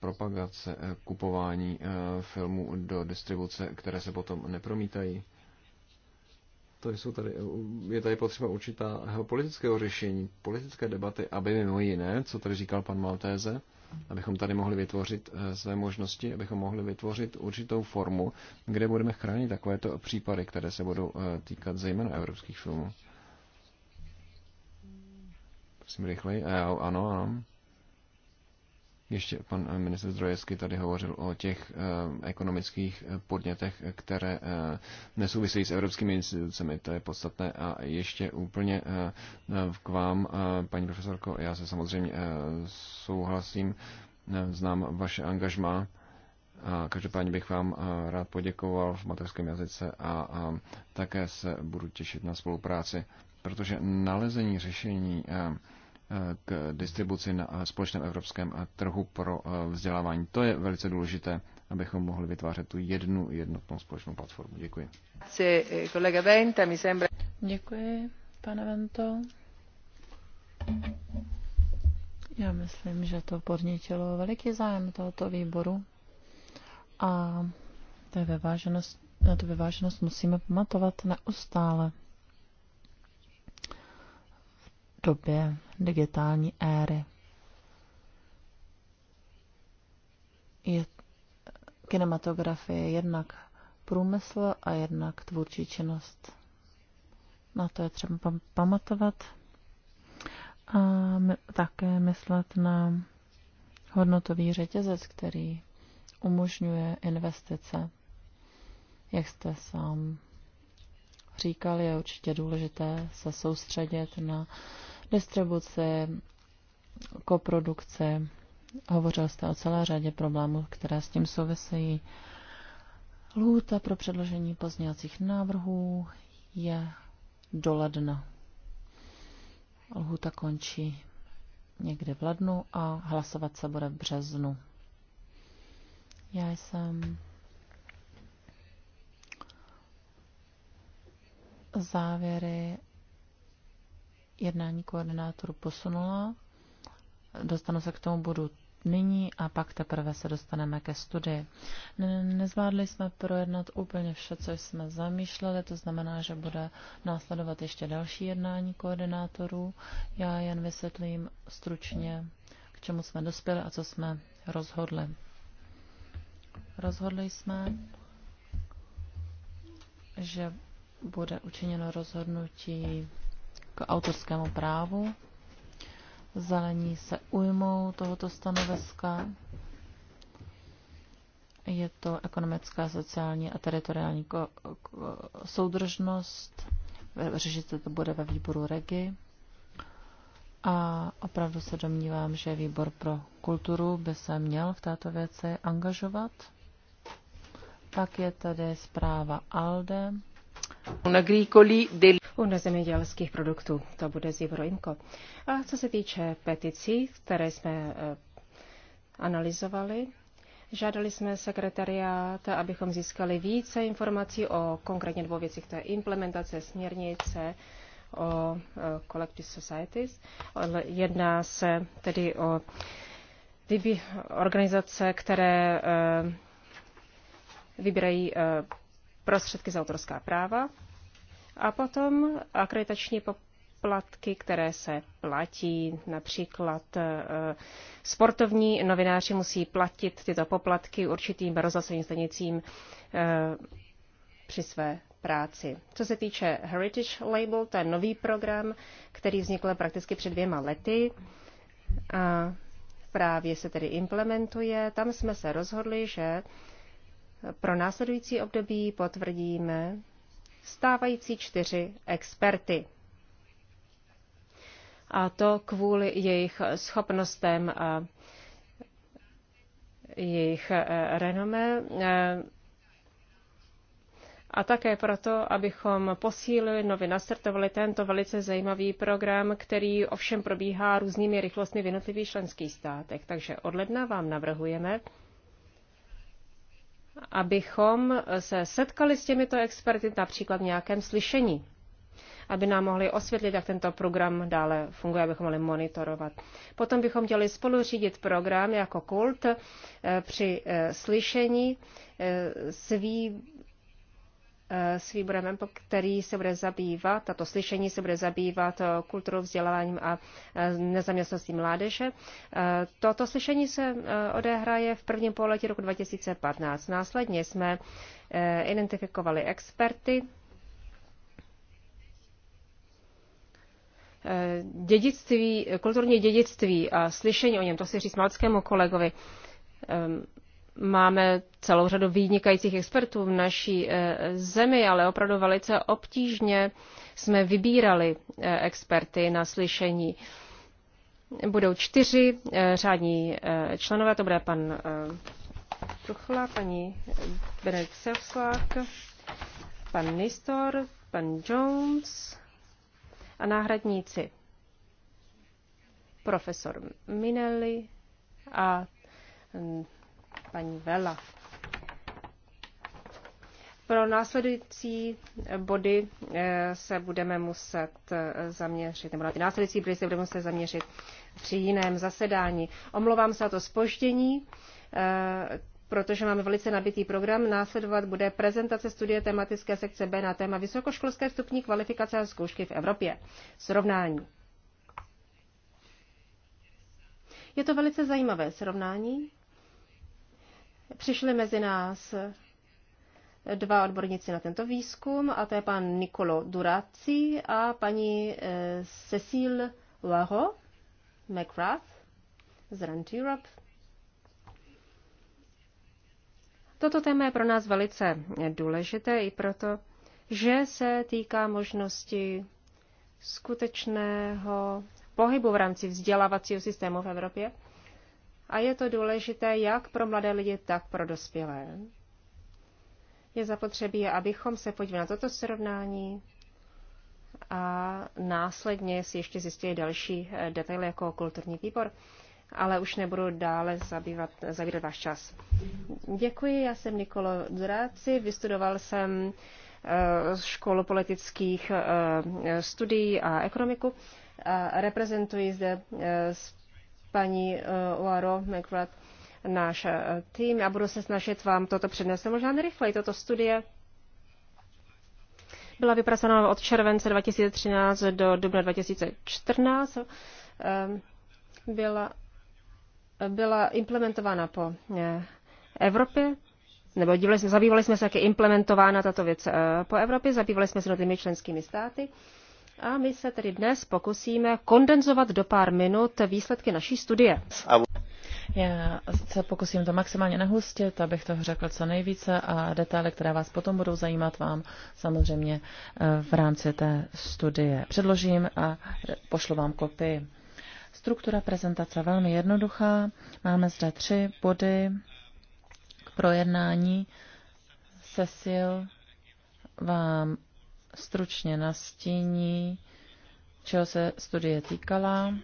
propagace, eh, kupování eh, filmů do distribuce, které se potom nepromítají. To jsou tady, eh, je tady potřeba určitá politického řešení, politické debaty, aby mimo jiné, co tady říkal pan Maltéze, abychom tady mohli vytvořit své možnosti, abychom mohli vytvořit určitou formu, kde budeme chránit takovéto případy, které se budou týkat zejména evropských filmů. Prosím rychleji. Ano, ano. Ještě pan eh, minister Zdrojevský tady hovořil o těch eh, ekonomických eh, podnětech, které nesouvisejí s evropskými institucemi, to je podstatné. A ještě úplně k vám, paní profesorko, já se samozřejmě souhlasím, znám vaše angažma. A každopádně bych vám rád poděkoval v mateřském jazyce a, také se budu těšit na spolupráci, protože nalezení řešení k distribuci na společném evropském trhu pro eh, vzdělávání. To je velice důležité, abychom mohli vytvářet tu jednu jednotnou společnou platformu. Děkuji. Eh, Děkuji, pane Vento. Já myslím, že to podnětilo veliký zájem tohoto výboru a je vyváženost, na tu vyváženost musíme pamatovat neustále době digitální éry. Je kinematografie jednak průmysl a jednak tvůrčí činnost. Na to je třeba pamatovat a my, také myslet na hodnotový řetězec, který umožňuje investice. Jak jste sám říkal, je určitě důležité se soustředit na distribuci, koprodukce. Hovořil jste o celé řadě problémů, které s tím souvisejí. Lhůta pro předložení pozněvacích návrhů je do ledna. Lhůta končí někdy v lednu a hlasovat se bude v březnu. Já jsem závěry jednání koordinátoru posunula. Dostanu se k tomu bodu nyní a pak teprve se dostaneme ke studii. Nezvládli jsme projednat úplně vše, co jsme zamýšleli, to znamená, že bude následovat ještě další jednání koordinátorů. Já jen vysvětlím stručně, k čemu jsme dospěli a co jsme rozhodli. Rozhodli jsme, že bude učiněno rozhodnutí k autorskému právu. Zelení se ujmou tohoto stanoviska. Je to ekonomická, sociální a teritoriální ko- ko- soudržnost. Řešit se to bude ve výboru REGI. A opravdu se domnívám, že výbor pro kulturu by se měl v této věci angažovat. Pak je tady zpráva ALDE, u nezemědělských produktů. To bude z Imko. A co se týče peticí, které jsme eh, analyzovali, Žádali jsme sekretariát, abychom získali více informací o konkrétně dvou věcích, to je implementace směrnice o eh, Collective Societies. Jedná se tedy o organizace, které eh, vybírají prostředky za autorská práva a potom akreditační poplatky, které se platí. Například eh, sportovní novináři musí platit tyto poplatky určitým rozhlasovým stanicím eh, při své práci. Co se týče Heritage Label, to je nový program, který vznikl prakticky před dvěma lety. A právě se tedy implementuje. Tam jsme se rozhodli, že pro následující období potvrdíme stávající čtyři experty. A to kvůli jejich schopnostem a jejich e, renomé e, a také proto, abychom posílili, nově nastartovali tento velice zajímavý program, který ovšem probíhá různými rychlostmi v jednotlivých členských státech. Takže od ledna vám navrhujeme, abychom se setkali s těmito experty například v nějakém slyšení, aby nám mohli osvětlit, jak tento program dále funguje, abychom mohli monitorovat. Potom bychom chtěli spolu řídit program jako kult eh, při eh, slyšení eh, s, Eh, s výborem, který se bude zabývat, tato slyšení se bude zabývat eh, kulturou, vzděláváním a eh, nezaměstností mládeže. Toto slyšení se odehraje v prvním pololetí roku 2015. Následně jsme identifikovali experty, dědictví, kulturní dědictví a slyšení o něm, to si říct malckému kolegovi, ehm, máme celou řadu výnikajících expertů v naší eh, zemi, ale opravdu velice obtížně jsme vybírali eh, experty na slyšení. Budou čtyři eh, řádní členové, to bude pan Tuchla, paní Benedikt Sevslák, pan Nistor, pan Jones a náhradníci profesor Minelli a hm, paní Vela. Pro následující body eh, se budeme muset zaměřit, nebo na ty následující body se budeme muset zaměřit při jiném zasedání. Omlouvám se za to spoždění, eh, protože máme velice nabitý program. Následovat bude prezentace studie tematické sekce B na téma vysokoškolské vstupní kvalifikace a zkoušky v Evropě. Srovnání. Je to velice zajímavé srovnání, Přišli mezi nás dva odborníci na tento výzkum, a to je pan Nicolo Duraci a paní eh, Cecile Laro McGrath z Rent Europe. Toto téma je pro nás velice důležité i proto, že se týká možnosti skutečného pohybu v rámci vzdělávacího systému v Evropě a je to důležité jak pro mladé lidi, tak pro dospělé. Je zapotřebí, abychom se podívali na toto srovnání a následně si ještě zjistili další eh, detaily jako kulturní výbor, ale už nebudu dále zabývat, zabírat váš čas. Děkuji, já jsem Nikolo Dráci, vystudoval jsem eh, školu politických eh, studií a ekonomiku. Reprezentuji zde paní Laro eh, McVlad, náš eh, tým. Já budu se snažit vám toto přednést možná nerychleji, Toto studie byla vypracována od července 2013 do dubna 2014. Ehm, byla, byla implementována po eh, Evropě, nebo dívali jsme, zabývali jsme se, jak je implementována tato věc po Evropě, zabývali jsme se jednotlivými členskými státy. A my se tedy dnes pokusíme kondenzovat do pár minut výsledky naší studie. Já se pokusím to maximálně nahustit, abych toho řekl co nejvíce a detaily, které vás potom budou zajímat, vám samozřejmě eh, v rámci té studie předložím a pošlu vám kopii. Struktura prezentace velmi jednoduchá. Máme zde tři body k projednání. Cecil vám stručně nastíní, čeho se studie týkala.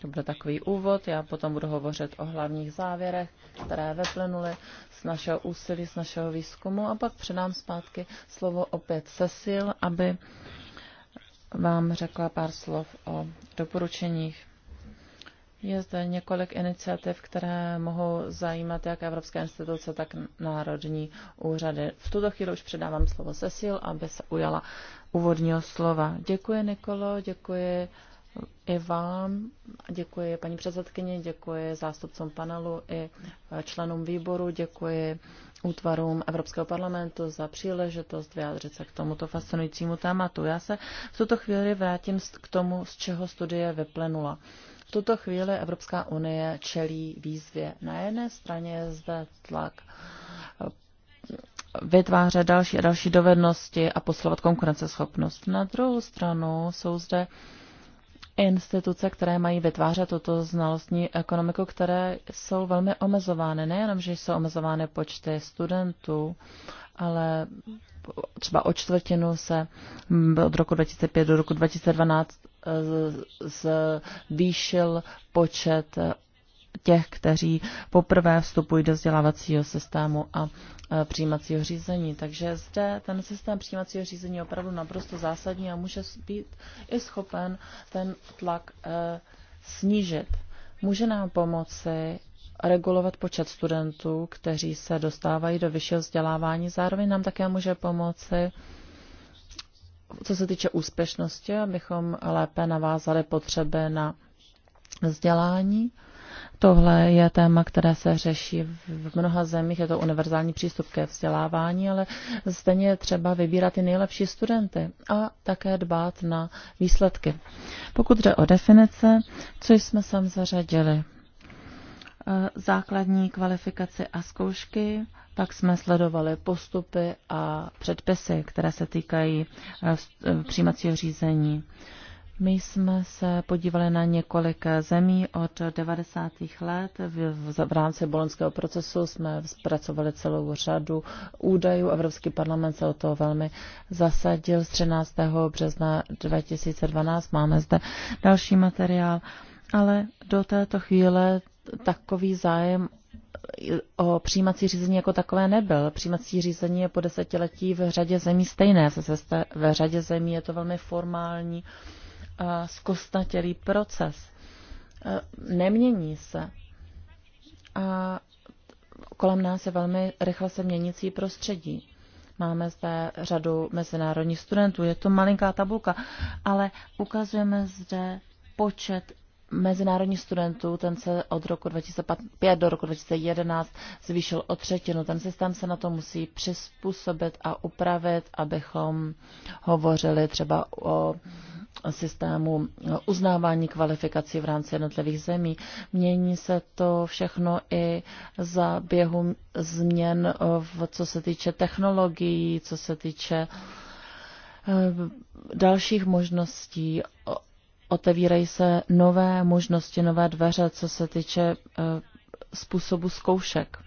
To byl takový úvod, já potom budu hovořit o hlavních závěrech, které vyplynuly z našeho úsilí, z našeho výzkumu a pak předám zpátky slovo opět Cecil, aby vám řekla pár slov o doporučeních. Je zde několik iniciativ, které mohou zajímat jak evropské instituce, tak národní úřady. V tuto chvíli už předávám slovo Cecil, aby se ujala úvodního slova. Děkuji, Nikolo, děkuji i vám, děkuji paní předsedkyni, děkuji zástupcům panelu i členům výboru, děkuji útvarům Evropského parlamentu za příležitost vyjádřit se k tomuto fascinujícímu tématu. Já se v tuto chvíli vrátím k tomu, z čeho studie vyplenula. V tuto chvíli Evropská unie čelí výzvě. Na jedné straně je zde tlak eh, vytvářet další a další dovednosti a posilovat konkurenceschopnost. Na druhou stranu jsou zde instituce, které mají vytvářet tuto znalostní ekonomiku, které jsou velmi omezovány. Nejenom, že jsou omezovány počty studentů, ale třeba o čtvrtinu se od roku 2005 do roku 2012 zvýšil počet těch, kteří poprvé vstupují do vzdělávacího systému a přijímacího řízení. Takže zde ten systém přijímacího řízení je opravdu naprosto zásadní a může být i schopen ten tlak e, snížit. Může nám pomoci regulovat počet studentů, kteří se dostávají do vyššího vzdělávání, zároveň nám také může pomoci co se týče úspěšnosti, abychom lépe navázali potřeby na vzdělání. Tohle je téma, které se řeší v mnoha zemích, je to univerzální přístup ke vzdělávání, ale stejně je třeba vybírat ty nejlepší studenty a také dbát na výsledky. Pokud jde o definice, co jsme sem zařadili? E, základní kvalifikace a zkoušky, pak jsme sledovali postupy a předpisy, které se týkají eh, eh, přijímacího řízení. My jsme se podívali na několik zemí od 90. let. V, rámci bolonského procesu jsme zpracovali celou řadu údajů. Evropský parlament se o to velmi zasadil. Z 13. března 2012 máme zde další materiál, ale do této chvíle takový zájem o přijímací řízení jako takové nebyl. Přijímací řízení je po desetiletí v řadě zemí stejné. V řadě zemí je to velmi formální a zkostnatělý proces. E, nemění se. A kolem nás je velmi rychle se měnící prostředí. Máme zde řadu mezinárodních studentů, je to malinká tabulka, ale ukazujeme zde počet mezinárodních studentů, ten se od roku 2005 do roku 2011 zvýšil o třetinu. Ten systém se na to musí přizpůsobit a upravit, abychom hovořili třeba o systému uznávání kvalifikací v rámci jednotlivých zemí. Mění se to všechno i za běhu změn, v, co se týče technologií, co se týče eh, dalších možností otevírají se nové možnosti, nové dveře, co se týče eh, způsobu zkoušek.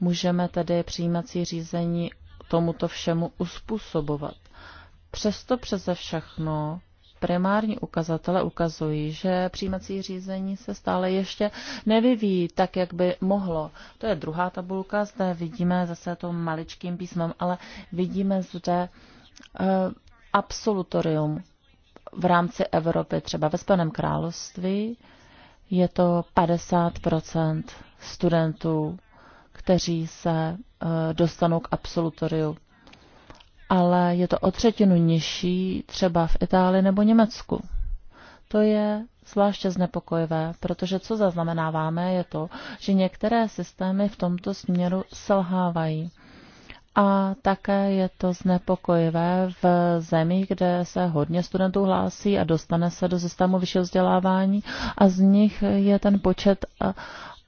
Můžeme tedy přijímací řízení tomuto všemu uspůsobovat. Přesto přeze všechno primární ukazatele ukazují, že přijímací řízení se stále ještě nevyvíjí tak, jak by mohlo. To je druhá tabulka, zde vidíme zase to maličkým písmem, ale vidíme zde uh, absolutorium v rámci Evropy, třeba ve Spojeném království, je to 50 studentů, kteří se eh, dostanou k absolutoriu. Ale je to o třetinu nižší třeba v Itálii nebo Německu. To je zvláště znepokojivé, protože co zaznamenáváme je to, že některé systémy v tomto směru selhávají a také je to znepokojivé v zemích, kde se hodně studentů hlásí a dostane se do systému vyššího vzdělávání a z nich je ten počet eh,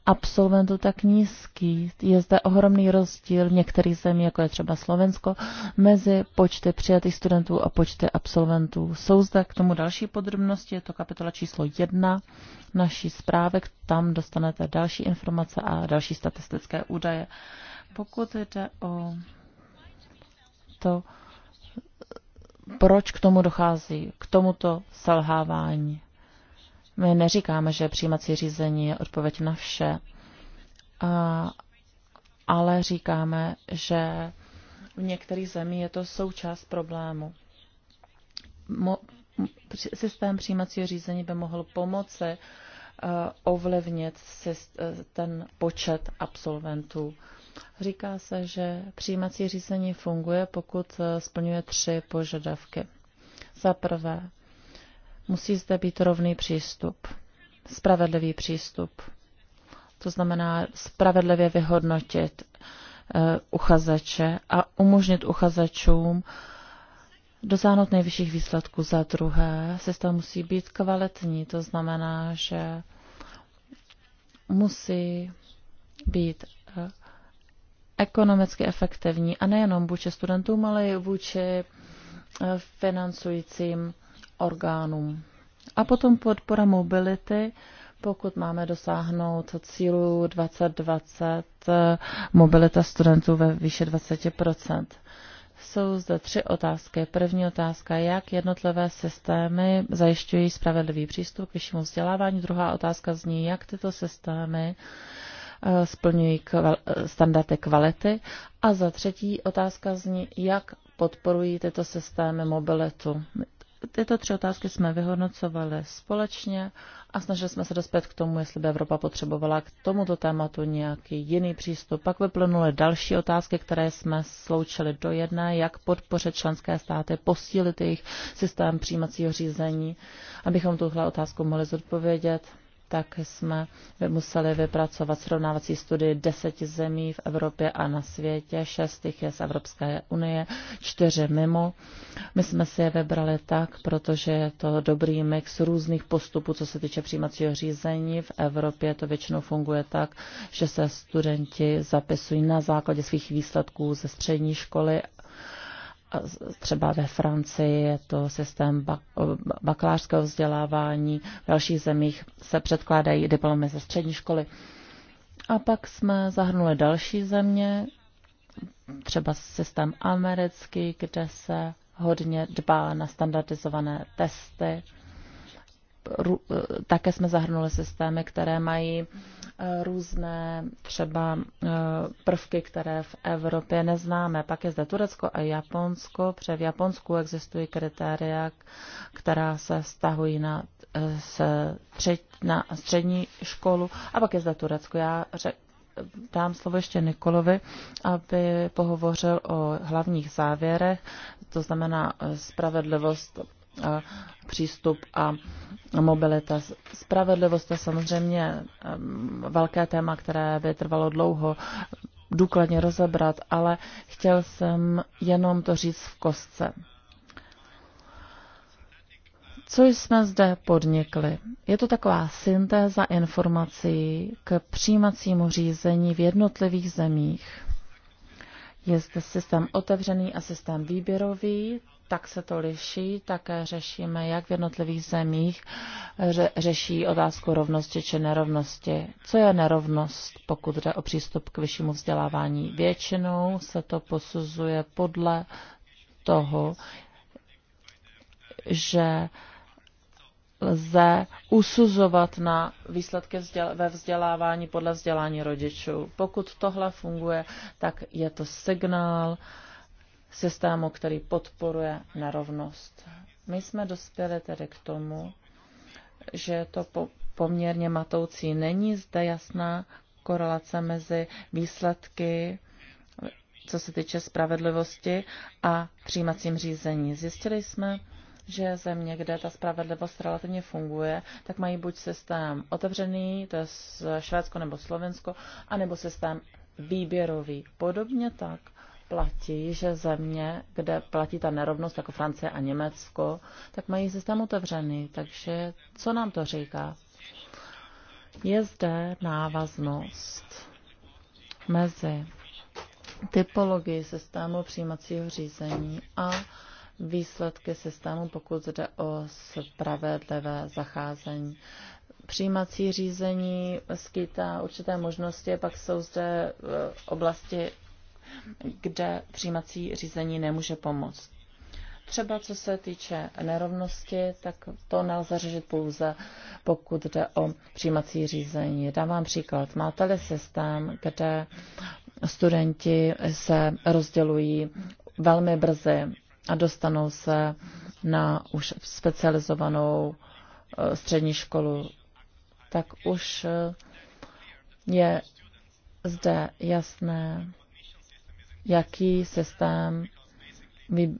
absolventů tak nízký. Je zde ohromný rozdíl v některých zemích, jako je třeba Slovensko, mezi počty přijatých studentů a počty absolventů. Jsou zde k tomu další podrobnosti, je to kapitola číslo jedna naší zprávy, tam dostanete další informace a další statistické údaje. Pokud jde o to, proč k tomu dochází, k tomuto selhávání. My neříkáme, že přijímací řízení je odpověď na vše, a, ale říkáme, že v některých zemích je to součást problému. Mo, systém přijímacího řízení by mohl pomoci uh, ovlivnit syst, ten počet absolventů Říká se, že přijímací řízení funguje, pokud eh, splňuje tři požadavky. Za prvé, musí zde být rovný přístup, spravedlivý přístup. To znamená spravedlivě vyhodnotit eh, uchazeče a umožnit uchazečům dosáhnout nejvyšších výsledků. Za druhé, systém musí být kvalitní, to znamená, že musí být ekonomicky efektivní a nejenom vůči studentům, ale i vůči eh, financujícím orgánům. A potom podpora mobility, pokud máme dosáhnout cílu 2020, eh, mobilita studentů ve výše 20%. Jsou zde tři otázky. První otázka, jak jednotlivé systémy zajišťují spravedlivý přístup k vyššímu vzdělávání. Druhá otázka zní, jak tyto systémy Eh, splňují kval- eh, standardy kvality. A za třetí otázka zní, jak podporují tyto systémy mobilitu. Tyto tři otázky jsme vyhodnocovali společně a snažili jsme se dospět k tomu, jestli by Evropa potřebovala k tomuto tématu nějaký jiný přístup. Pak vyplynuly další otázky, které jsme sloučili do jedné, jak podpořit členské státy, posílit jejich systém přijímacího řízení, abychom tuhle otázku mohli zodpovědět tak jsme museli vypracovat srovnávací studii deseti zemí v Evropě a na světě, šest je z Evropské unie, čtyři mimo. My jsme si je vybrali tak, protože je to dobrý mix různých postupů, co se týče přijímacího řízení. V Evropě to většinou funguje tak, že se studenti zapisují na základě svých výsledků ze střední školy Třeba ve Francii je to systém bakalářského vzdělávání, v dalších zemích se předkládají diplomy ze střední školy. A pak jsme zahrnuli další země, třeba systém americký, kde se hodně dbá na standardizované testy Eh, také jsme zahrnuli systémy, které mají eh, různé třeba eh, prvky, které v Evropě neznáme. Pak je zde Turecko a Japonsko. Pře v Japonsku existují kritéria, která se stahují na, se tři, na střední školu. A pak je zde Turecko. Já řek, dám slovo ještě Nikolovi, aby pohovořil o hlavních závěrech, to znamená spravedlivost přístup a mobilita. Spravedlivost je samozřejmě velké téma, které by trvalo dlouho důkladně rozebrat, ale chtěl jsem jenom to říct v kostce. Co jsme zde podnikli? Je to taková syntéza informací k přijímacímu řízení v jednotlivých zemích. Je zde systém otevřený a systém výběrový tak se to liší. Také řešíme, jak v jednotlivých zemích ře- řeší otázku rovnosti či nerovnosti. Co je nerovnost, pokud jde o přístup k vyššímu vzdělávání? Většinou se to posuzuje podle toho, že lze usuzovat na výsledky vzděl- ve vzdělávání podle vzdělání rodičů. Pokud tohle funguje, tak je to signál, uh, systému, který podporuje nerovnost. My jsme dospěli tedy k tomu, že to po, poměrně matoucí. Není zde jasná korelace mezi výsledky, co se týče spravedlivosti a přijímacím řízení. Zjistili jsme, že země, kde ta spravedlivost relativně funguje, tak mají buď systém otevřený, to je Švédsko nebo Slovensko, anebo systém výběrový. Podobně tak platí, že země, kde platí ta nerovnost, jako Francie a Německo, tak mají systém otevřený. Takže co nám to říká? Je zde návaznost mezi typologii systému přijímacího řízení a výsledky systému, pokud jde o spravedlivé zacházení. Přijímací řízení skýtá určité možnosti, pak jsou zde e, oblasti kde přijímací řízení nemůže pomoct. Třeba co se týče nerovnosti, tak to nelze řešit pouze, pokud jde o přijímací řízení. Dám vám příklad. Máte-li systém, kde studenti se rozdělují velmi brzy a dostanou se na už specializovanou eh, střední školu, tak už eh, je zde jasné, jaký systém vy,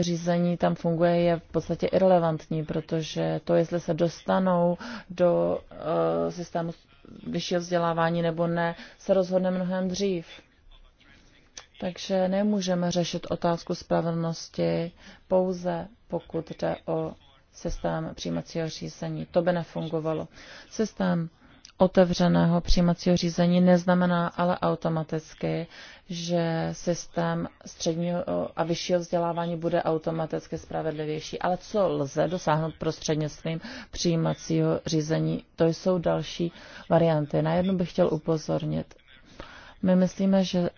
řízení tam funguje, je v podstatě irrelevantní, protože to, jestli se dostanou do uh, systému vyššího vzdělávání nebo ne, se rozhodne mnohem dřív. Takže nemůžeme řešit otázku spravedlnosti pouze pokud jde o systém přijímacího řízení. To by nefungovalo. Systém otevřeného přijímacího řízení neznamená ale automaticky, že systém středního a vyššího vzdělávání bude automaticky spravedlivější. Ale co lze dosáhnout prostřednictvím přijímacího řízení, to jsou další varianty. Na jednu bych chtěl upozornit. My myslíme, že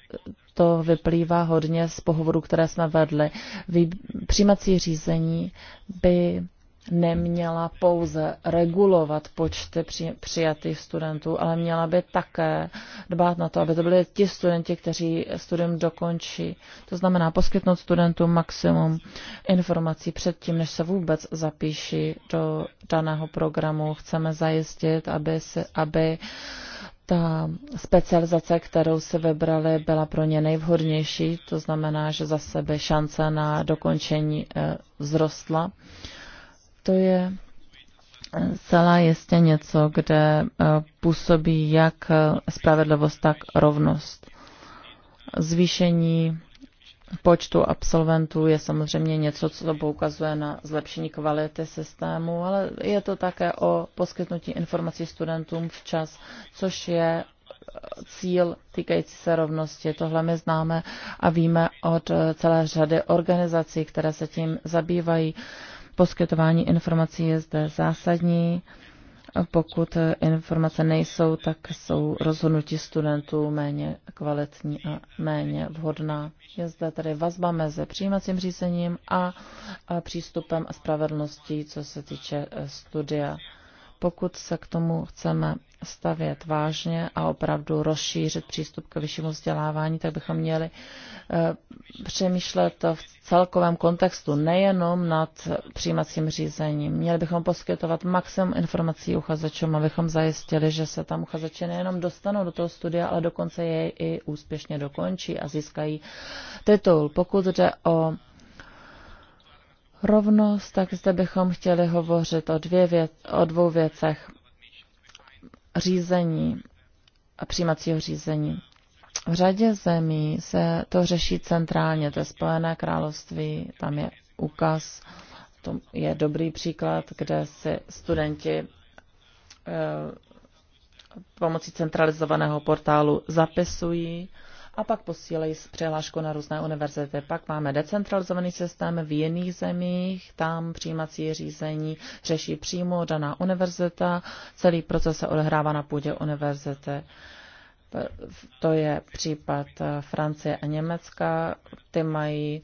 to vyplývá hodně z pohovoru, které jsme vedli. Vy, přijímací řízení by neměla pouze regulovat počty přijatých studentů, ale měla by také dbát na to, aby to byli ti studenti, kteří studium dokončí. To znamená poskytnout studentům maximum informací předtím, než se vůbec zapíší do daného programu. Chceme zajistit, aby, si, aby ta specializace, kterou si vybrali, byla pro ně nejvhodnější. To znamená, že za sebe šance na dokončení eh, vzrostla. Eh, to je celá jistě něco, kde eh, působí jak eh, spravedlivost, tak rovnost. Zvýšení počtu absolventů je samozřejmě něco, co poukazuje na zlepšení kvality systému, ale je to také o poskytnutí informací studentům včas, což je eh, cíl týkající se rovnosti. Tohle my známe a víme od celé řady organizací, které se tím zabývají. Poskytování informací je zde zásadní. Pokud informace nejsou, tak jsou rozhodnutí studentů méně kvalitní a méně vhodná. Je zde tedy vazba mezi přijímacím řízením a přístupem a spravedlností, co se týče eh, studia pokud se k tomu chceme stavět vážně a opravdu rozšířit přístup k vyššímu vzdělávání, tak bychom měli eh, přemýšlet v celkovém kontextu, nejenom nad přijímacím řízením. Měli bychom poskytovat maximum informací uchazečům, abychom zajistili, že se tam uchazeči nejenom dostanou do toho studia, ale dokonce jej i úspěšně dokončí a získají titul. Pokud jde o rovnost, tak zde bychom chtěli hovořit o, dvě věc, o dvou věcech. Řízení a přijímacího řízení. V řadě zemí se to řeší centrálně, to je Spojené království, tam je úkaz, to je dobrý příklad, kde si studenti eh, pomocí centralizovaného portálu zapisují a pak posílejí přihlášku na různé univerzity. Pak máme decentralizovaný systém v jiných zemích, tam přijímací řízení řeší přímo daná univerzita, celý proces se odehrává na půdě univerzity. To je případ Francie a Německa, ty mají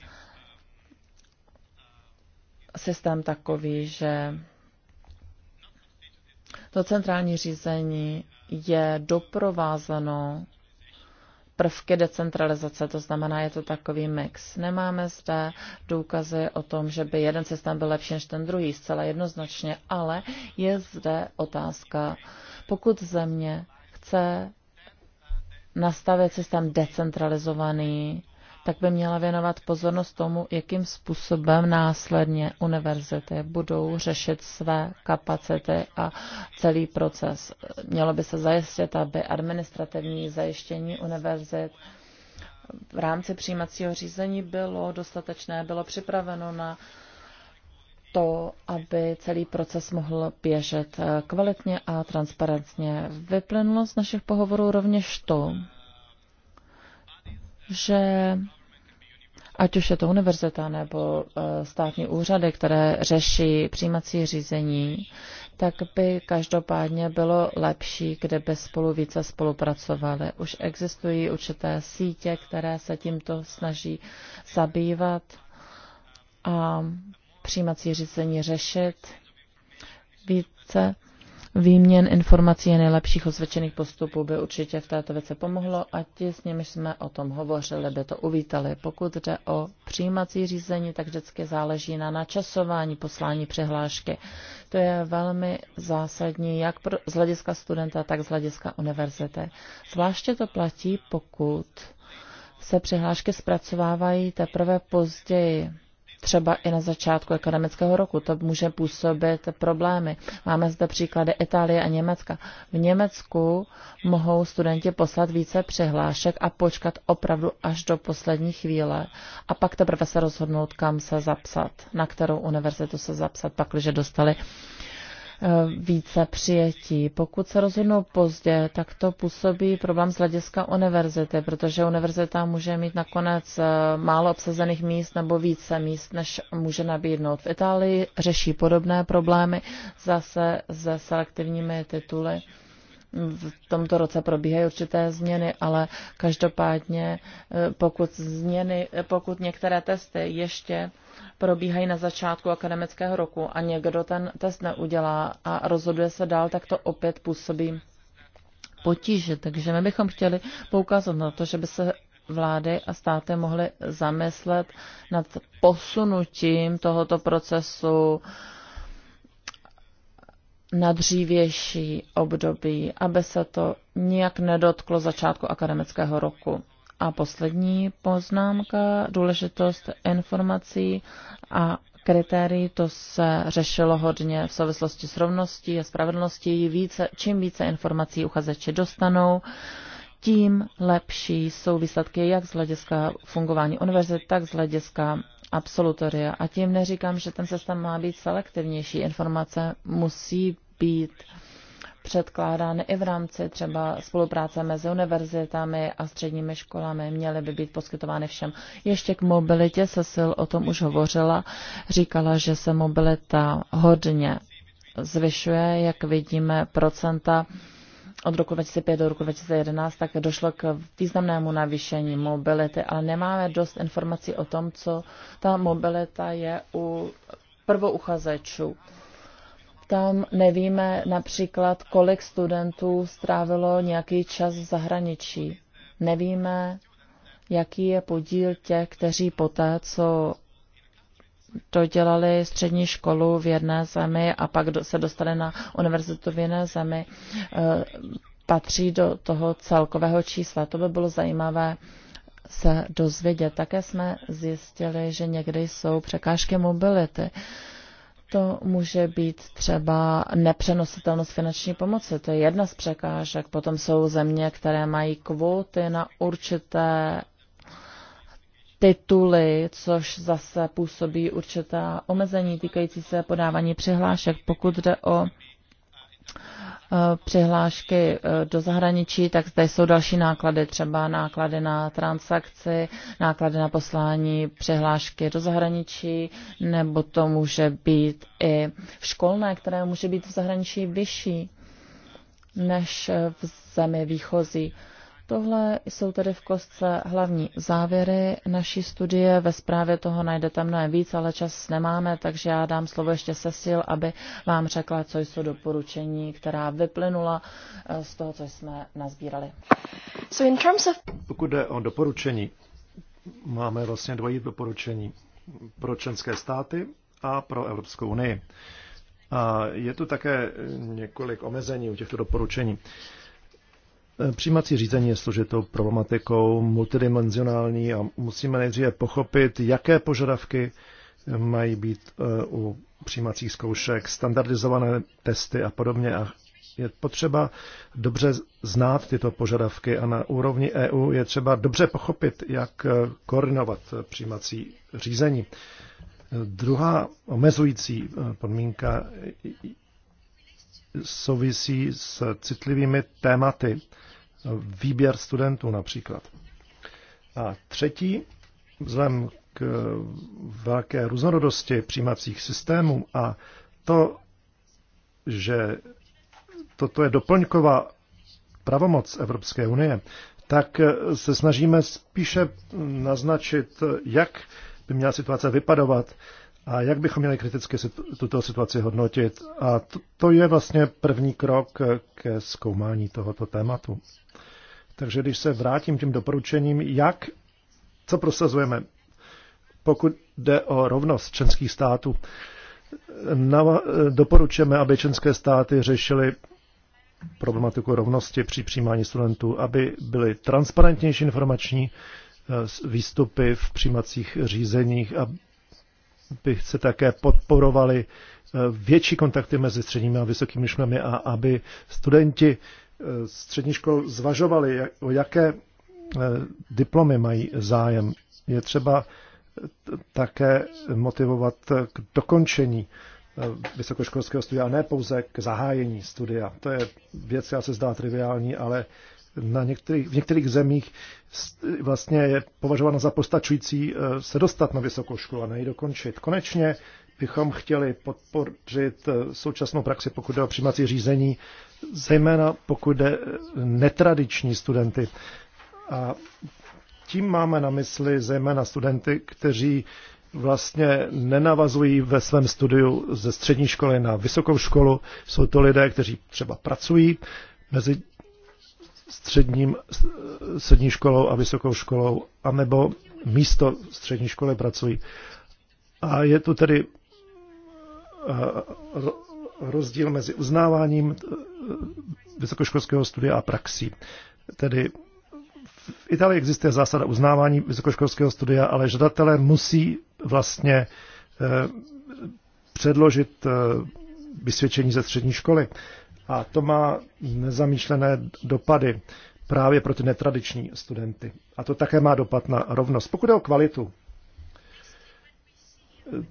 systém takový, že to centrální řízení je doprovázeno prvky decentralizace, to znamená, je to takový mix. Nemáme zde důkazy o tom, že by jeden systém byl lepší než ten druhý, zcela jednoznačně, ale je zde otázka, pokud země chce nastavit systém decentralizovaný, tak by měla věnovat pozornost tomu, jakým způsobem následně univerzity budou řešit své kapacity a celý proces. Mělo by se zajistit, aby administrativní zajištění univerzit v rámci přijímacího řízení bylo dostatečné, bylo připraveno na to, aby celý proces mohl běžet kvalitně a transparentně. Vyplynulo z našich pohovorů rovněž to, že ať už je to univerzita nebo eh, státní úřady, které řeší přijímací řízení, tak by každopádně bylo lepší, kdyby spolu více spolupracovali. Už existují určité sítě, které se tímto snaží zabývat a přijímací řízení řešit. Více výměn informací a nejlepších osvědčených postupů by určitě v této věci pomohlo a ti, s nimi jsme o tom hovořili, by to uvítali. Pokud jde o přijímací řízení, tak vždycky záleží na načasování poslání přihlášky. To je velmi zásadní jak pro, z hlediska studenta, tak z hlediska univerzity. Zvláště to platí, pokud se přihlášky zpracovávají teprve později třeba i na začátku ekonomického roku. To může působit problémy. Máme zde příklady Itálie a Německa. V Německu mohou studenti poslat více přihlášek a počkat opravdu až do poslední chvíle a pak teprve se rozhodnout, kam se zapsat, na kterou univerzitu se zapsat, pakliže dostali Eh, více přijetí. Pokud se rozhodnou pozdě, tak to působí problém z hlediska univerzity, protože univerzita může mít nakonec eh, málo obsazených míst nebo více míst, než může nabídnout. V Itálii řeší podobné problémy zase se selektivními tituly v tomto roce probíhají určité změny, ale každopádně eh, pokud, změny, eh, pokud některé testy ještě probíhají na začátku akademického roku a někdo ten test neudělá a rozhoduje se dál, tak to opět působí potíže. Takže my bychom chtěli poukázat na to, že by se vlády a státy mohly zamyslet nad posunutím tohoto procesu uh, na dřívější období, aby se to nijak nedotklo začátku akademického roku. A poslední poznámka, důležitost informací a kritérií, to se řešilo hodně v souvislosti s rovností a spravedlností. Více, čím více informací uchazeči dostanou, tím lepší jsou výsledky jak z hlediska fungování univerzit, tak z hlediska absolutoria. A tím neříkám, že ten systém má být selektivnější. Informace musí být předkládány i v rámci třeba spolupráce mezi univerzitami a středními školami, měly by být poskytovány všem. Ještě k mobilitě Cecil o tom už hovořila, říkala, že se mobilita hodně zvyšuje, jak vidíme procenta od roku 2005 do roku 2011, tak došlo k významnému navýšení mobility, ale nemáme dost informací o tom, co ta mobilita je u prvouchazečů. uchazečů tam nevíme například, kolik studentů strávilo nějaký čas v zahraničí. Nevíme, jaký je podíl těch, kteří poté, co dodělali střední školu v jedné zemi a pak se dostali na univerzitu v jiné zemi, eh, patří do toho celkového čísla. To by bylo zajímavé se dozvědět. Také jsme zjistili, že někdy jsou překážky mobility to může být třeba nepřenositelnost finanční pomoci. To je jedna z překážek. Potom jsou země, které mají kvóty na určité tituly, což zase působí určitá omezení týkající se podávání přihlášek. Pokud jde o Eh, přihlášky eh, do zahraničí, tak zde jsou další náklady, třeba náklady na transakci, náklady na poslání přihlášky do zahraničí, nebo to může být i školné, které může být v zahraničí vyšší než v zemi výchozí. Tohle jsou tedy v kostce hlavní závěry naší studie. Ve zprávě toho najdete mnohem víc, ale čas nemáme, takže já dám slovo ještě Cecil, aby vám řekla, co jsou doporučení, která vyplynula eh, z toho, co jsme nazbírali. So in terms of... Pokud jde o doporučení, máme vlastně dvojí doporučení pro členské státy a pro Evropskou unii. A je tu také několik omezení u těchto doporučení. Uh, Eh, přijímací řízení je složitou problematikou, multidimenzionální a musíme nejdříve pochopit, jaké požadavky eh, mají být eh, u přijímacích zkoušek, standardizované testy a podobně. A je potřeba dobře znát tyto požadavky a na úrovni EU je třeba dobře pochopit, jak koordinovat přijímací řízení. Druhá omezující podmínka souvisí s citlivými tématy. Výběr studentů například. A třetí, vzhledem k velké různorodosti přijímacích systémů a to, že toto je doplňková pravomoc Evropské unie, tak se snažíme spíše naznačit, jak by měla situace vypadovat a jak bychom měli kriticky tuto situaci hodnotit. A to, to je vlastně první krok ke zkoumání tohoto tématu. Takže když se vrátím těm doporučením, jak, co prosazujeme, pokud jde o rovnost členských států, na, doporučujeme, aby členské státy řešily problematiku rovnosti při přijímání studentů, aby byly transparentnější informační eh, výstupy v přijímacích řízeních, a by se také podporovali eh, větší kontakty mezi středními a vysokými školami a aby studenti eh, střední škol zvažovali, o jaké eh, diplomy mají zájem. Je třeba také motivovat k dokončení vysokoškolského studia a ne pouze k zahájení studia. To je věc, která se zdá triviální, ale na některých, v některých zemích vlastně je považována za postačující eh, se dostat na vysokou školu a nejí dokončit. Konečně bychom chtěli podpořit eh, současnou praxi, pokud jde o přijímací řízení, zejména pokud jde eh, netradiční studenty. A tím máme na mysli zejména studenty, kteří vlastně nenavazují ve svém studiu ze střední školy na vysokou školu. Jsou to lidé, kteří třeba pracují, mezi středním, střední školou a vysokou školou, anebo místo střední škole pracují. A je tu tedy rozdíl mezi uznáváním e, vysokoškolského studia a praxí. Tedy v Itálii existuje zásada uznávání vysokoškolského studia, ale žadatelé musí vlastně e, předložit e, vysvědčení ze střední školy. A to má nezamýšlené dopady právě pro ty netradiční studenty. A to také má dopad na rovnost. Pokud je o kvalitu,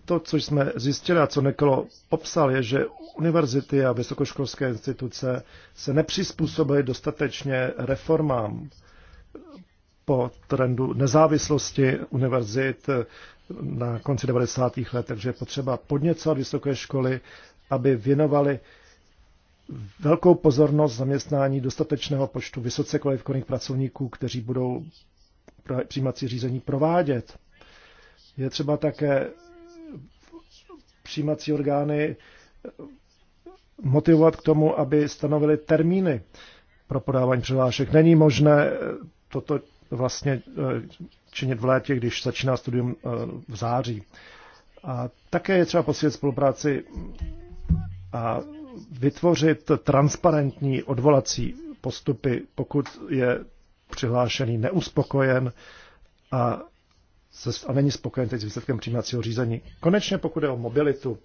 to, co jsme zjistili a co Nikolo popsal, je, že univerzity a vysokoškolské instituce se nepřizpůsobily dostatečně reformám po trendu nezávislosti univerzit na konci 90. let, takže je potřeba podněcovat vysoké školy, aby věnovali velkou pozornost zaměstnání dostatečného počtu vysoce kvalifikovaných pracovníků, kteří budou přijímací řízení provádět. Je třeba také přijímací orgány motivovat k tomu, aby stanovili termíny pro podávání přihlášek. Není možné eh, toto vlastně eh, činit v létě, když začíná studium eh, v září. A také je třeba posílit spolupráci a vytvořit transparentní odvolací postupy, pokud je přihlášený neuspokojen a, se, a není spokojen teď s výsledkem přijímacího řízení. Konečně pokud je o mobilitu,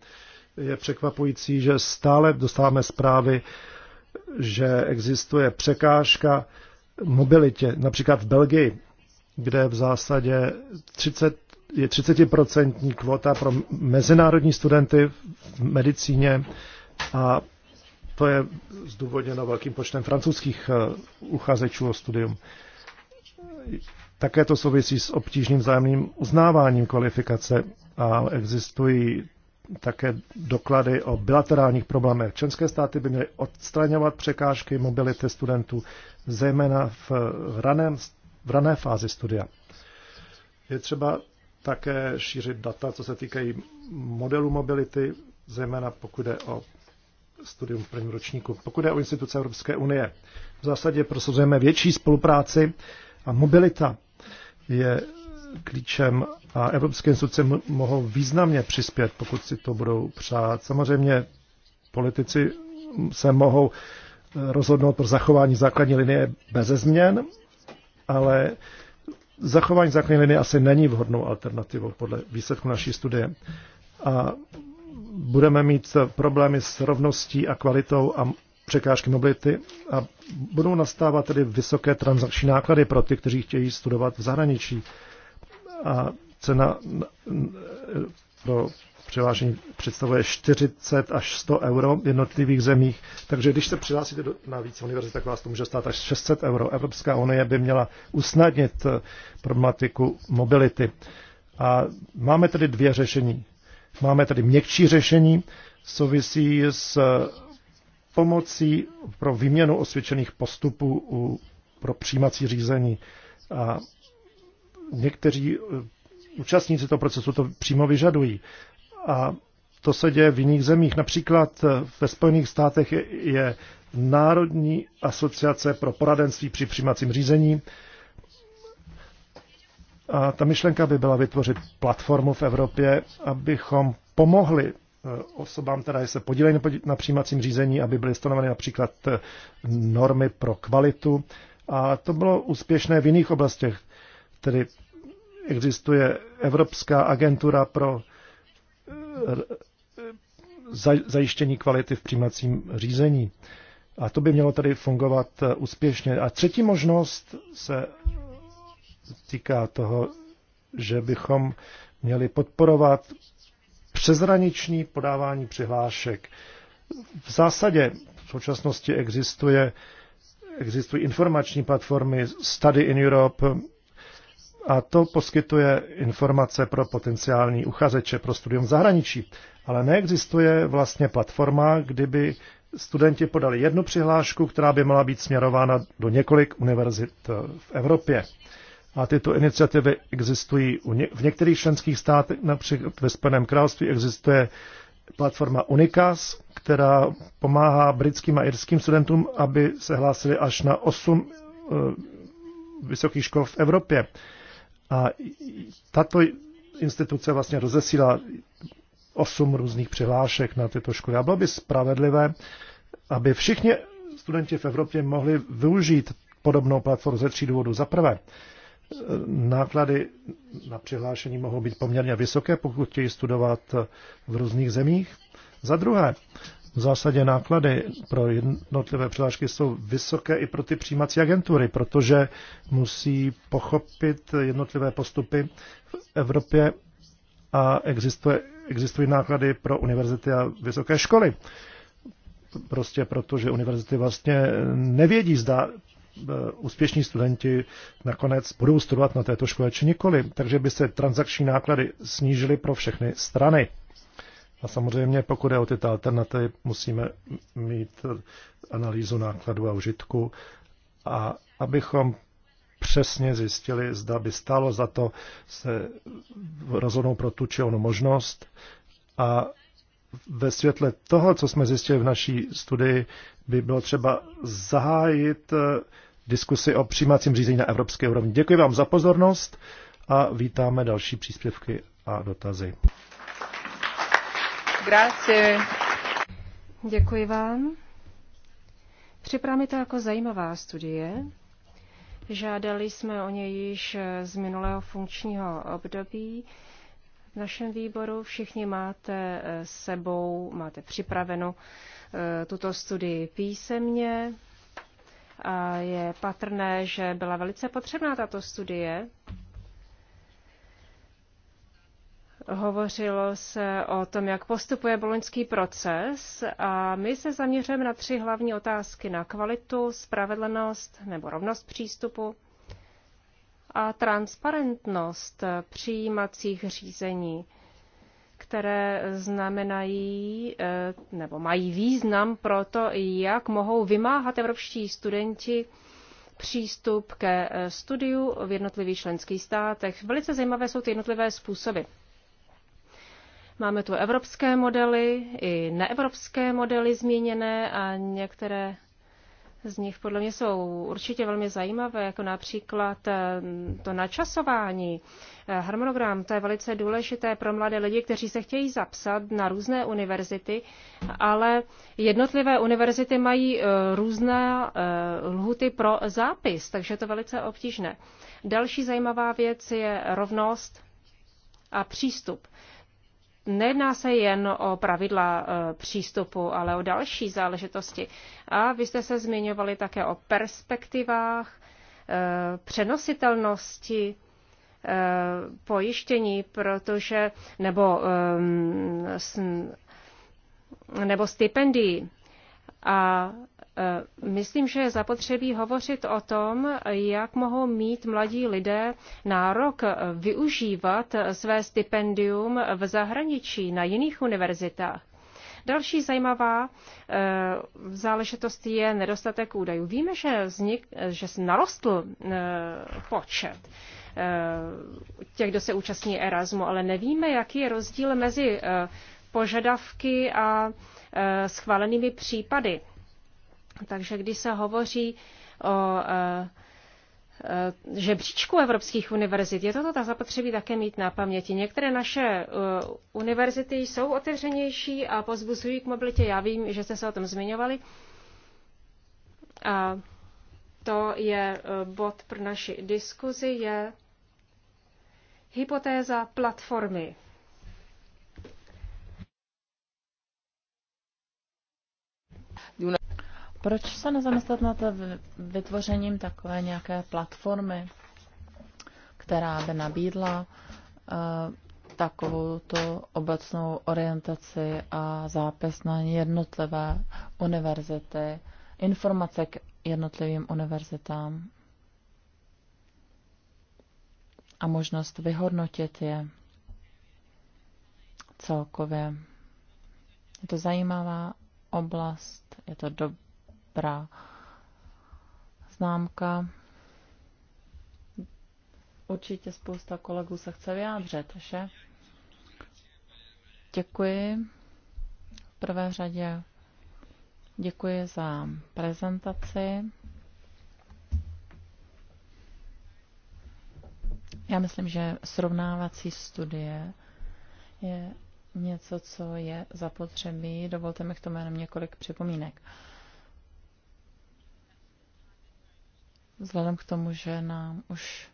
je překvapující, že stále dostáváme zprávy, že existuje překážka mobilitě. Například v Belgii, kde v zásadě 30, je 30% kvota pro mezinárodní studenty v medicíně a to je zdůvodněno velkým počtem francouzských eh, uchazečů o studium. Také to souvisí s obtížným vzájemným uznáváním kvalifikace a existují také doklady o bilaterálních problémech. Členské státy by měly odstraňovat překážky mobility studentů, zejména v, raném, v rané fázi studia. Je třeba také šířit data, co se týkají modelu mobility, zejména pokud jde o studium v prvním ročníku. Pokud je o instituce Evropské unie, v zásadě prosazujeme větší spolupráci a mobilita je klíčem a evropské instituce mohou významně přispět, pokud si to budou přát. Samozřejmě politici se mohou eh, rozhodnout pro zachování základní linie beze změn, ale zachování základní linie asi není vhodnou alternativou podle výsledku naší studie. A budeme mít problémy s rovností a kvalitou a překážky mobility a budou nastávat tedy vysoké transakční náklady pro ty, kteří chtějí studovat v zahraničí. A cena pro přihlášení představuje 40 až 100 euro v jednotlivých zemích. Takže když se přihlásíte do, na více univerzit, tak vás to může stát až 600 euro. Evropská unie by měla usnadnit problematiku mobility. A máme tedy dvě řešení. Máme tady měkčí řešení, souvisí s eh, pomocí pro výměnu osvědčených postupů u, pro přijímací řízení. A někteří eh, účastníci toho procesu to přímo vyžadují. A to se děje v jiných zemích. Například eh, ve Spojených státech je, je Národní asociace pro poradenství při přijímacím řízení a ta myšlenka by byla vytvořit platformu v Evropě, abychom pomohli e, osobám, které se podílejí na přijímacím řízení, aby byly stanoveny například e, normy pro kvalitu. A to bylo úspěšné v jiných oblastech. Tedy existuje Evropská agentura pro e, zajištění kvality v přijímacím řízení. A to by mělo tady fungovat úspěšně. A třetí možnost se týká toho, že bychom měli podporovat přezraniční podávání přihlášek. V zásadě v současnosti existuje, existují informační platformy Study in Europe a to poskytuje informace pro potenciální uchazeče pro studium v zahraničí. Ale neexistuje vlastně platforma, kdyby studenti podali jednu přihlášku, která by měla být směrována do několik univerzit v Evropě a tyto iniciativy existují v některých členských státech, například ve Spojeném království existuje platforma Unicas, která pomáhá britským a irským studentům, aby se hlásili až na 8 eh, vysokých škol v Evropě. A tato instituce vlastně rozesílá 8 různých přihlášek na tyto školy. A bylo by spravedlivé, aby všichni studenti v Evropě mohli využít podobnou platformu ze tří důvodů. Za prvé, náklady na přihlášení mohou být poměrně vysoké, pokud chtějí studovat v různých zemích. Za druhé, v zásadě náklady pro jednotlivé přihlášky jsou vysoké i pro ty přijímací agentury, protože musí pochopit jednotlivé postupy v Evropě a existuje, existují náklady pro univerzity a vysoké školy. Prostě proto, že univerzity vlastně nevědí, zda Eh, úspěšní studenti nakonec budou studovat na této škole či nikoli. Takže by se transakční náklady snížily pro všechny strany. A samozřejmě, pokud je o tyto alternativy, musíme mít analýzu nákladu a užitku. A abychom přesně zjistili, zda by stálo za to se rozhodnout pro tu či onu možnost. A ve světle toho, co jsme zjistili v naší studii, by bylo třeba zahájit eh, diskusi o přijímacím řízení na evropské úrovni. Děkuji vám za pozornost a vítáme další příspěvky a dotazy. Grazie. Děkuji vám. Připravíme to jako zajímavá studie. Žádali jsme o něj již z minulého funkčního období. V našem výboru všichni máte eh, sebou, máte připraveno eh, tuto studii písemně. A je patrné, že byla velice potřebná tato studie. Hovořilo se o tom, jak postupuje boloňský proces a my se zaměřujeme na tři hlavní otázky na kvalitu, spravedlnost nebo rovnost přístupu a transparentnost přijímacích řízení které znamenají eh, nebo mají význam pro to, jak mohou vymáhat evropští studenti přístup ke eh, studiu v jednotlivých členských státech. Velice zajímavé jsou ty jednotlivé způsoby. Máme tu evropské modely i neevropské modely zmíněné a některé z nich podle mě jsou určitě velmi zajímavé, jako například eh, to načasování. Eh, harmonogram, to je velice důležité pro mladé lidi, kteří se chtějí zapsat na různé univerzity, ale jednotlivé univerzity mají eh, různé lhuty pro zápis, takže je to velice obtížné. Další zajímavá věc je rovnost a přístup nejedná se jen o pravidla e, přístupu, ale o další záležitosti. A vy jste se zmiňovali také o perspektivách, e, přenositelnosti e, pojištění, protože nebo, nebo stipendii. A Eh, myslím, že je zapotřebí hovořit o tom, jak mohou mít mladí lidé nárok eh, využívat eh, své stipendium v zahraničí na jiných univerzitách. Další zajímavá záležitost je nedostatek údajů. Víme, že, vznik, že narostl počet těch, kdo se účastní Erasmu, ale nevíme, jaký je rozdíl mezi požadavky a schválenými případy takže když se hovoří o eh, eh, žebříčku evropských univerzit. Je toto ta zapotřebí také mít na paměti. Některé naše eh, univerzity jsou otevřenější a pozbuzují k mobilitě. Já vím, že jste se o tom zmiňovali. A to je bod pro naši diskuzi, je hypotéza platformy. Proč se nezamyslet nad vytvořením takové nějaké platformy, která by nabídla eh, takovou tu obecnou orientaci a zápis na jednotlivé univerzity, informace k jednotlivým univerzitám a možnost vyhodnotit je celkově. Je to zajímavá oblast, je to do, dobrá známka. Určitě spousta kolegů se chce vyjádřit, že? Děkuji. V prvé řadě děkuji za prezentaci. Já myslím, že srovnávací studie je něco, co je zapotřebí. Dovolte mi k tomu jenom několik připomínek. Uh, Vzhledem k tomu, že nám už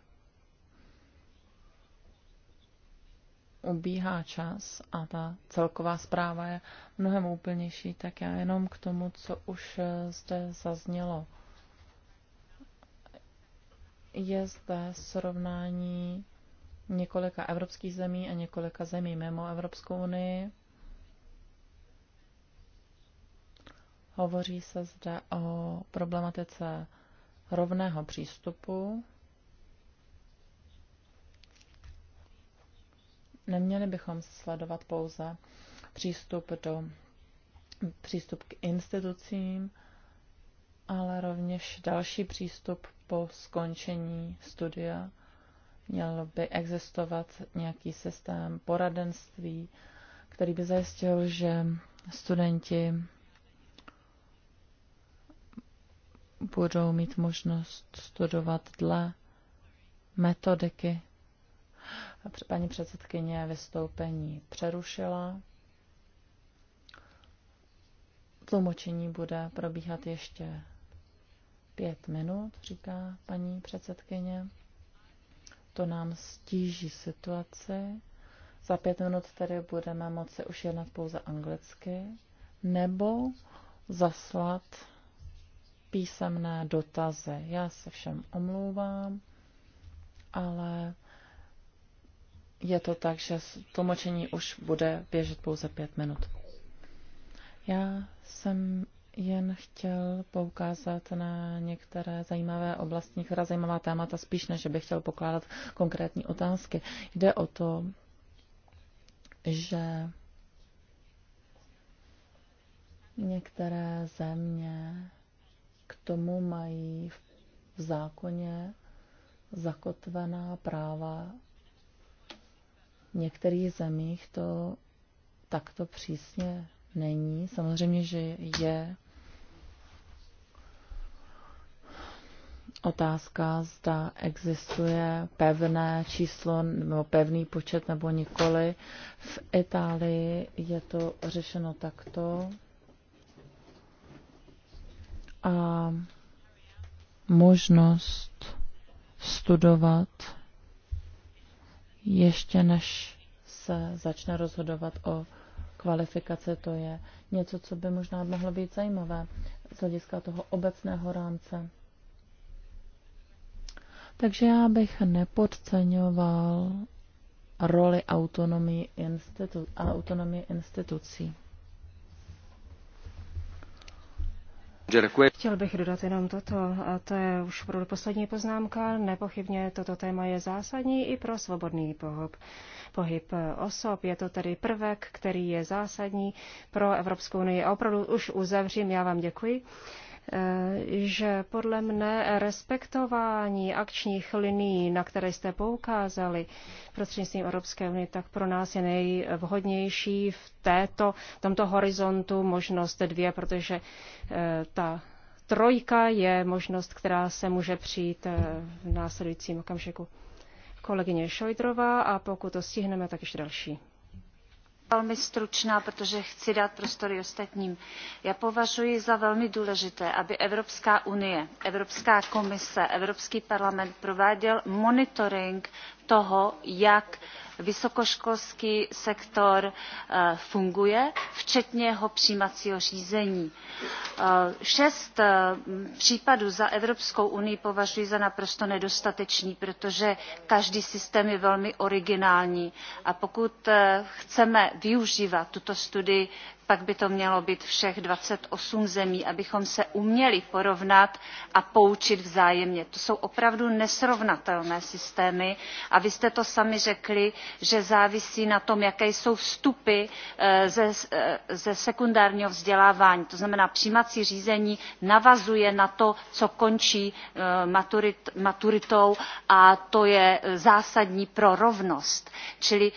ubíhá čas a ta celková zpráva je mnohem úplnější, tak já jenom k tomu, co už zde zaznělo. Je zde srovnání několika evropských zemí a několika zemí mimo Evropskou unii. Hovoří se zde o problematice rovného přístupu. Neměli bychom sledovat pouze přístup do přístup k institucím, ale rovněž další přístup po skončení studia. Měl by existovat nějaký systém poradenství, který by zajistil, že studenti budou mít možnost studovat dle metodiky. Paní předsedkyně vystoupení přerušila. Tlumočení bude probíhat ještě pět minut, říká paní předsedkyně. To nám stíží situaci. Za pět minut tedy budeme moci už jednat pouze anglicky nebo zaslat písemné dotazy. Já se všem omlouvám, ale je to tak, že tlumočení už bude běžet pouze pět minut. Já jsem jen chtěl poukázat na některé zajímavé oblasti, některá zajímavá témata, spíš než bych chtěl pokládat konkrétní otázky. Jde o to, že některé země k tomu mají v zákoně zakotvená práva. V některých zemích to takto přísně není. Samozřejmě, že je otázka, zda existuje pevné číslo nebo pevný počet nebo nikoli. V Itálii je to řešeno takto a možnost studovat ještě než se začne rozhodovat o kvalifikaci, to je něco, co by možná mohlo být zajímavé z hlediska toho obecného rámce. Takže já bych nepodceňoval roli autonomii, institu- autonomii institucí. Chtěl bych dodat jenom toto, a to je už pro poslední poznámka. Nepochybně toto téma je zásadní i pro svobodný pohyb, pohyb osob. Je to tedy prvek, který je zásadní pro Evropskou unii. A opravdu už uzavřím, já vám děkuji že podle mne respektování akčních linií, na které jste poukázali prostřednictvím Evropské unie, tak pro nás je nejvhodnější v této, tomto horizontu možnost dvě, protože eh, ta trojka je možnost, která se může přijít eh, v následujícím okamžiku. Kolegyně Šojdrová a pokud to stihneme, tak ještě další velmi stručná, protože chci dát prostor i ostatním. Já považuji za velmi důležité, aby Evropská unie, Evropská komise, Evropský parlament prováděl monitoring toho, jak vysokoškolský sektor eh, funguje včetně jeho přijímacího řízení. Eh, šest eh, případů za evropskou unii považuji za naprosto nedostatečný protože každý systém je velmi originální a pokud chceme využívat tuto studii pak by to mělo být všech 28 zemí, abychom se uměli porovnat a poučit vzájemně. To jsou opravdu nesrovnatelné systémy a vy jste to sami řekli, že závisí na tom, jaké jsou vstupy eh, ze, eh, ze sekundárního vzdělávání. To znamená, přijímací řízení navazuje na to, co končí eh, maturit, maturitou a to je zásadní pro rovnost. Čili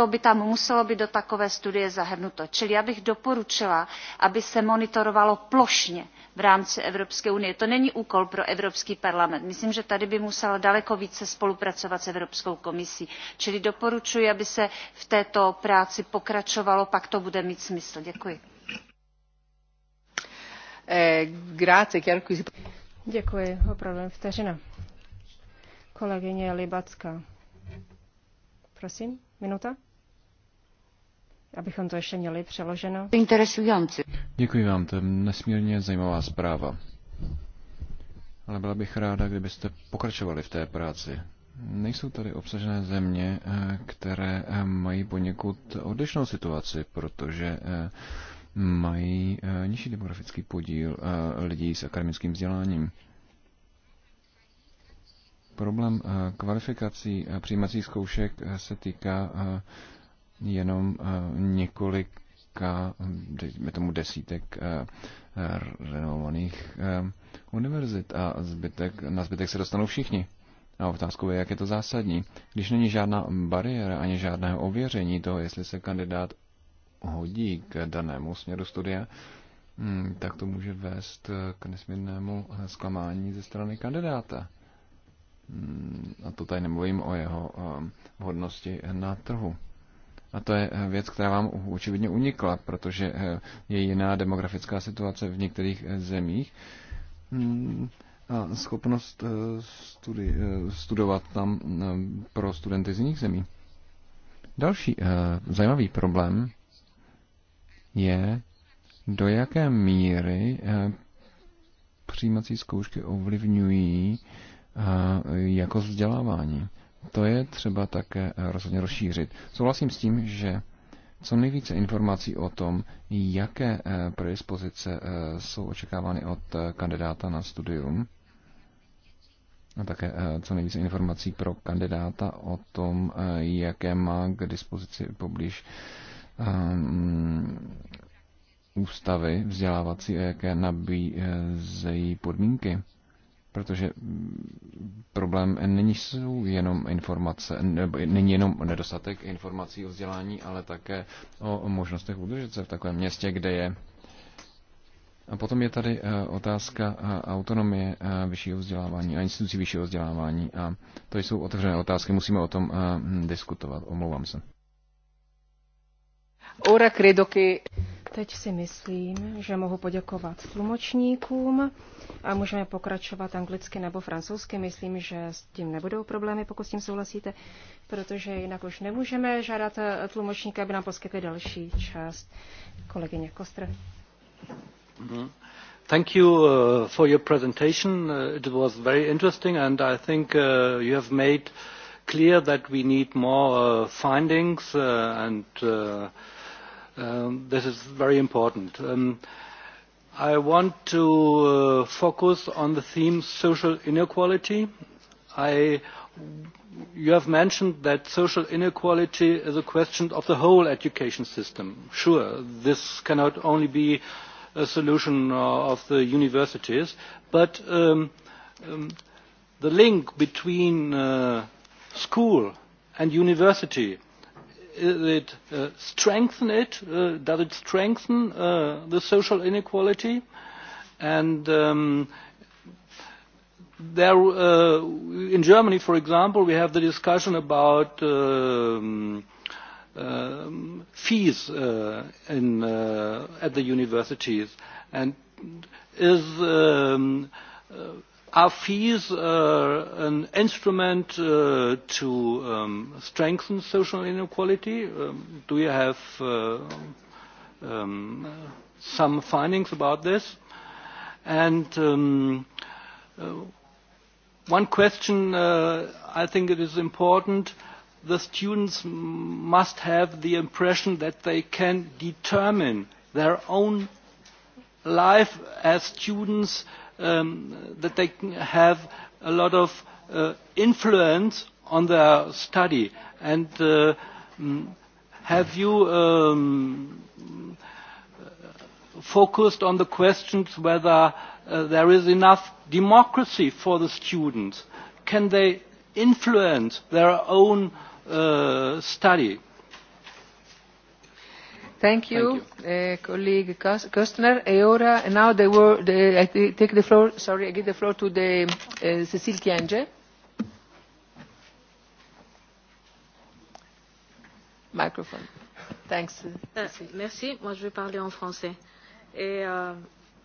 to by tam muselo být do takové studie zahrnuto. čili já bych doporučila aby se monitorovalo plošně v rámci evropské unie. to není úkol pro evropský parlament myslím že tady by musel daleko více spolupracovat s evropskou komisí čili doporučuji aby se v této práci pokračovalo pak to bude mít smysl. děkuji. Eh, děkuji, opravdu vteřina. Kolegyně Libacka. Prosím, minuta abychom to ještě měli přeloženo. Interesující. Děkuji vám, to je nesmírně zajímavá zpráva. Ale byla bych ráda, kdybyste pokračovali v té práci. Nejsou tady obsažené země, eh, které eh, mají poněkud odlišnou situaci, protože eh, mají nižší demografický podíl lidí s akademickým vzděláním. Problém kvalifikací a přijímacích zkoušek se týká jenom eh, několika, dejme tomu desítek eh, eh, renovovaných univerzit a zbytek, na zbytek se dostanou všichni. A otázkou je, jak je to zásadní. Když není žádná bariéra ani žádné ověření toho, jestli se kandidát hodí k danému směru studia, hm, tak to může vést k nesmírnému zklamání ze strany kandidáta. Hm, a to tady nemluvím o jeho vhodnosti na trhu. A to je eh, věc, která vám očividně unikla, protože eh, je jiná demografická situace v některých eh, zemích. Hmm, a schopnost studi- studovat tam pro studenty z jiných zemí. Další zajímavý problém je, do jaké míry přijímací zkoušky ovlivňují jako vzdělávání. To je třeba také eh, rozhodně rozšířit. Souhlasím s tím, že co nejvíce informací o tom, jaké eh, predispozice eh, jsou očekávány od kandidáta na studium, a také co nejvíce informací pro kandidáta o tom, jaké má k dispozici poblíž um, ústavy vzdělávací a jaké nabízejí podmínky Protože mm, problém není jsou jenom informace, nebo není jenom nedostatek informací o vzdělání, ale také o možnostech udržet se v takovém městě, kde je. A potom je tady eh, otázka eh, autonomie eh, vyššího vzdělávání a institucí vyššího vzdělávání. A to jsou otevřené otázky, musíme o tom diskutovat. Omlouvám se. Ora credo che... Teď si myslím, že mohu poděkovat tlumočníkům a můžeme pokračovat anglicky nebo francouzsky. Myslím, že s tím nebudou problémy, pokud s tím souhlasíte, protože jinak už nemůžeme žádat eh, tlumočníka, aby nám poskytli další část. Kolegyně Kostr. Mhm. Thank you uh, for your presentation. Uh, it was very interesting and I think uh, you have made clear that we need more uh, findings uh, and uh, Um, this is very important. Um, I want to uh, focus on the theme social inequality. I, you have mentioned that social inequality is a question of the whole education system. Sure, this cannot only be a solution uh, of the universities, but um, um, the link between uh, school and university it uh, strengthen it? Uh, does it strengthen uh, the social inequality? And um, there, uh, in Germany, for example, we have the discussion about um, um, fees uh, in, uh, at the universities, and is um, uh, Are fees uh, an instrument uh, to um, strengthen social inequality? Um, do you have uh, um, some findings about this? And um, uh, one question uh, I think it is important the students must have the impression that they can determine their own life as students uh, um, that they have a lot of uh, influence on their study. And uh, mm, have you um, focused on the questions whether uh, there is enough democracy for the students? Can they influence their own uh, study? Thank you, Thank you. Uh, colleague now I take the floor, sorry, I give the floor to the uh, Cecile Microphone. Thanks. Euh, merci. Moi, je vais parler en français. Euh,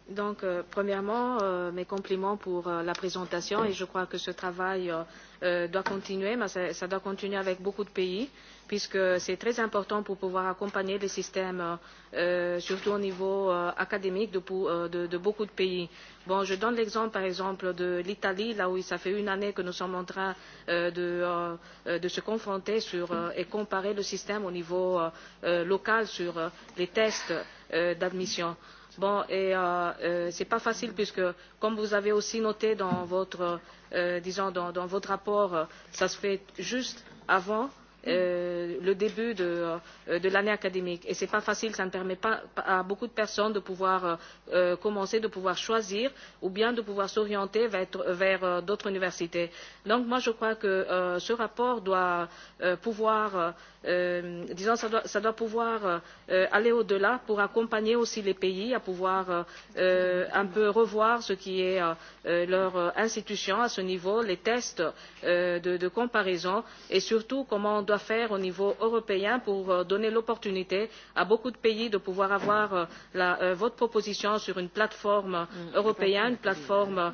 Donc, euh, premièrement, euh, mes compliments pour euh, la présentation et je crois que ce travail euh, euh, doit continuer, mais ça, ça doit continuer avec beaucoup de pays, puisque c'est très important pour pouvoir accompagner les systèmes, euh, surtout au niveau euh, académique de, pour, euh, de, de beaucoup de pays. Bon, je donne l'exemple, par exemple, de l'Italie, là où ça fait une année que nous sommes en train euh, de, euh, euh de se confronter sur, euh, et comparer le système au niveau euh, euh local sur euh, les tests euh, d'admission. Bon, et euh, euh, ce n'est pas facile puisque, comme vous avez aussi noté dans votre, euh, disons, dans, dans votre rapport, euh, ça se fait juste avant euh, Euh, le début de, euh, de l'année académique. Et ce n'est pas facile, ça ne permet pas à beaucoup de personnes de pouvoir euh, euh, commencer, de pouvoir choisir ou bien de pouvoir s'orienter vers, vers euh, d'autres universités. Donc moi je crois que euh, ce rapport doit euh, pouvoir, euh, disons, ça doit, ça doit pouvoir euh, aller au-delà pour accompagner aussi les pays à pouvoir euh, un peu revoir ce qui est euh, leur institution à ce niveau, les tests euh, de, de comparaison et surtout comment on doit doit faire au niveau européen pour euh, donner l'opportunité à beaucoup de pays de pouvoir avoir euh, la, euh, votre proposition sur une plateforme mm, européenne une plateforme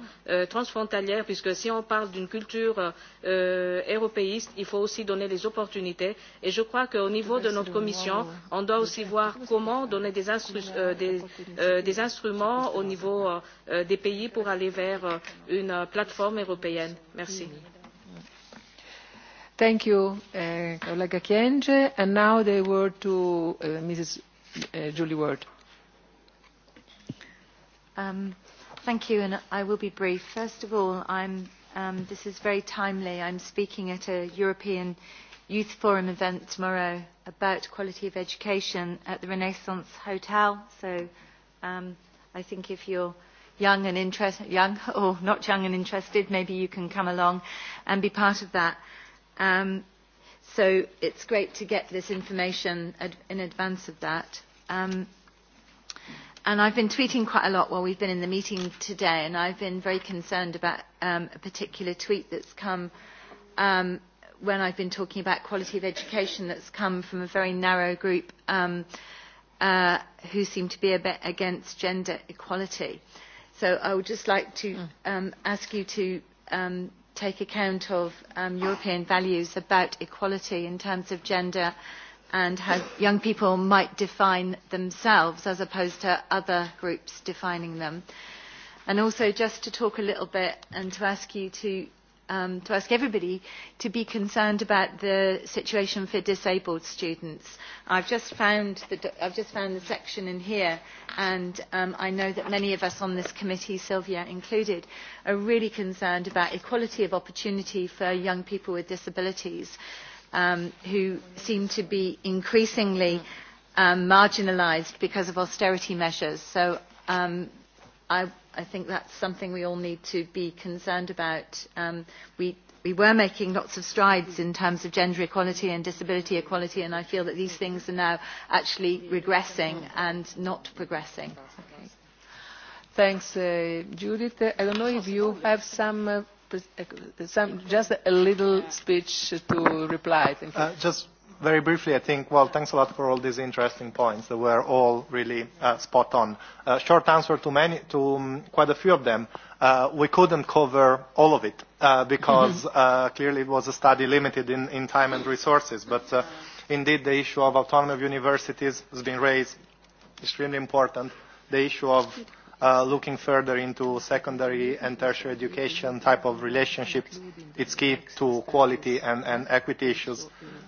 transfrontalière puisque si on parle d'une culture européiste il faut aussi donner les opportunités et je crois qu'au niveau de notre commission on doit aussi voir comment donner des, instru des, des instruments au niveau des pays pour aller vers une plateforme européenne. merci. Thank you, uh, eh, colleague Kienge. And now the word to uh, eh, Mrs. Eh, Julie Ward. Um, thank you, and I will be brief. First of all, I'm, um, this is very timely. I'm speaking at a European Youth Forum event tomorrow about quality of education at the Renaissance Hotel. So um, I think if you're young and interested, young or not young and interested, maybe you can come along and be part of that. Um, so it's great to get this information ad- in advance of that. Um, and I've been tweeting quite a lot while we've been in the meeting today, and I've been very concerned about um, a particular tweet that's come um, when I've been talking about quality of education that's come from a very narrow group um, uh, who seem to be a bit against gender equality. So I would just like to hmm. um, ask you to um, take account of um, European values about equality in terms of gender and how young people might define themselves as opposed to other groups defining them. And also just to talk a little bit and to ask you to um, to ask everybody to be concerned about the situation for disabled students. I've just found the, I've just found the section in here, and um, I know that many of us on this committee, Sylvia included, are really concerned about equality of opportunity for young people with disabilities um, who seem to be increasingly um, marginalised because of austerity measures. So um, I i think that's something we all need to be concerned about. Um, we, we were making lots of strides in terms of gender equality and disability equality, and I feel that these things are now actually regressing and not progressing. Okay. Thanks, uh, Judith. I don't know if you have some, uh, uh some just a little speech to reply. Thank you. Uh, just very briefly, I think, well, thanks a lot for all these interesting points that were all really uh, spot on. Uh, short answer to many, to um, quite a few of them. Uh, we couldn't cover all of it uh, because mm-hmm. uh, clearly it was a study limited in, in time and resources. But uh, indeed, the issue of autonomy of universities has been raised, extremely important. The issue of uh, looking further into secondary and tertiary education type of relationships, it's key to quality and, and equity issues.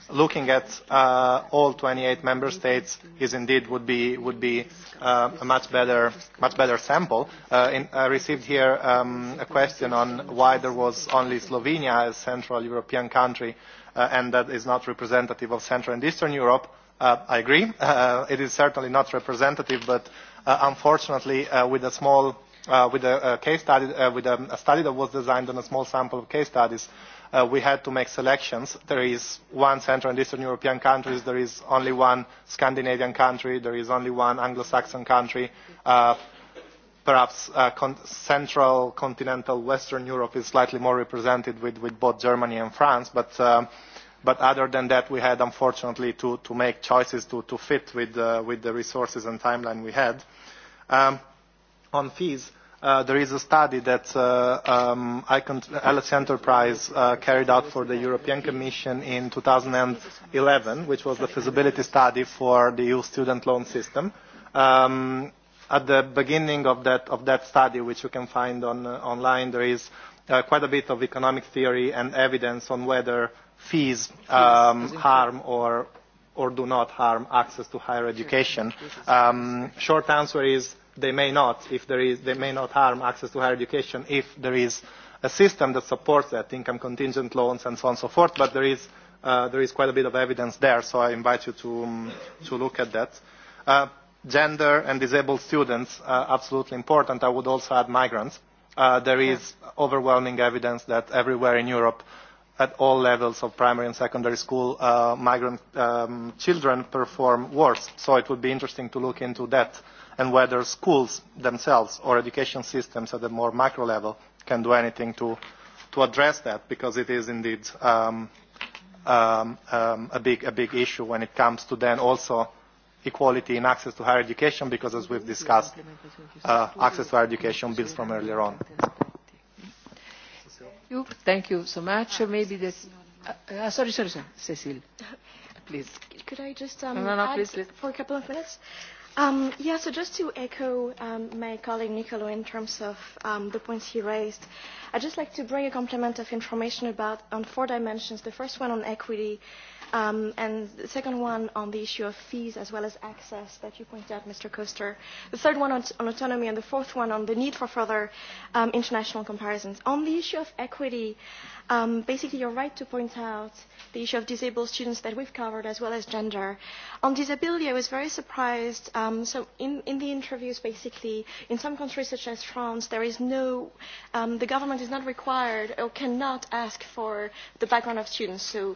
Looking at uh, all 28 member states is indeed would be would be uh, a much better much better sample. Uh, in, I received here um, a question on why there was only Slovenia as Central European country uh, and that is not representative of Central and Eastern Europe. Uh, I agree. Uh, it is certainly not representative, but uh, unfortunately, uh, with a small uh, with a, a case study, uh, with a, a study that was designed on a small sample of case studies, uh, we had to make selections. There is one Central and Eastern European country, there is only one Scandinavian country, there is only one Anglo-Saxon country. Uh, perhaps uh, con Central, Continental, Western Europe is slightly more represented with, with both Germany and France, but uh, But other than that, we had unfortunately to, to make choices to, to fit with, uh, with the resources and timeline we had. Um, on fees, uh, there is a study that uh, um, LSE Enterprise uh, carried out for the European Commission in 2011, which was the feasibility study for the EU student loan system. Um, at the beginning of that, of that study, which you can find on, uh, online, there is uh, quite a bit of economic theory and evidence on whether fees um, harm or or do not harm access to higher education? Um, short answer is they may not. If there is, they may not harm access to higher education if there is a system that supports that, income contingent loans and so on and so forth. But there is uh, there is quite a bit of evidence there, so I invite you to um, to look at that. Uh, gender and disabled students uh, absolutely important. I would also add migrants. Uh, there is overwhelming evidence that everywhere in Europe at all levels of primary and secondary school uh, migrant um, children perform worse. So it would be interesting to look into that and whether schools themselves or education systems at a more macro level can do anything to, to address that because it is indeed um, um, um, a, big, a big issue when it comes to then also equality in access to higher education because as we've discussed, uh, access to higher education builds from earlier on. Thank you so much. Ah, Maybe this. Uh, uh, sorry, sorry, sorry, Cecile. Please. Could I just um, no, no, no, add please, please. for a couple of minutes? Um, yeah, so just to echo um, my colleague Nicolo in terms of um, the points he raised, I'd just like to bring a complement of information about on four dimensions. The first one on equity, Um, and the second one on the issue of fees as well as access that you pointed out, Mr. Koester. The third one on, on autonomy and the fourth one on the need for further um, international comparisons. On the issue of equity, um, basically you're right to point out the issue of disabled students that we've covered as well as gender. On disability, I was very surprised. Um, so in, in the interviews, basically, in some countries such as France, there is no, um, the government is not required or cannot ask for the background of students. So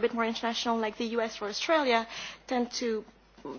a bit more international, like the US or Australia, tend to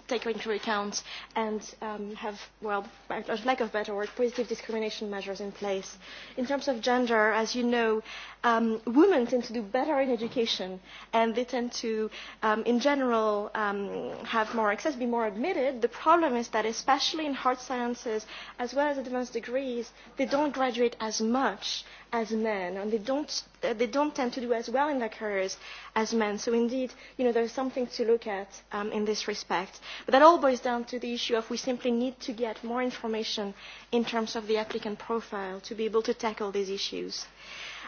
take into account and um, have, well, for lack of better word, positive discrimination measures in place. In terms of gender, as you know, um, women tend to do better in education and they tend to, um, in general, um, have more access, be more admitted. The problem is that especially in hard sciences, as well as advanced degrees, they don't graduate as much as men, and they don't, uh, they don't tend to do as well in their careers as men. So indeed, you know, there's something to look at um, in this respect. But that all boils down to the issue of we simply need to get more information in terms of the applicant profile to be able to tackle these issues.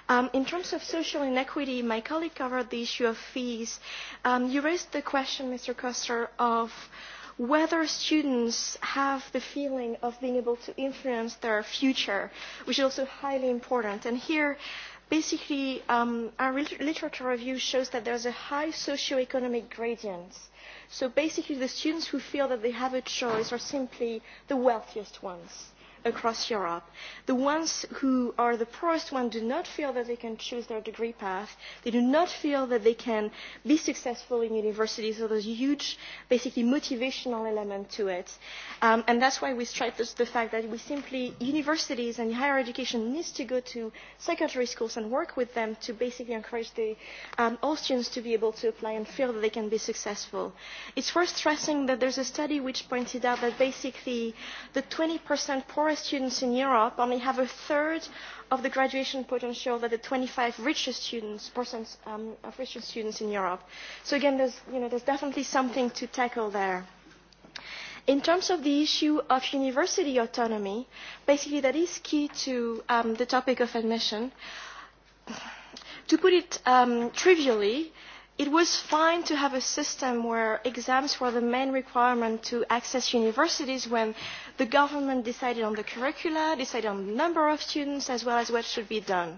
Um, in terms of social inequity, my colleague covered the issue of fees. Um, you raised the question, Mr. Koster, of whether students have the feeling of being able to influence their future, which is also highly important. And here, basically, um, our literature review shows that there's a high socioeconomic gradient. So basically, the students who feel that they have a choice are simply the wealthiest ones across Europe. The ones who are the poorest ones do not feel that they can choose their degree path. They do not feel that they can be successful in university. So there's a huge, basically, motivational element to it. Um, and that's why we strike this, the fact that we simply, universities and higher education needs to go to secondary schools and work with them to basically encourage the, um, all students to be able to apply and feel that they can be successful. It's worth stressing that there's a study which pointed out that basically the 20% poorest poorest students in Europe only have a third of the graduation potential that the 25 richest students, percent um, of richest students in Europe. So again, there's, you know, there's definitely something to tackle there. In terms of the issue of university autonomy, basically that is key to um, the topic of admission. To put it um, trivially, it was fine to have a system where exams were the main requirement to access universities when the government decided on the curricula, decided on the number of students, as well as what should be done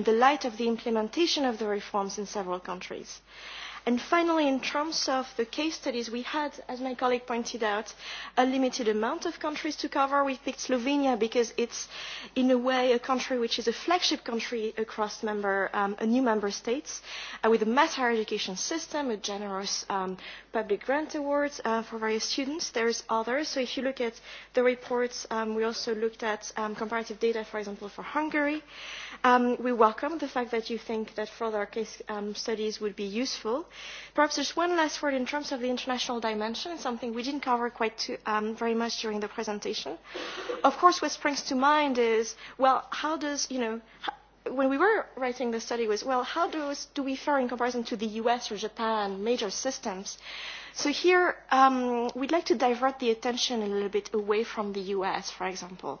in the light of the implementation of the reforms in several countries. And finally, in terms of the case studies, we had, as my colleague pointed out, a limited amount of countries to cover. We picked Slovenia because it's, in a way, a country which is a flagship country across member, um, a new member states, uh, with a mass higher education system, a generous um, public grant awards uh, for various students. There's others. So if you look at the reports, um, we also looked at um, comparative data, for example, for Hungary. Um, we welcome the fact that you think that further case um, studies would be useful. Perhaps just one last word in terms of the international dimension, something we didn't cover quite too, um, very much during the presentation. Of course, what springs to mind is, well, how does, you know, how, when we were writing the study was, well, how does, do we fare in comparison to the US or Japan, major systems? So here, um, we'd like to divert the attention a little bit away from the US, for example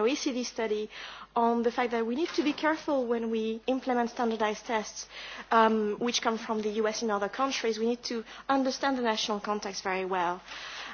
oecd study on the fact that we need to be careful when we implement standardized tests um, which come from the us and other countries. we need to understand the national context very well.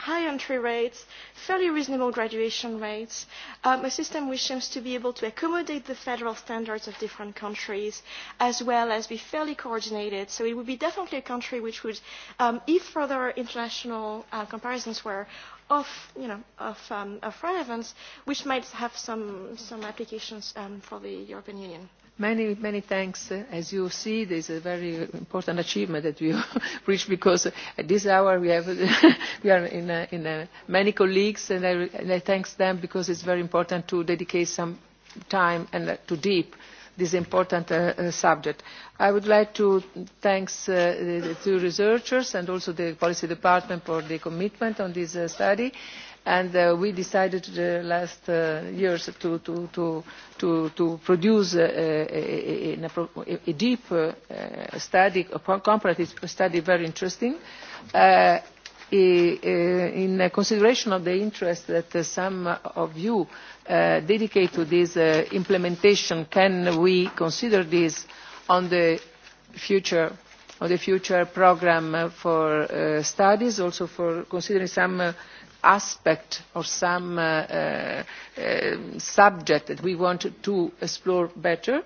high entry rates, fairly reasonable graduation rates, um, a system which seems to be able to accommodate the federal standards of different countries, as well as be fairly coordinated. So it would be definitely a country which would, um, if further international uh, comparisons were of, you know, of, um, of relevance, which might have some, some applications um, for the European Union many many thanks. as you see this is a very important achievement that we reached because at this hour we have we are in, a, in a many colleagues and I, and I thank them because it's very important to dedicate some time and uh, to deep this important uh, uh, subject. I would like to thank uh, the two researchers and also the policy department for the commitment on this uh, study and uh, we decided uh, last uh, years to, to, to, to, to produce uh, a, a, a, a deep uh, uh study, a comparative study, very interesting, uh, uh, in consideration of the interest that some of you uh, dedicate to this uh, implementation. Can we consider this on the future on the future program for uh, studies, also for considering some uh, aspect or some uh, uh, uh, subject that we want to explore better.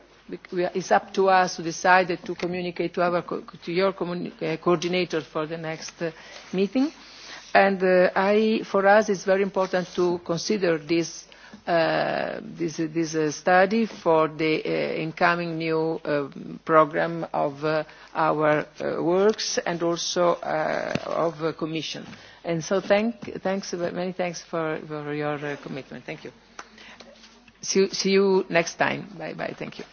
It's up to us to decide to communicate to, our, to your uh, coordinator for the next uh, meeting. And I, for us, it's very important to consider this Uh, this, this uh, study for the uh, incoming new uh, programme of uh, our works and also of the Commission. And so thank, thanks, many thanks for, for your commitment. Thank you. See, see you next time. Bye-bye. Thank you.